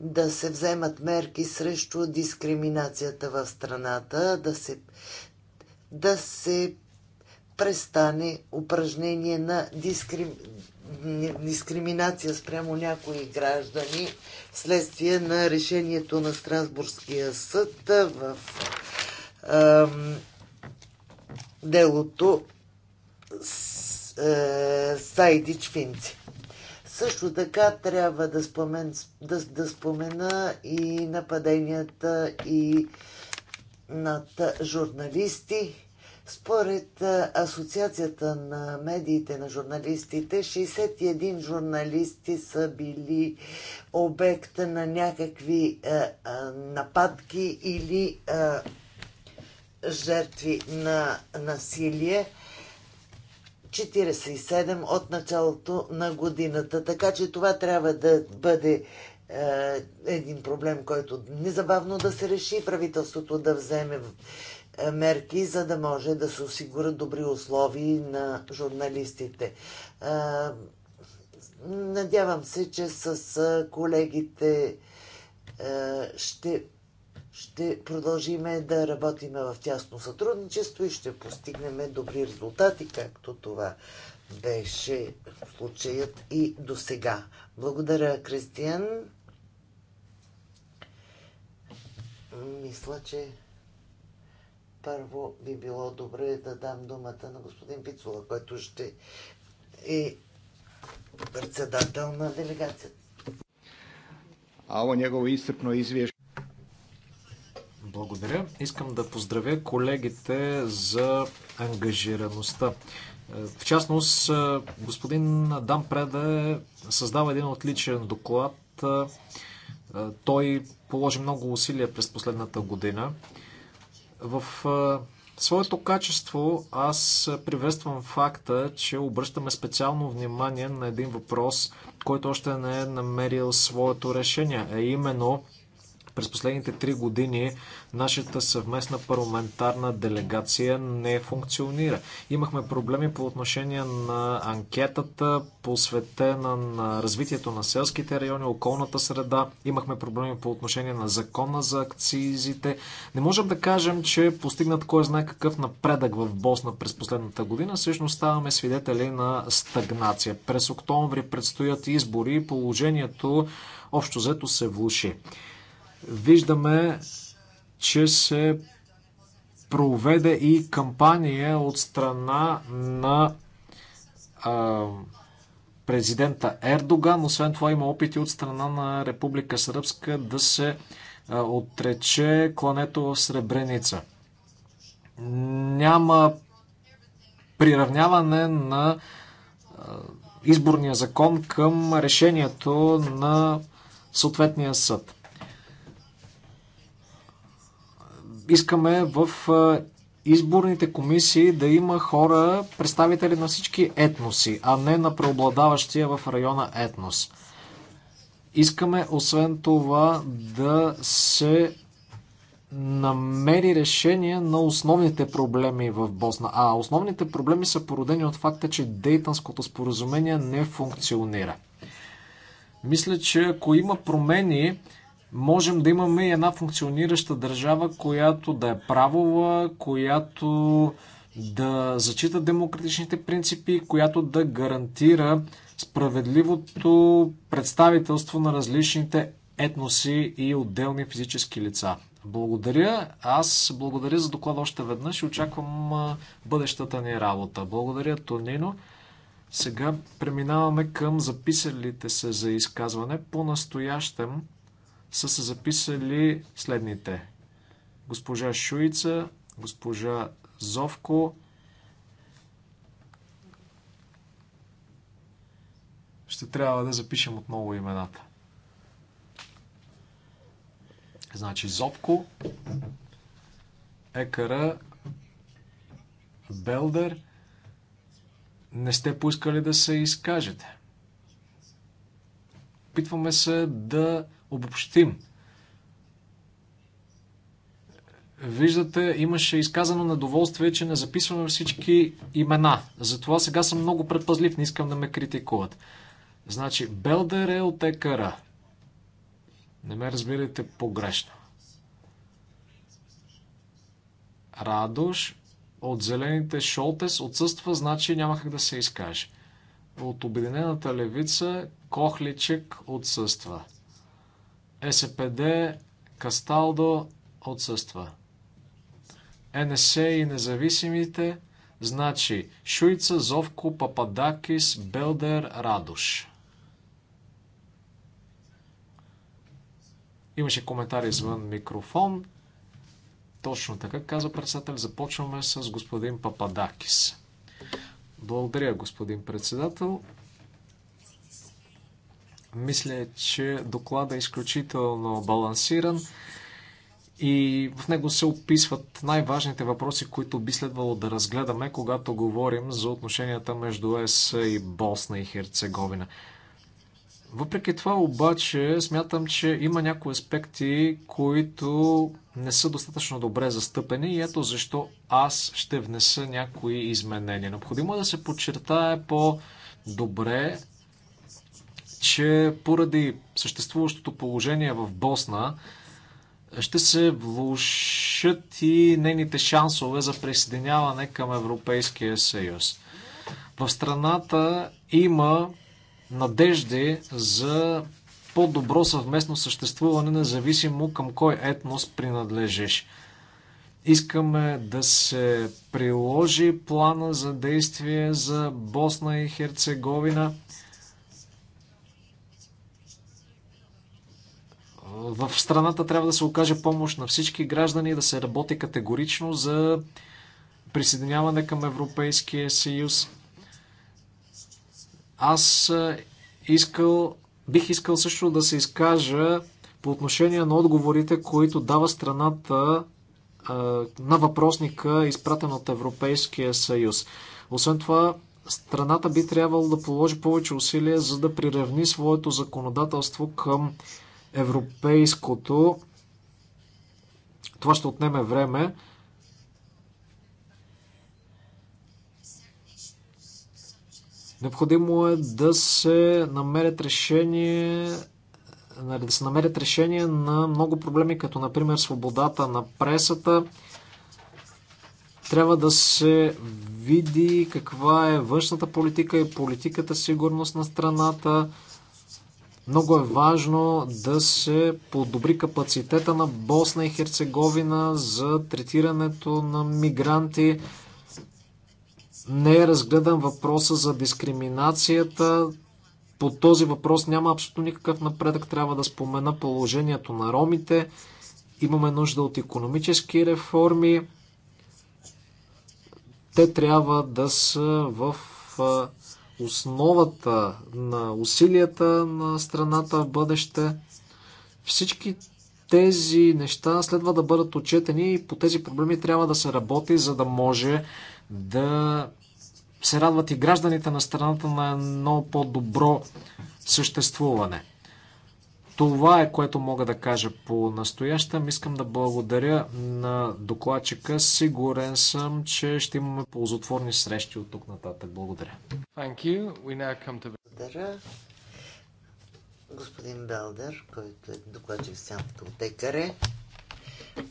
да се вземат мерки срещу дискриминацията в страната, да се, да се престане упражнение на дискрим... дискриминация спрямо някои граждани следствие на решението на Страсбургския съд в ем, делото с, е, Сайдич Финци. Също така трябва да, спомен, да, да спомена и нападенията и над журналисти. Според Асоциацията на медиите на журналистите, 61 журналисти са били обект на някакви е, нападки или е, жертви на насилие. 47 от началото на годината. Така че това трябва да бъде е, един проблем, който незабавно да се реши, правителството да вземе е, мерки, за да може да се осигурят добри условия на журналистите. Е, надявам се, че с е, колегите е, ще ще продължиме да работим в тясно сътрудничество и ще постигнем добри резултати, както това беше случаят и до сега. Благодаря, Кристиан. Мисля, че първо би било добре да дам думата на господин Пицула, който ще е председател на делегацията. Ало, ovo njegovo iscrpno благодаря. Искам да поздравя колегите за ангажираността. Е, в частност, е, господин Дан Преде създава един отличен доклад. Е, той положи много усилия през последната година. В своето качество аз приветствам факта, че обръщаме специално внимание на един въпрос, който още не е намерил своето решение, а е именно през последните три години нашата съвместна парламентарна делегация не функционира. Имахме проблеми по отношение на анкетата, посветена на развитието на селските райони, околната среда. Имахме проблеми по отношение на закона за акцизите. Не можем да кажем, че постигнат кой знае какъв напредък в Босна през последната година. Всъщност ставаме свидетели на стагнация. През октомври предстоят избори и положението общо взето се влуши. Виждаме, че се проведе и кампания от страна на а, президента Ердоган. Освен това има опити от страна на Република Сръбска да се а, отрече клането в Сребреница. Няма приравняване на а, изборния закон към решението на съответния съд. искаме в изборните комисии да има хора, представители на всички етноси, а не на преобладаващия в района етнос. Искаме освен това да се намери решение на основните проблеми в Босна. А основните проблеми са породени от факта, че Дейтанското споразумение не функционира. Мисля, че ако има промени, можем да имаме една функционираща държава, която да е правова, която да зачита демократичните принципи, която да гарантира справедливото представителство на различните етноси и отделни физически лица. Благодаря. Аз благодаря за доклада още веднъж и очаквам бъдещата ни работа. Благодаря, Тонино. Сега преминаваме към записалите се за изказване. По-настоящем са се записали следните. Госпожа Шуица, госпожа Зовко, ще трябва да запишем отново имената. Значи Зовко. Екара, Белдер, не сте поискали да се изкажете. Опитваме се да обобщим. Виждате, имаше изказано недоволствие, че не записваме всички имена. Затова сега съм много предпазлив, не искам да ме критикуват. Значи, Белдер е от екара. Не ме разбирайте погрешно. Радош от зелените Шолтес отсъства, значи няма как да се изкаже. От Обединената левица Кохличек отсъства. Е СПД Касталдо отсъства. НСЕ и независимите, значи Шуйца, Зовко, Пападакис, Белдер, Радош. Имаше коментар извън микрофон. Точно така каза председател. Започваме с господин Пападакис. Благодаря, господин председател. Мисля, че доклада е изключително балансиран и в него се описват най-важните въпроси, които би следвало да разгледаме, когато говорим за отношенията между ЕС и Босна и Херцеговина. Въпреки това обаче смятам, че има някои аспекти, които не са достатъчно добре застъпени и ето защо аз ще внеса някои изменения. Необходимо е да се подчертае по-добре че поради съществуващото положение в Босна ще се влушат и нейните шансове за присъединяване към Европейския съюз. В страната има надежди за по-добро съвместно съществуване, независимо към кой етнос принадлежиш. Искаме да се приложи плана за действие за Босна и Херцеговина. В страната трябва да се окаже помощ на всички граждани, да се работи категорично за присъединяване към Европейския съюз. Аз искал, бих искал също да се изкажа по отношение на отговорите, които дава страната на въпросника, изпратен от Европейския съюз. Освен това, страната би трябвало да положи повече усилия, за да приравни своето законодателство към европейското. Това ще отнеме време. Необходимо е да се намерят решение нали, да се намерят решение на много проблеми, като например свободата на пресата. Трябва да се види каква е външната политика и политиката сигурност на страната. Много е важно да се подобри капацитета на Босна и Херцеговина за третирането на мигранти. Не е разгледан въпроса за дискриминацията. По този въпрос няма абсолютно никакъв напредък. Трябва да спомена положението на ромите. Имаме нужда от економически реформи. Те трябва да са в основата на усилията на страната в бъдеще. Всички тези неща следва да бъдат отчетени и по тези проблеми трябва да се работи, за да може да се радват и гражданите на страната на едно по-добро съществуване. Това е което мога да кажа по настоящем. Искам да благодаря на докладчика. Сигурен съм, че ще имаме ползотворни срещи от тук нататък. Благодаря. To... Благодаря. Господин Белдер, който е докладчик в сянката от ЕКАРЕ.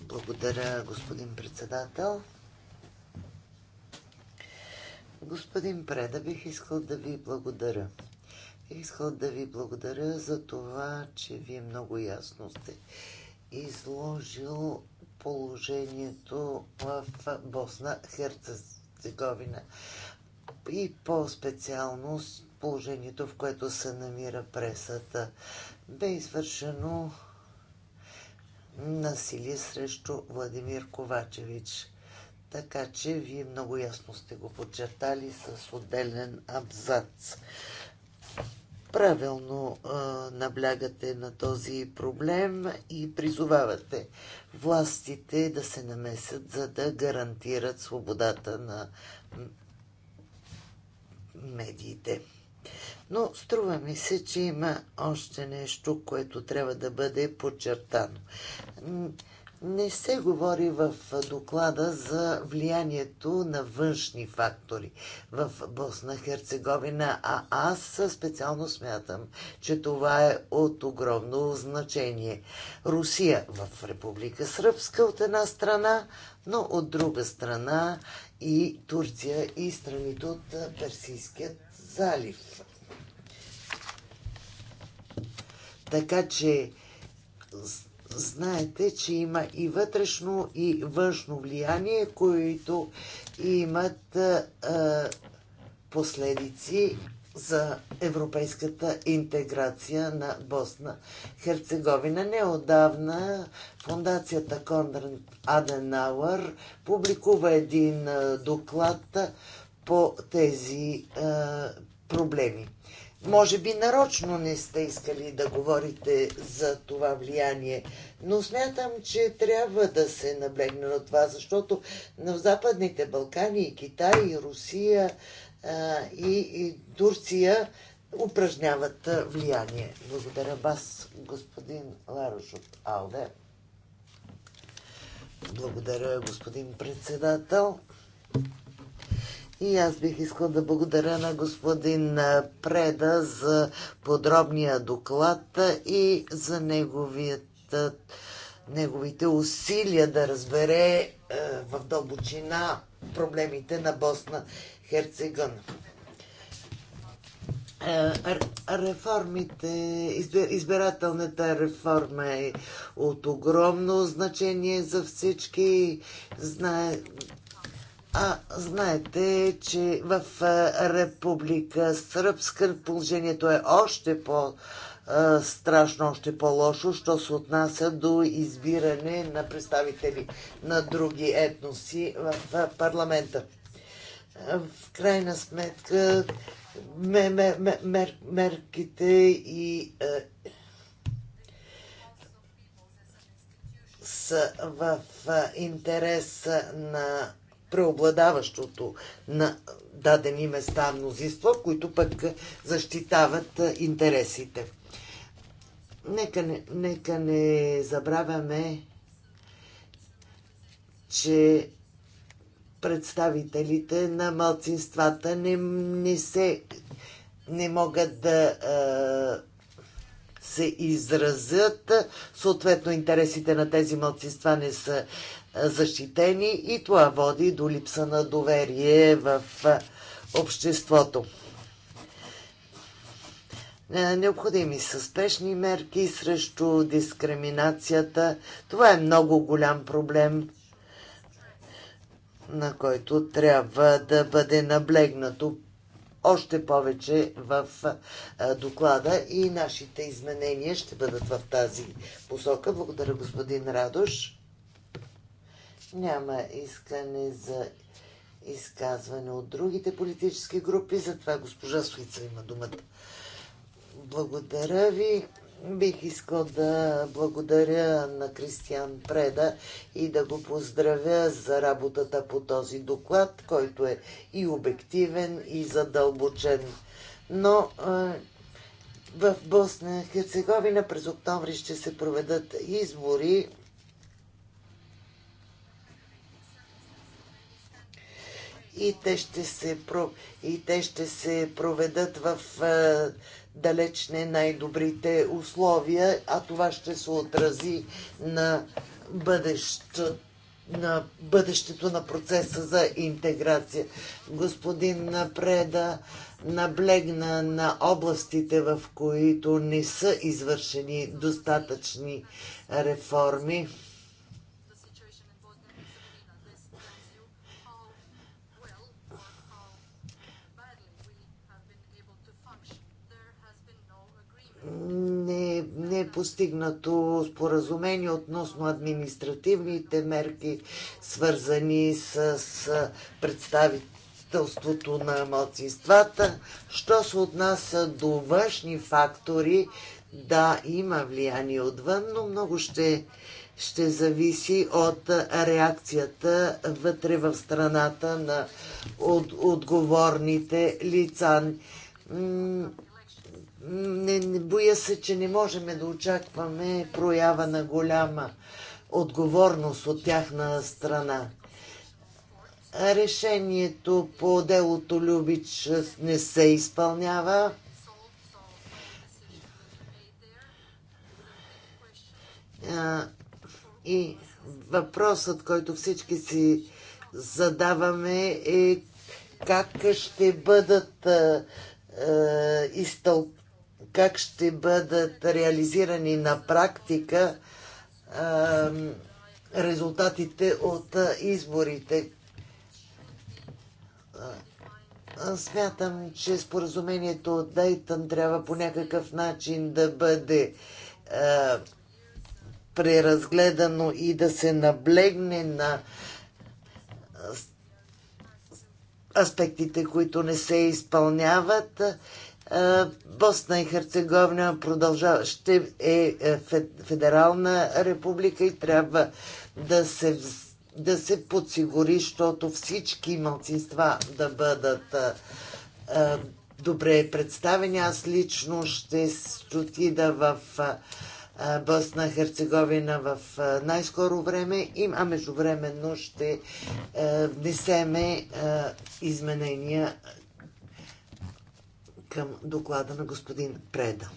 Благодаря, господин председател. Господин Преда, бих искал да ви благодаря искал да ви благодаря за това, че вие много ясно сте изложил положението в Босна Херцеговина и по-специално положението, в което се намира пресата. Бе извършено насилие срещу Владимир Ковачевич. Така че вие много ясно сте го подчертали с отделен абзац правилно а, наблягате на този проблем и призовавате властите да се намесят, за да гарантират свободата на медиите. Но струва ми се, че има още нещо, което трябва да бъде подчертано. Не се говори в доклада за влиянието на външни фактори в Босна Херцеговина, а аз специално смятам, че това е от огромно значение. Русия в Република Сръбска от една страна, но от друга страна и Турция и страните от Персийският залив. Така че знаете, че има и вътрешно, и външно влияние, които имат а, последици за европейската интеграция на Босна Херцеговина. Неодавна фундацията Конрад Аденауър публикува един доклад по тези а, проблеми. Може би нарочно не сте искали да говорите за това влияние, но смятам, че трябва да се наблегне на това, защото на Западните Балкани и Китай, и Русия, и, и Турция упражняват влияние. Благодаря вас, господин Ларош от Алде. Благодаря, господин председател. И аз бих искал да благодаря на господин Преда за подробния доклад и за неговият, неговите усилия да разбере е, в дълбочина проблемите на Босна Херцегона. Реформите, избирателната реформа е от огромно значение за всички. Знае, а знаете, че в Република Сръбска положението е още по- страшно, още по-лошо, що се отнася до избиране на представители на други етноси в парламента. В крайна сметка мерките и са в интерес на преобладаващото на дадени места мнозинство, които пък защитават интересите. Нека не, нека не забравяме, че представителите на малцинствата не, не се не могат да а, се изразят. Съответно, интересите на тези малцинства не са защитени и това води до липса на доверие в обществото. Е, необходими са спешни мерки срещу дискриминацията. Това е много голям проблем, на който трябва да бъде наблегнато още повече в доклада и нашите изменения ще бъдат в тази посока. Благодаря, господин Радош. Няма искане за изказване от другите политически групи, затова госпожа Суица има думата. Благодаря ви. Бих искал да благодаря на Кристиан Преда и да го поздравя за работата по този доклад, който е и обективен, и задълбочен. Но в Босна и Херцеговина през октомври ще се проведат избори и те ще се, и те ще се проведат в далеч не най-добрите условия, а това ще се отрази на бъдещето на бъдещето на процеса за интеграция. Господин Напреда, наблегна на областите, в които не са извършени достатъчни реформи не, не е постигнато споразумение относно административните мерки, свързани с, с представителството на младсинствата. Що се отнася до външни фактори, да, има влияние отвън, но много ще, ще зависи от реакцията вътре в страната на от, отговорните лица не, не боя се, че не можем да очакваме проява на голяма отговорност от тяхна страна. Решението по делото Любич не се изпълнява. А, и въпросът, който всички си задаваме е как ще бъдат а, а, как ще бъдат реализирани на практика резултатите от изборите. Смятам, че споразумението от Дейтън трябва по някакъв начин да бъде преразгледано и да се наблегне на аспектите, които не се изпълняват Босна и Херцеговина продължава, ще е, е федерална република и трябва да се, да се подсигури, защото всички малцинства да бъдат добре представени. Аз лично ще отида в Босна Херцеговина в най-скоро време, и, а междувременно ще внесеме изменения към доклада на господин Преда.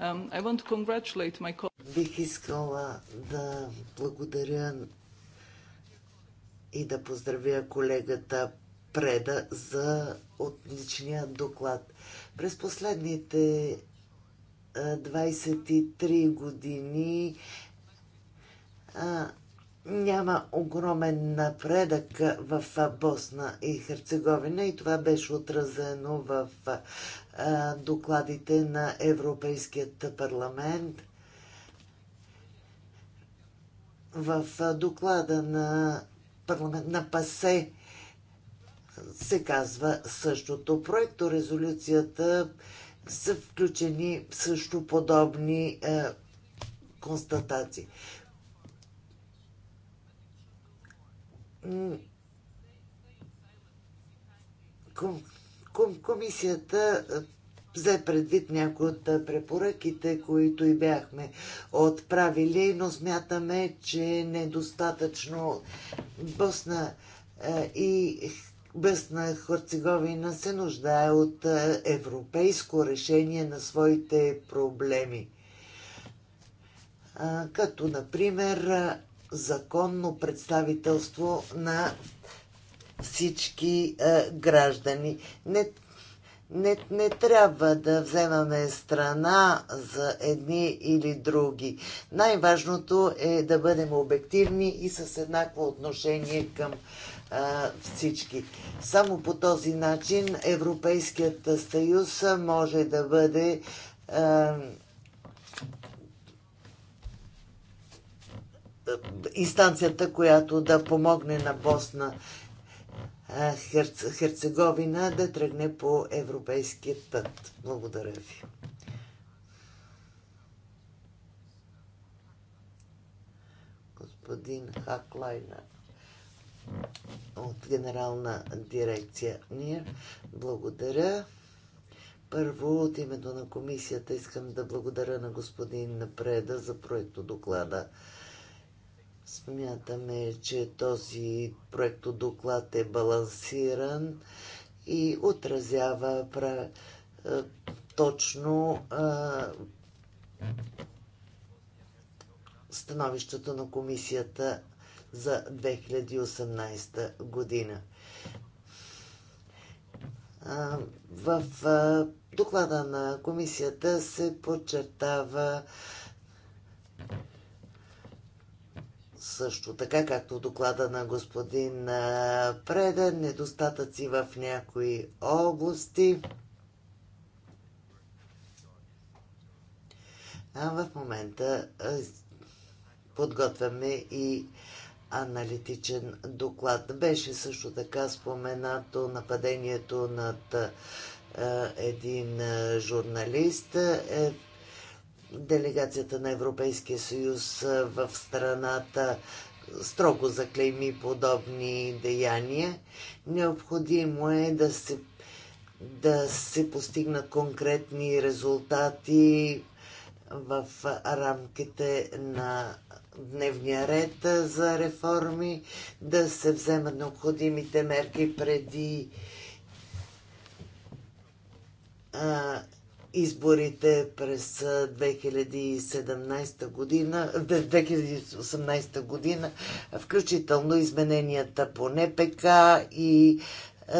Um, my... Бих искала да благодаря и да поздравя колегата Преда за отличния доклад. През последните 23 години няма огромен напредък в Босна и Херцеговина и това беше отразено в докладите на Европейският парламент. В доклада на, парламент, на ПАСЕ се казва същото. Проекто резолюцията са включени също подобни е, констатации. ком, ком, комисията взе предвид някои от препоръките, които и бяхме отправили, но смятаме, че недостатъчно Босна и Бесна Хорцеговина се нуждае от европейско решение на своите проблеми. Като, например, законно представителство на всички е, граждани. Не, не, не трябва да вземаме страна за едни или други. Най-важното е да бъдем обективни и с еднакво отношение към а, е, всички. Само по този начин Европейският съюз може да бъде а, е, инстанцията, която да помогне на Босна е, Херцеговина да тръгне по европейския път. Благодаря ви. Господин Хаклайна, от Генерална дирекция НИР. Благодаря. Първо, от името на комисията искам да благодаря на господин Напреда за проекто доклада Смятаме, че този проектодоклад е балансиран и отразява пра, е, точно а, становището на комисията за 2018 година. А, в а, доклада на комисията се подчертава а, също така, както в доклада на господин Преда, недостатъци в някои области. А в момента подготвяме и аналитичен доклад. Беше също така споменато нападението над един журналист. е делегацията на Европейския съюз в страната строго заклейми подобни деяния. Необходимо е да се, да се постигнат конкретни резултати в рамките на дневния ред за реформи, да се вземат необходимите мерки преди изборите през 2017 година, 2018 година, включително измененията по НПК и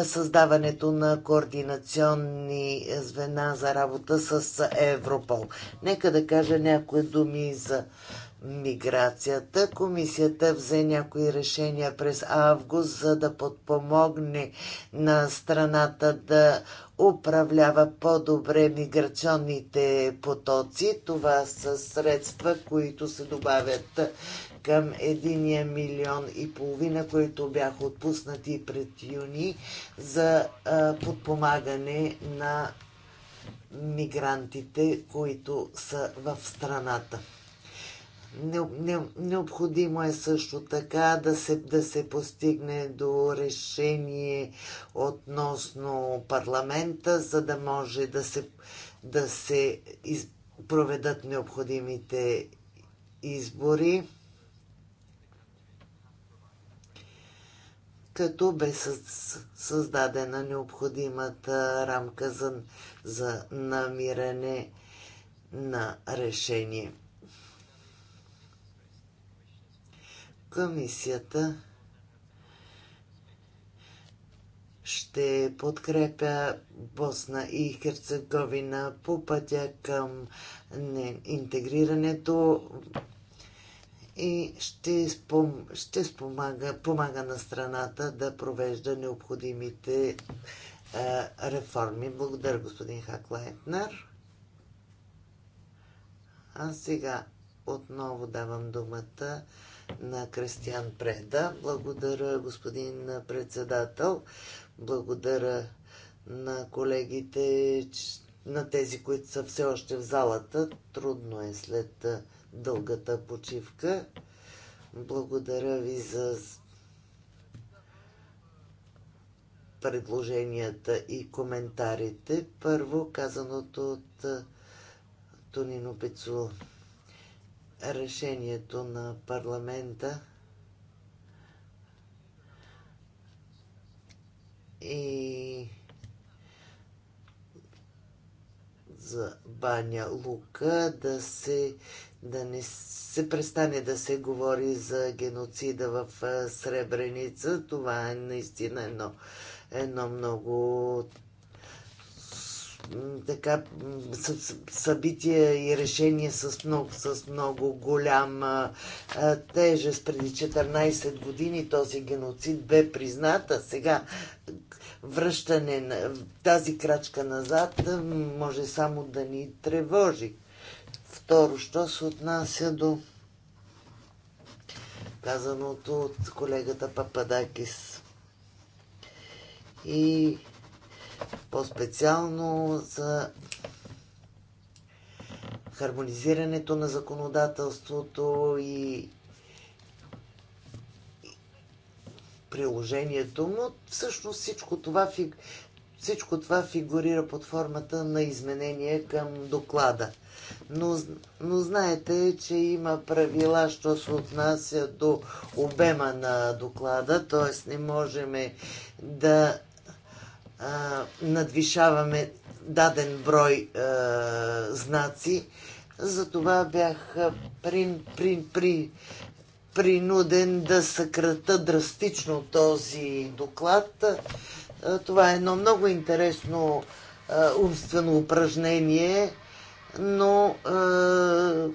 създаването на координационни звена за работа с Европол. Нека да кажа някои думи за миграцията. Комисията взе някои решения през август, за да подпомогне на страната да управлява по-добре миграционните потоци. Това са средства, които се добавят към 1 милион и половина, които бяха отпуснати пред юни за подпомагане на мигрантите, които са в страната. Не, не, необходимо е също така да се, да се постигне до решение относно парламента, за да може да се, да се из, проведат необходимите избори. като бе създадена необходимата рамка за, за намиране на решение. комисията ще подкрепя Босна и Херцеговина по пътя към интегрирането и ще, спом... ще спомага, помага на страната да провежда необходимите а, е, реформи. Благодаря, господин Хаклайтнер. А сега отново давам думата на Кристиан Преда. Благодаря, господин председател. Благодаря на колегите, на тези, които са все още в залата. Трудно е след дългата почивка. Благодаря ви за предложенията и коментарите. Първо казаното от Тонино Пецула решението на парламента и за Баня Лука да се да не се престане да се говори за геноцида в Сребреница. Това е наистина едно, едно много така, събития и решения с много, с много голяма тежест. Преди 14 години този геноцид бе призната. Сега връщане на тази крачка назад може само да ни тревожи. Второ, що се отнася до казаното от колегата Пападакис и по-специално за хармонизирането на законодателството и приложението му. Всъщност всичко това, всичко това фигурира под формата на изменения към доклада. Но, но знаете, че има правила, що се отнася до обема на доклада, т.е. не можем да а, надвишаваме даден брой а, знаци. Затова бях при, при, при, принуден да съкрата драстично този доклад. Това е едно много интересно а, умствено упражнение, но а,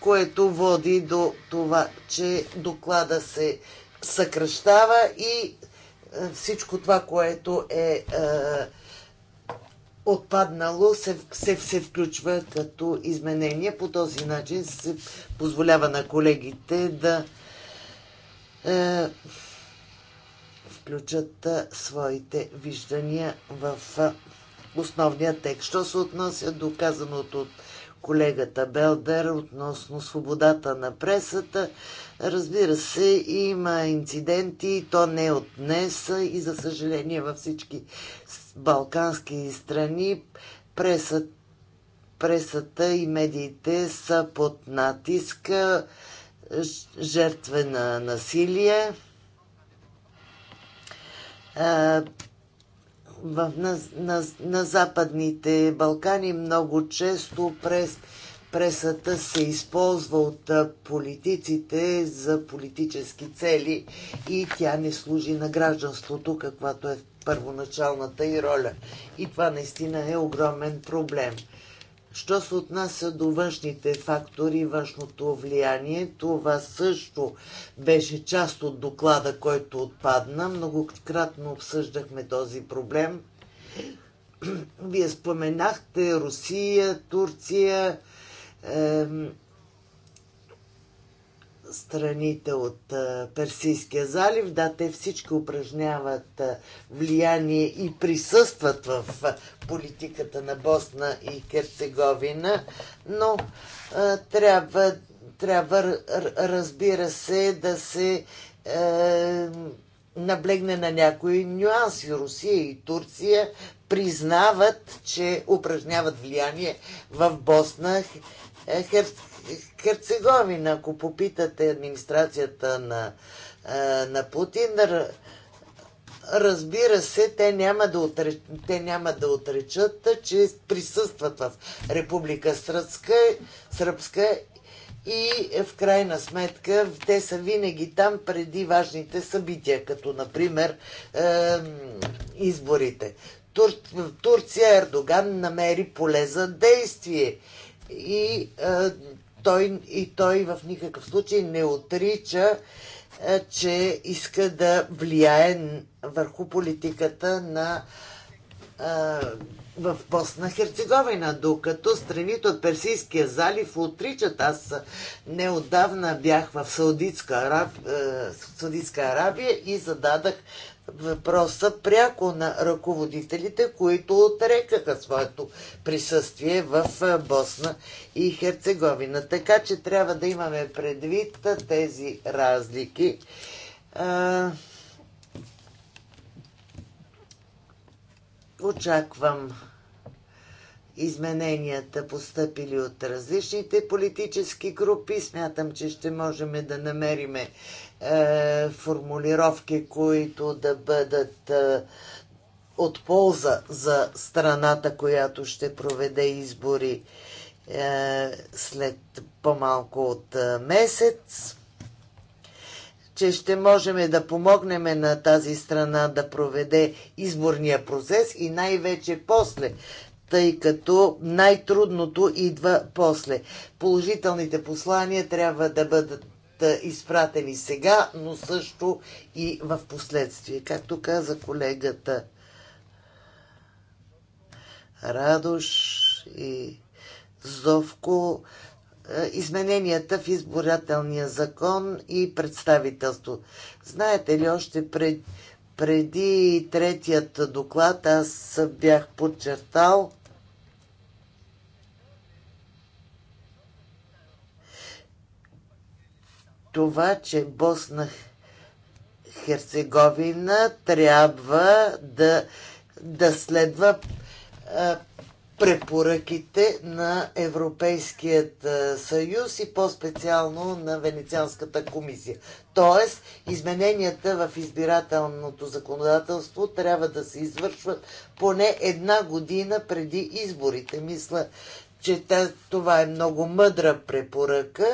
което води до това, че доклада се съкръщава и всичко това, което е, е отпаднало, се, се, се включва като изменение. По този начин се позволява на колегите да е, включат е, своите виждания в е, основния текст. Що се отнася до казаното от колегата Белдер относно свободата на пресата, е, Разбира се, има инциденти, то не е от днес и за съжаление във всички балкански страни пресът, пресата и медиите са под натиска, жертве на насилие. В, на, на, на Западните Балкани много често през пресата се използва от политиците за политически цели и тя не служи на гражданството, каквато е първоначалната и роля. И това наистина е огромен проблем. Що се отнася до външните фактори, външното влияние, това също беше част от доклада, който отпадна. Многократно обсъждахме този проблем. Вие споменахте Русия, Турция, страните от е, Персийския залив. Да, те всички упражняват е, влияние и присъстват в е, политиката на Босна и Херцеговина, но трябва, трябва, разбира се, да се е, наблегне на някои нюанси. Русия и Турция признават, че упражняват влияние в Босна е, Хер... Херцеговина. Ако попитате администрацията на, е, на Путин, разбира се, те няма, да отречат, те няма да отречат, че присъстват в Република Сръбска, Сръбска и е, в крайна сметка те са винаги там преди важните събития, като например е, изборите. Тур, Турция Ердоган намери поле за действие и, а, той, и той в никакъв случай не отрича, а, че иска да влияе върху политиката на а, в Босна Херцеговина, докато страните от Персийския залив отричат. Аз неодавна бях в Саудитска, Араб... Саудитска Арабия и зададах въпроса пряко на ръководителите, които отрекаха своето присъствие в Босна и Херцеговина. Така че трябва да имаме предвид тези разлики. Очаквам измененията, постъпили от различните политически групи. Смятам, че ще можем да намериме е, формулировки, които да бъдат е, от полза за страната, която ще проведе избори е, след по-малко от месец че ще можем да помогнем на тази страна да проведе изборния процес и най-вече после, тъй като най-трудното идва после. Положителните послания трябва да бъдат изпратени сега, но също и в последствие. Както каза колегата Радош и Зовко, измененията в изборателния закон и представителство. Знаете ли, още пред, преди третият доклад аз бях подчертал, това, че Босна Херцеговина трябва да, да следва а, препоръките на Европейският съюз и по-специално на Венецианската комисия. Тоест, измененията в избирателното законодателство трябва да се извършват поне една година преди изборите. Мисля, че това е много мъдра препоръка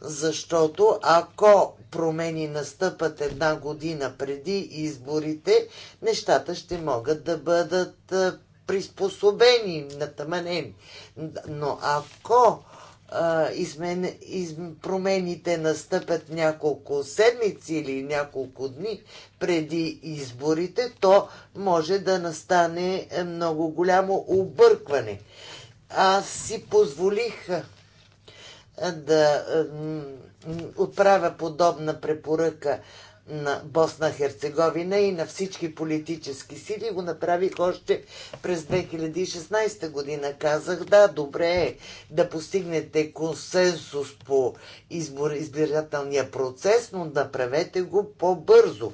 защото ако промени настъпат една година преди изборите, нещата ще могат да бъдат приспособени, натъманени. Но ако измен, из, промените настъпят няколко седмици или няколко дни преди изборите, то може да настане е, много голямо объркване. Аз си позволих да отправя подобна препоръка на Босна Херцеговина и на всички политически сили. Го направих още през 2016 година. Казах, да, добре е да постигнете консенсус по избор, избирателния процес, но направете го по-бързо.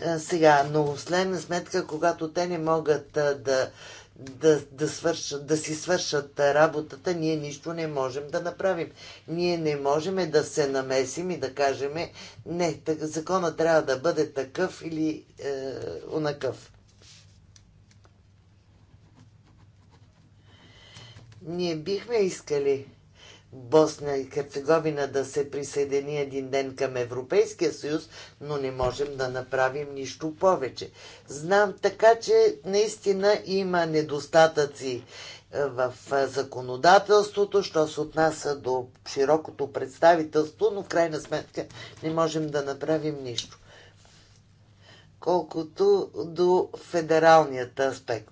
Е, сега, но в следна сметка, когато те не могат да да, да, свършат, да си свършат работата, ние нищо не можем да направим. Ние не можем да се намесим и да кажем не, закона трябва да бъде такъв или е, онакъв. Ние бихме искали Босна и Херцеговина да се присъедини един ден към Европейския съюз, но не можем да направим нищо повече. Знам така, че наистина има недостатъци е, в е, законодателството, що се отнася до широкото представителство, но в крайна сметка не можем да направим нищо. Колкото до федералният аспект.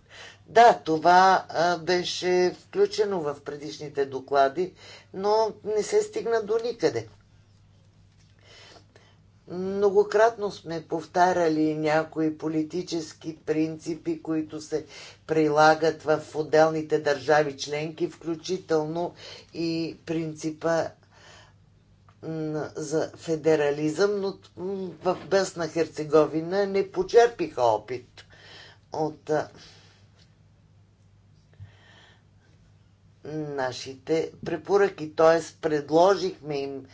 Да, това а, беше включено в предишните доклади, но не се стигна до никъде. Многократно сме повтаряли някои политически принципи, които се прилагат в отделните държави членки, включително и принципа за федерализъм, но в Бесна Херцеговина не почерпиха опит от нашите препоръки. Т.е. предложихме им,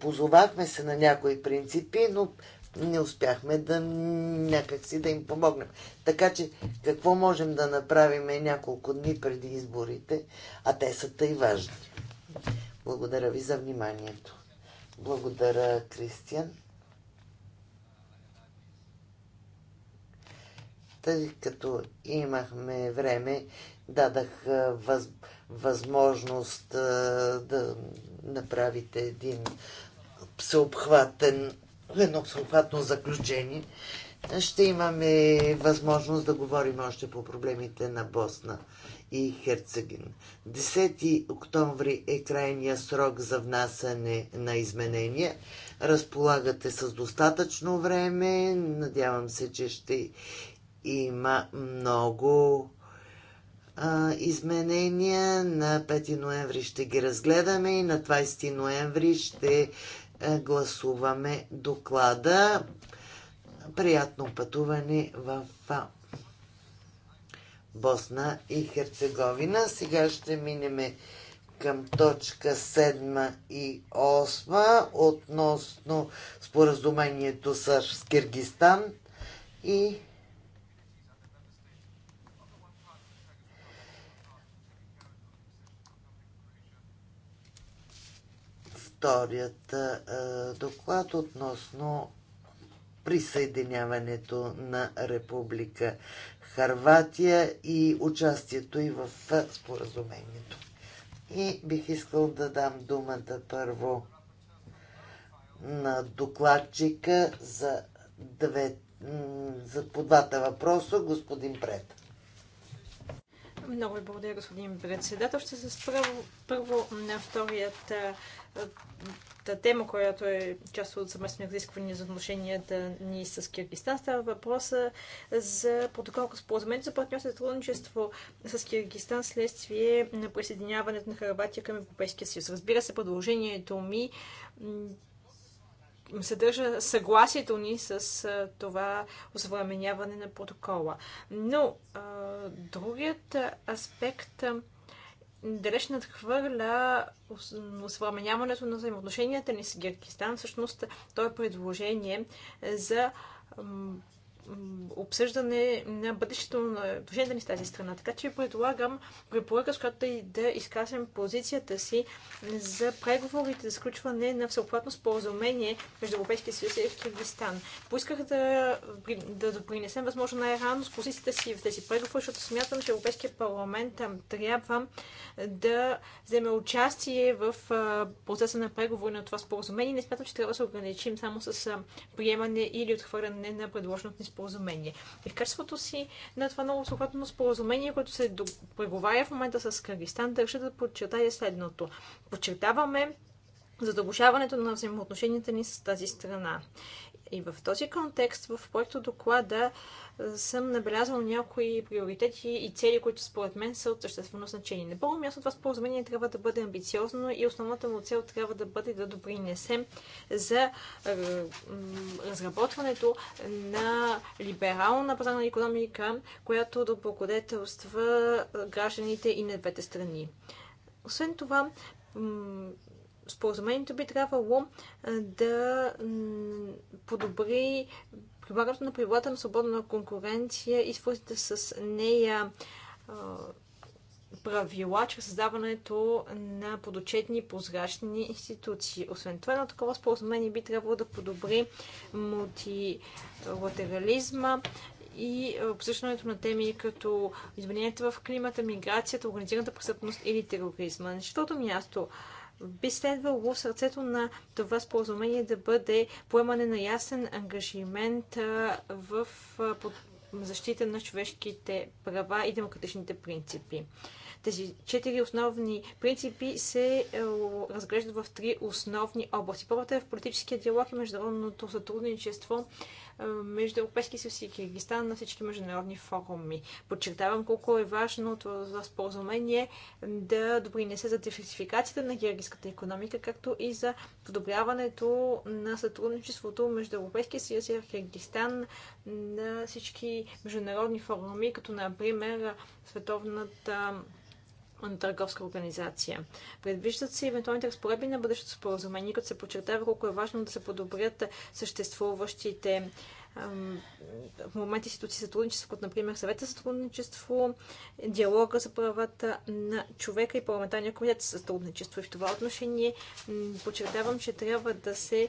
позовахме се на някои принципи, но не успяхме да някакси да им помогнем. Така че какво можем да направим е няколко дни преди изборите, а те са тъй важни. Благодаря ви за вниманието. Благодаря, Кристиан. Тъй като имахме време, дадах въз, възможност да направите един всеобхватен, едно всеобхватно заключение. Ще имаме възможност да говорим още по проблемите на Босна и Херцегин. 10 октомври е крайния срок за внасяне на изменения. Разполагате с достатъчно време. Надявам се, че ще има много изменения. На 5 ноември ще ги разгледаме и на 20 ноември ще е, гласуваме доклада. Приятно пътуване в Босна и Херцеговина. Сега ще минеме към точка 7 и 8 относно споразумението с Киргистан и вторият доклад относно присъединяването на Република Харватия и участието и в споразумението. И бих искал да дам думата първо на докладчика за, две, за по двата въпроса, господин Пред. Много ви благодаря, господин председател. Ще се спра първо на вторият тема, която е част от съместно изискване за отношенията ни с Киргистан. Става въпроса за протокол към споразумението за партньорство и сътрудничество с Киргистан следствие на присъединяването на Харватия към Европейския съюз. Разбира се, продължението ми съдържа съгласието ни с това осъвременяване на протокола. Но а, другият аспект далеч надхвърля осъвременяването на взаимоотношенията ни с Гиркистан. Всъщност, то е предложение за обсъждане на бъдещето на движението ни с тази страна. Така че предлагам препоръка, с която да изкажем позицията си за преговорите за сключване на всеобхватно споразумение между Европейския съюз и Киргизстан. Поисках да, да допринесем възможно най-рано с позицията си в тези преговори, защото смятам, че Европейския парламент трябва да вземе участие в процеса на преговори на това споразумение. Не смятам, че трябва да се ограничим само с приемане или отхвърляне на предложеното ни споразумение. И в качеството си на това ново всеобхватно споразумение, което се преговаря в момента с Кыргызстан, държа да подчертая следното. Подчертаваме задълбочаването на взаимоотношенията ни с тази страна. И в този контекст, в който доклада, съм набелязал някои приоритети и цели, които според мен са от съществено значение. На първо място това споразумение трябва да бъде амбициозно и основната му цел трябва да бъде да допринесем за разработването на либерална пазарна економика, която да благодетелства гражданите и на двете страни. Освен това, споразумението би трябвало да подобри прилагането на правилата на свободна конкуренция и свързаните с нея правила, чрез създаването на подочетни прозрачни институции. Освен това, на такова споразумение би трябвало да подобри мултилатерализма и обсъждането на теми като изменението в климата, миграцията, организираната престъпност или тероризма. На четвърто място, би следвало сърцето на това споразумение да бъде поемане на ясен ангажимент в защита на човешките права и демократичните принципи. Тези четири основни принципи се е, разглеждат в три основни области. Първата е в политическия диалог и международното сътрудничество между Европейския съюз и Киргистан на всички международни форуми. Подчертавам колко е важно това споразумение да допринесе за диверсификацията на киргизската економика, както и за подобряването на сътрудничеството между Европейския съюз и Киргистан на всички международни форуми, като например Световната на търговска организация. Предвиждат се евентуалните разпоредби на бъдещото споразумение, като се подчертава колко е важно да се подобрят съществуващите в момента институции сътрудничество, като например съвета сътрудничество, диалога за правата на човека и парламентарния комитет за сътрудничество. И в това отношение подчертавам, че трябва да се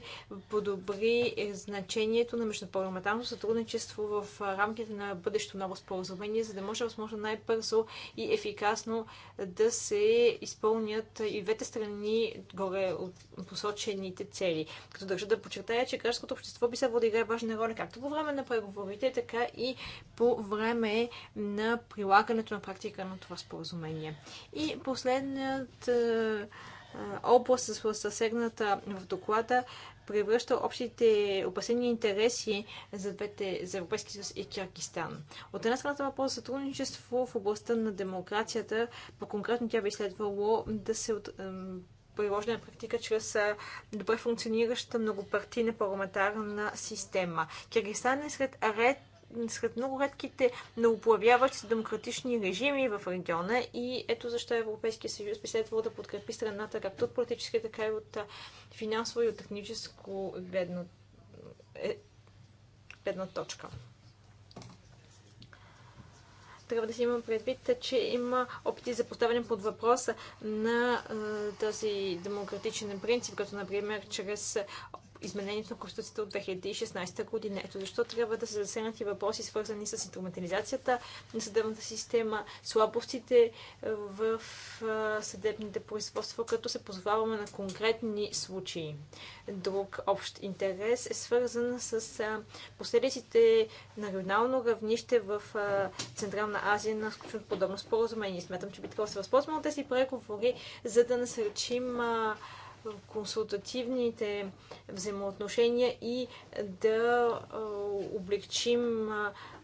подобри е, значението на междупарламентарното сътрудничество в рамките на бъдещо ново споразумение, за да може възможно най-бързо и ефикасно да се изпълнят и двете страни горе от посочените цели. Като държа да подчертая, че гражданското общество би се да играе важна роля, както както по време на преговорите, така и по време на прилагането на практика на това споразумение. И последният е, е, област, съсегната в доклада, превръща общите опасени интереси за, двете, за Европейски съюз и Киргистан. От една страна това е сътрудничество в областта на демокрацията, по-конкретно тя би следвало да се от, приложена практика чрез добре функционираща многопартийна парламентарна система. Киргизстан е сред ред сред много редките новоплавяващи демократични режими в региона и ето защо Европейския съюз би следвало да подкрепи страната както от политическа, така и от финансово и от техническо гледна, е, гледна точка трябва да си има предвид, че има опити за поставяне под въпроса на този демократичен принцип, като например чрез изменението на Конституцията от 2016 година. Ето защо трябва да се засегнат и въпроси, свързани с автоматизацията на съдебната система, слабостите е, в е, съдебните производства, като се позваваме на конкретни случаи. Друг общ интерес е свързан с е, последиците на регионално равнище в Централна Азия на сключеното подобно споразумение. Смятам, че би трябвало да се възползваме от тези преговори, за да насърчим консултативните взаимоотношения и да облегчим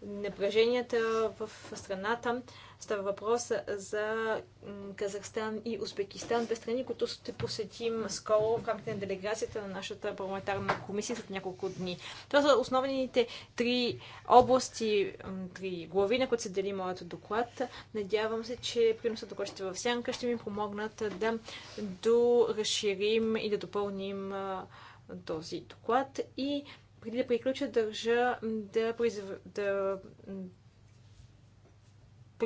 напреженията в страната Става въпрос за Казахстан и Узбекистан, две страни, които ще посетим скоро в рамките на делегацията на нашата парламентарна комисия след няколко дни. Това са основните три области, три глави, на които се дели моят доклад. Надявам се, че приносът ще в сянка ще ми помогнат да доразширим и да допълним този доклад и преди да приключа, държа да, призв... да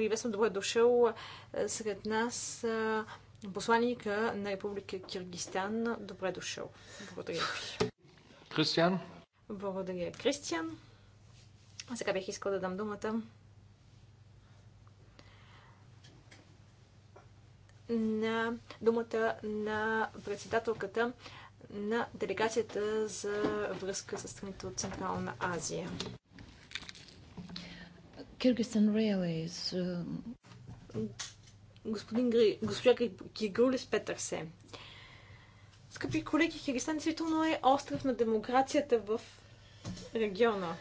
приветствам добре дошъл е, сред нас е, посланника на Република Киргистан. Добре дошъл. Благодаря ви. Кристиан. Благодаря, Кристиан. А сега бих искал да дам думата на думата на председателката на делегацията за връзка с страните от Централна Азия. Kyrgyzstan Railways. Е е, Господин Гри... госпожа Кигрулис Петърсе. Скъпи колеги, Киргизстан действително е остров на демокрацията в региона.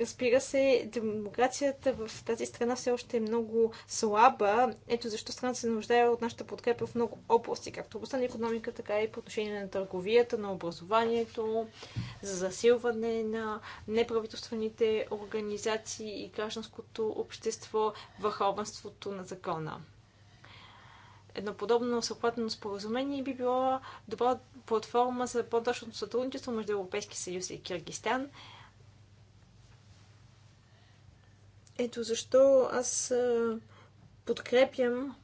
Разбира се, демокрацията в тази страна все още е много слаба. Ето защо страната се нуждае от нашата подкрепа в много области, както областта на економика, така и по отношение на търговията, на образованието, за засилване на неправителствените организации и гражданското общество, върховенството на закона едно подобно съхватно споразумение би било добра платформа за по-точното сътрудничество между Европейския съюз и Киргистан Ето защо аз подкрепям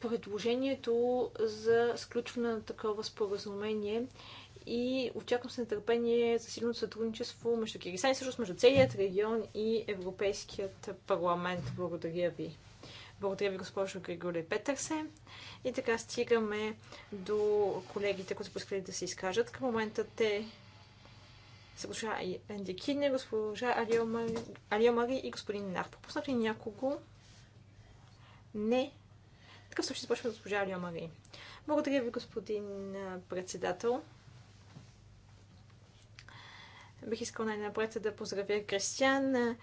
предложението за сключване на такова споразумение и очаквам с нетърпение за силното сътрудничество между Киргизстан и всъщност между целият регион и Европейският парламент. Благодаря ви. Благодаря ви, госпожо Григория Петърсе. И така стигаме до колегите, които поискали да се изкажат. Към момента те са госпожа Енди Кине, госпожа Алиомари, Мари и господин Нар. Пропуснах ли някого? Не. такъв случай започваме с госпожа Алиомари. Благодаря ви, господин председател. Бих искал най-напред да поздравя Кристиан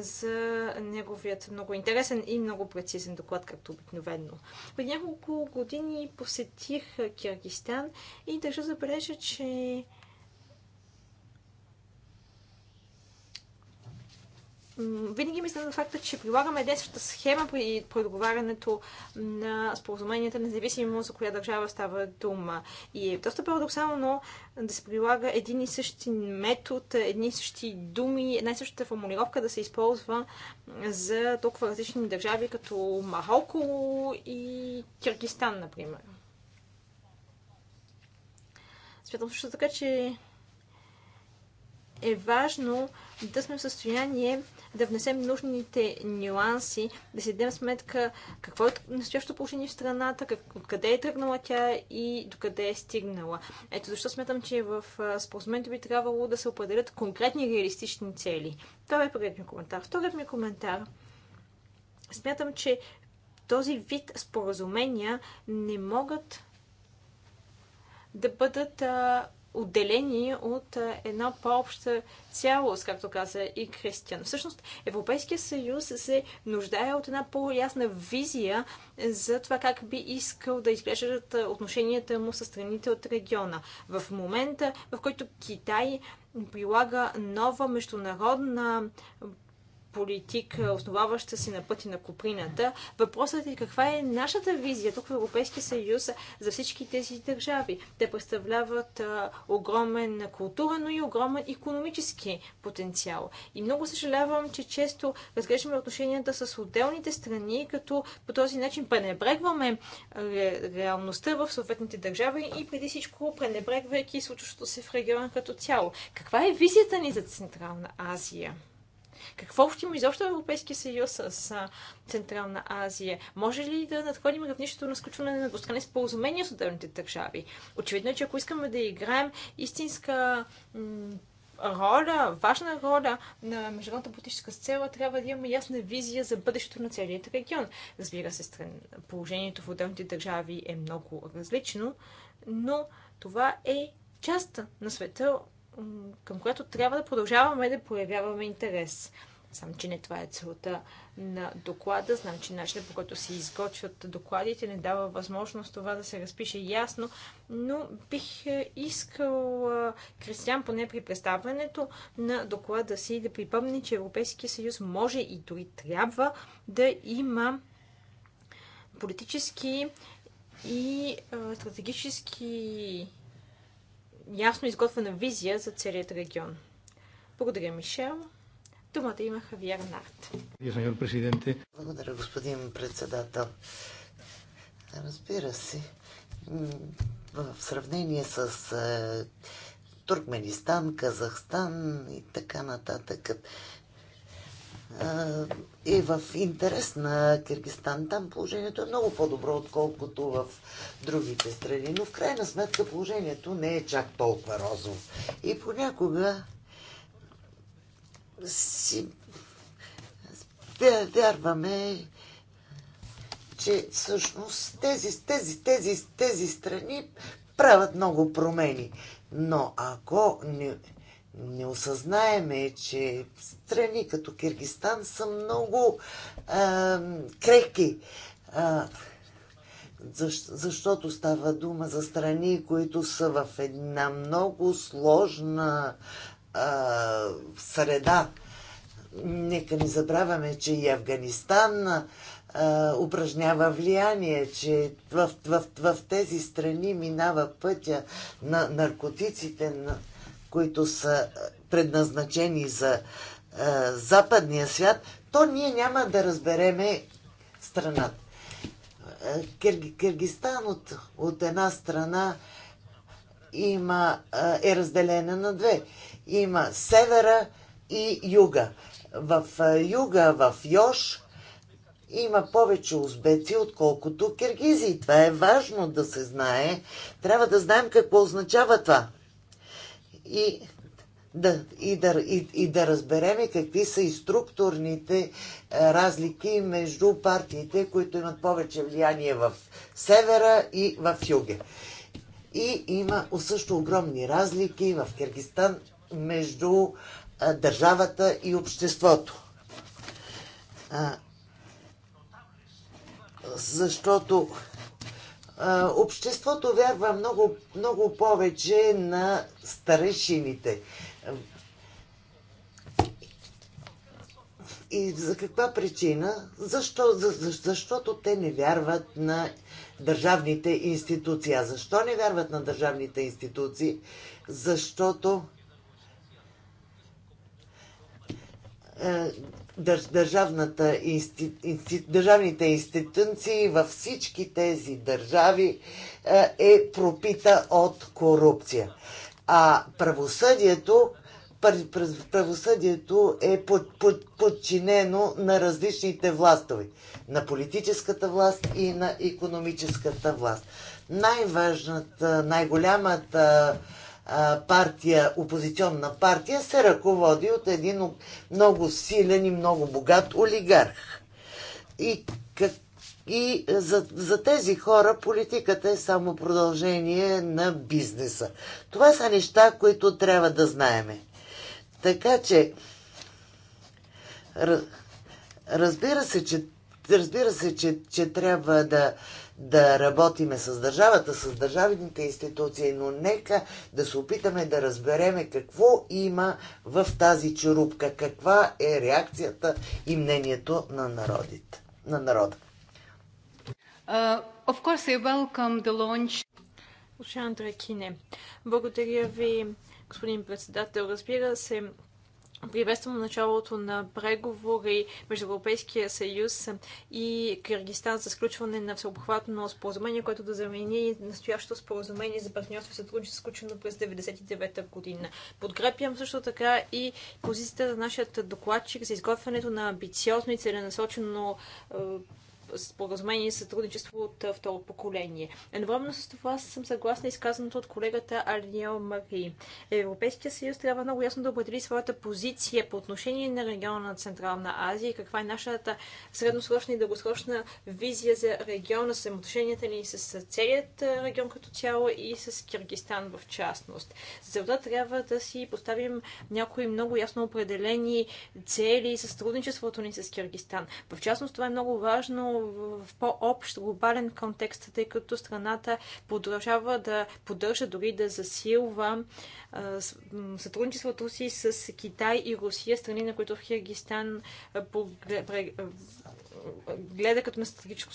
за неговият много интересен и много прецизен доклад, както обикновено. Преди няколко години посетих Киргистан и държа забележа, че винаги мисля на факта, че прилагаме действащата схема при предоговарянето на споразуменията, независимо за коя държава става дума. И е доста парадоксално да се прилага един и същи метод, едни и същи думи, една и същата формулировка да се използва за толкова различни държави, като Марокко и Киргистан, например. Смятам също така, че е важно да сме в състояние да внесем нужните нюанси, да си дадем сметка какво е настоящото положение в страната, как, е тръгнала тя и докъде е стигнала. Ето защо смятам, че в споразумението би трябвало да се определят конкретни реалистични цели. Това е първият ми коментар. Вторият ми коментар. Смятам, че този вид споразумения не могат да бъдат а, отделени от е, една по-обща цялост, както каза и Кристиан. Всъщност, Европейския съюз се нуждае от една по-ясна визия за това как би искал да изглеждат е, отношенията му с страните от региона. В момента, в който Китай прилага нова международна политика, основаваща се на пъти на Куприната. Въпросът е каква е нашата визия тук в Европейския съюз за всички тези държави. Те представляват а, огромен културен, но и огромен економически потенциал. И много съжалявам, че често разглеждаме отношенията с отделните страни, като по този начин пренебрегваме ре, реалността в съответните държави и преди всичко пренебрегвайки случващото се в региона като цяло. Каква е визията ни за Централна Азия? Какво общо има изобщо Европейския съюз с Централна Азия? Може ли да надходим равнището на сключване на двустранни споразумения с отделните държави? Очевидно е, че ако искаме да играем истинска роля, важна роля на международната политическа сцела, трябва да имаме ясна визия за бъдещето на целият регион. Разбира се, положението в отделните държави е много различно, но това е част на света, към която трябва да продължаваме да проявяваме интерес. Сам, че не това е целта на доклада. Знам, че начинът по който се изготвят докладите не дава възможност това да се разпише ясно, но бих е, искал е, Кристиан поне при представянето на доклада си да припомни, че Европейския съюз може и дори трябва да има политически и е, стратегически ясно изготвена визия за целият регион. Благодаря, Мишел. Думата има Хавиер Нарт. Благодаря, господин председател. Разбира се, в сравнение с е, Туркменистан, Казахстан и така нататък е в интерес на Киргистан. Там положението е много по-добро, отколкото в другите страни. Но в крайна сметка положението не е чак толкова розово. И понякога си вярваме, че всъщност тези, тези, тези, тези страни правят много промени. Но ако не, не осъзнаеме, че страни като Киргистан са много а, крехки. А, защото става дума за страни, които са в една много сложна а, среда. Нека не забравяме, че и Афганистан а, упражнява влияние, че в, в, в тези страни минава пътя на наркотиците, на, които са е, предназначени за е, западния свят, то ние няма да разбереме страната. Е, Киргистан от, от една страна има, е, е разделена на две. Има севера и юга. В юга, в Йош, има повече узбеци, отколкото киргизи. Това е важно да се знае. Трябва да знаем какво означава това и да, и, да, и, и да разбереме какви са и структурните е, разлики между партиите, които имат повече влияние в севера и в юге. И има също огромни разлики в Киргистан между е, държавата и обществото. Защото обществото вярва много, много повече на старешините. И за каква причина? Защо? За, за, защото те не вярват на държавните институции. А защо не вярват на държавните институции? Защото е, държавната инсти, инсти, държавните институции във всички тези държави е, е пропита от корупция. А правосъдието правосъдието е под, под, подчинено на различните властови. На политическата власт и на економическата власт. Най-важната, най-голямата партия, опозиционна партия, се ръководи от един много силен и много богат олигарх. И, как, и за, за тези хора политиката е само продължение на бизнеса. Това са неща, които трябва да знаеме. Така че, разбира се, че, разбира се, че, че трябва да да работиме с държавата, с държавните институции, но нека да се опитаме да разбереме какво има в тази черупка, каква е реакцията и мнението на, народите, на народа. Uh, of course, I welcome the launch. Благодаря ви, господин председател. Разбира се, Приветствам началото на преговори между Европейския съюз и Киргистан за сключване на всеобхватно споразумение, което да замени настоящото споразумение за партньорство и сътрудничество, сключено през 1999 година. Подкрепям също така и позицията на нашия докладчик за изготвянето на амбициозно и целенасочено е, споразумение и сътрудничество от второ поколение. Едновременно с това съм съгласна изказаното от колегата Алиел Мари. Европейския съюз трябва много ясно да определи своята позиция по отношение на региона на Централна Азия и каква е нашата средносрочна и дългосрочна визия за региона, самоотношенията ни с целият регион като цяло и с Киргистан в частност. За целта трябва да си поставим някои много ясно определени цели сътрудничеството ни с Киргистан. В частност това е много важно в по-общ глобален контекст, тъй като страната продължава да поддържа, дори да засилва сътрудничеството си с Китай и Русия, страни на които в Киргистан гледа като на стратегическо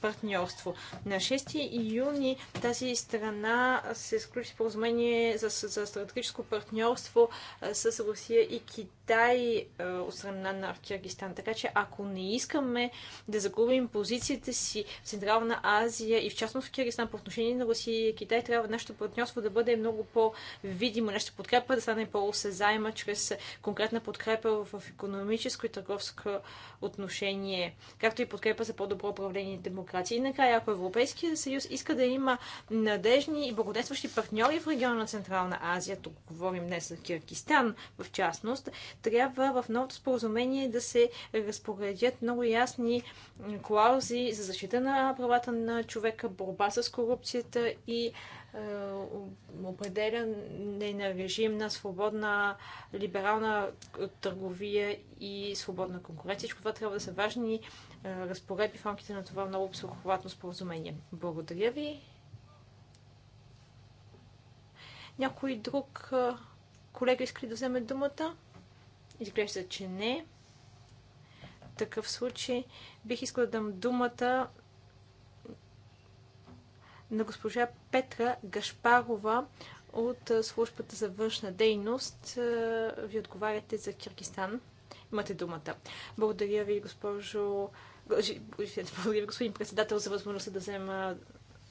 партньорство. На 6 юни тази страна се сключи споразумение за, за стратегическо партньорство с Русия и Китай от страна на Киргистан. Така че ако не искаме да загубим позициите си в Централна Азия и в частност в Киргистан по отношение на Русия и Китай, трябва нашето партньорство да бъде много по-видимо, нашата подкрепа да стане по-осезаема чрез конкретна подкрепа в економическо и търговско отношение, както и подкрепа за по-добро управление и демократия демокрация. И накрая, ако Европейския съюз иска да има надежни и благодействащи партньори в региона на Централна Азия, тук говорим днес за Киргистан в частност, трябва в новото споразумение да се разпоредят много ясни клаузи за защита на правата на човека, борба с корупцията и е, определяне на режим на свободна либерална търговия и свободна конкуренция. Всичко това трябва да са важни е, разпоредби в рамките на това много всеобхватно споразумение. Благодаря ви. Някой друг е, колега иска ли да вземе думата? Изглежда, че не. В такъв случай бих искал да дам думата на госпожа Петра Гашпарова от е, службата за външна дейност. Ви отговаряте за Киргистан. Имате думата. Благодаря ви, госпожо благодаря ви, господин председател, за възможността да взема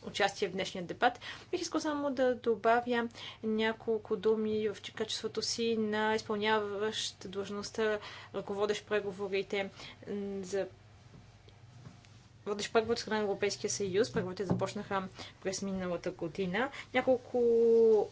участие в днешния дебат. Бих искал само да добавя няколко думи в качеството си на изпълняващ длъжността, ръководещ преговорите за водещ преговори от страна на Европейския съюз. те започнаха през миналата година. Няколко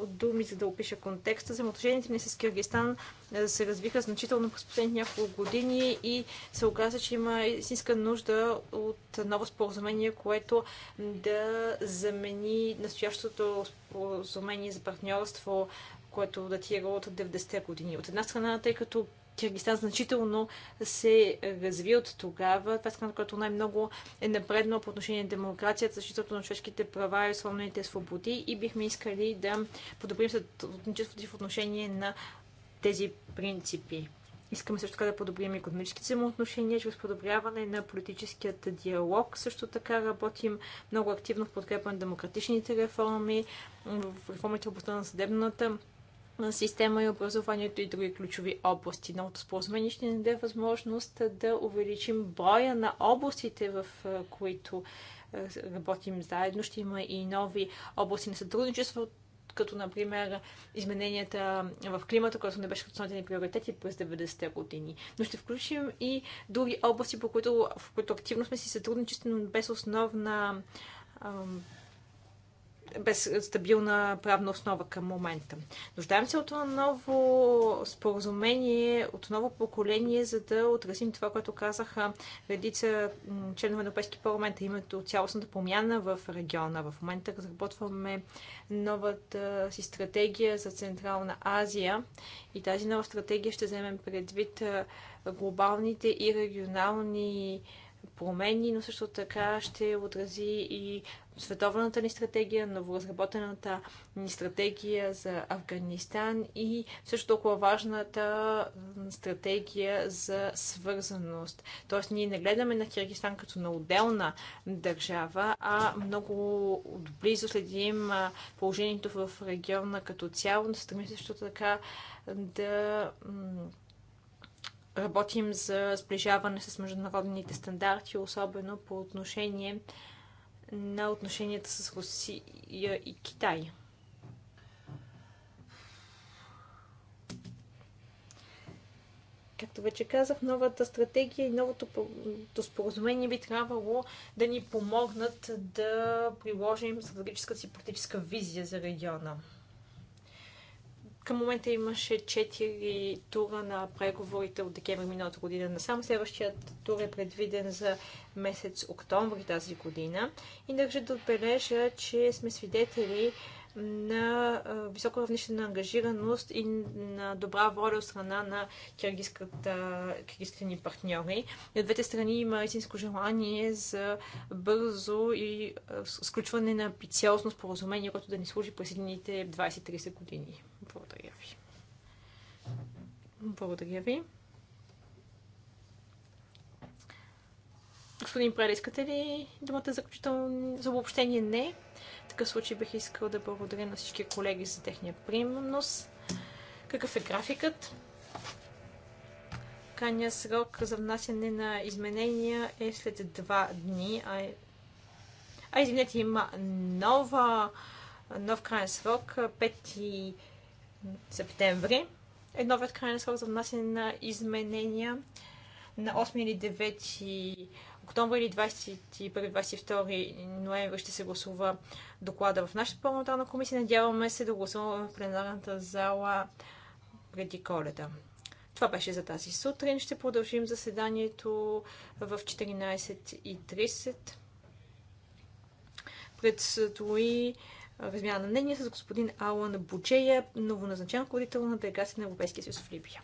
думи, за да опиша контекста. Взаимоотношенията ни с Киргистан е, се развиха значително през последните няколко години и се оказа, че има истинска нужда от ново споразумение, което да замени настоящото споразумение за партньорство, което датира от 90-те години. От една страна, тъй като Киргистан значително се разви от тогава. Това е страна, която най-много е напреднала по отношение на демокрацията, защитата на човешките права и основните свободи и бихме искали да подобрим сътрудничеството в отношение на тези принципи. Искаме също така да подобрим економическите взаимоотношения чрез подобряване на политическият диалог. Също така работим много активно в подкрепа на демократичните реформи, в реформите в областта на съдебната система и образованието и други ключови области. Новото споразумение ще ни даде възможност да увеличим броя на областите, в които работим заедно. Ще има и нови области на сътрудничество, като, например, измененията в климата, което не беше основните ни приоритети през 90-те години. Но ще включим и други области, по които, в които активно сме си сътрудничество, но без основна без стабилна правна основа към момента. Нуждаем се от ново споразумение, от ново поколение, за да отразим това, което казаха редица членове на Европейски парламент, името цялостната промяна в региона. В момента разработваме новата си стратегия за Централна Азия и тази нова стратегия ще вземем предвид глобалните и регионални промени, но също така ще отрази и световната ни стратегия, новоразработената ни стратегия за Афганистан и също толкова важната стратегия за свързаност. Тоест ние не гледаме на Киргистан като на отделна държава, а много отблизо следим положението в региона като цяло, но стремим също така да работим за сближаване с международните стандарти, особено по отношение на отношенията с Русия и Китай. Както вече казах, новата стратегия и новото споразумение би трябвало да ни помогнат да приложим стратегическа си политическа визия за региона. Към момента имаше 4 тура на преговорите от декември миналата година. Насам следващият тур е предвиден за месец октомври тази година. И държа да отбележа, че сме свидетели на високо равнище на ангажираност и на добра воля от страна на киргизските ни партньори. И от двете страни има истинско желание за бързо и сключване на пициозно споразумение, което да ни служи през едините 20-30 години. Благодаря ви. Благодаря ви. Господин Пред, искате ли думата за, за обобщение? Не. В такъв случай бих искал да благодаря на всички колеги за техния принос. Какъв е графикът? Крайния срок за внасяне на изменения е след два дни. А, е... а извинете, има нова, нов крайен срок 5 септември. Е новият крайен срок за внасяне на изменения на 8 или 9 октомври или 21-22 ноември ще се гласува доклада в нашата парламентарна комисия. Надяваме се да гласуваме в пленарната зала преди коледа. Това беше за тази сутрин. Ще продължим заседанието в 14.30. Предстои размяна на мнение с господин Алан Буджея, новоназначен ръководител на делегация на Европейския съюз в Либия.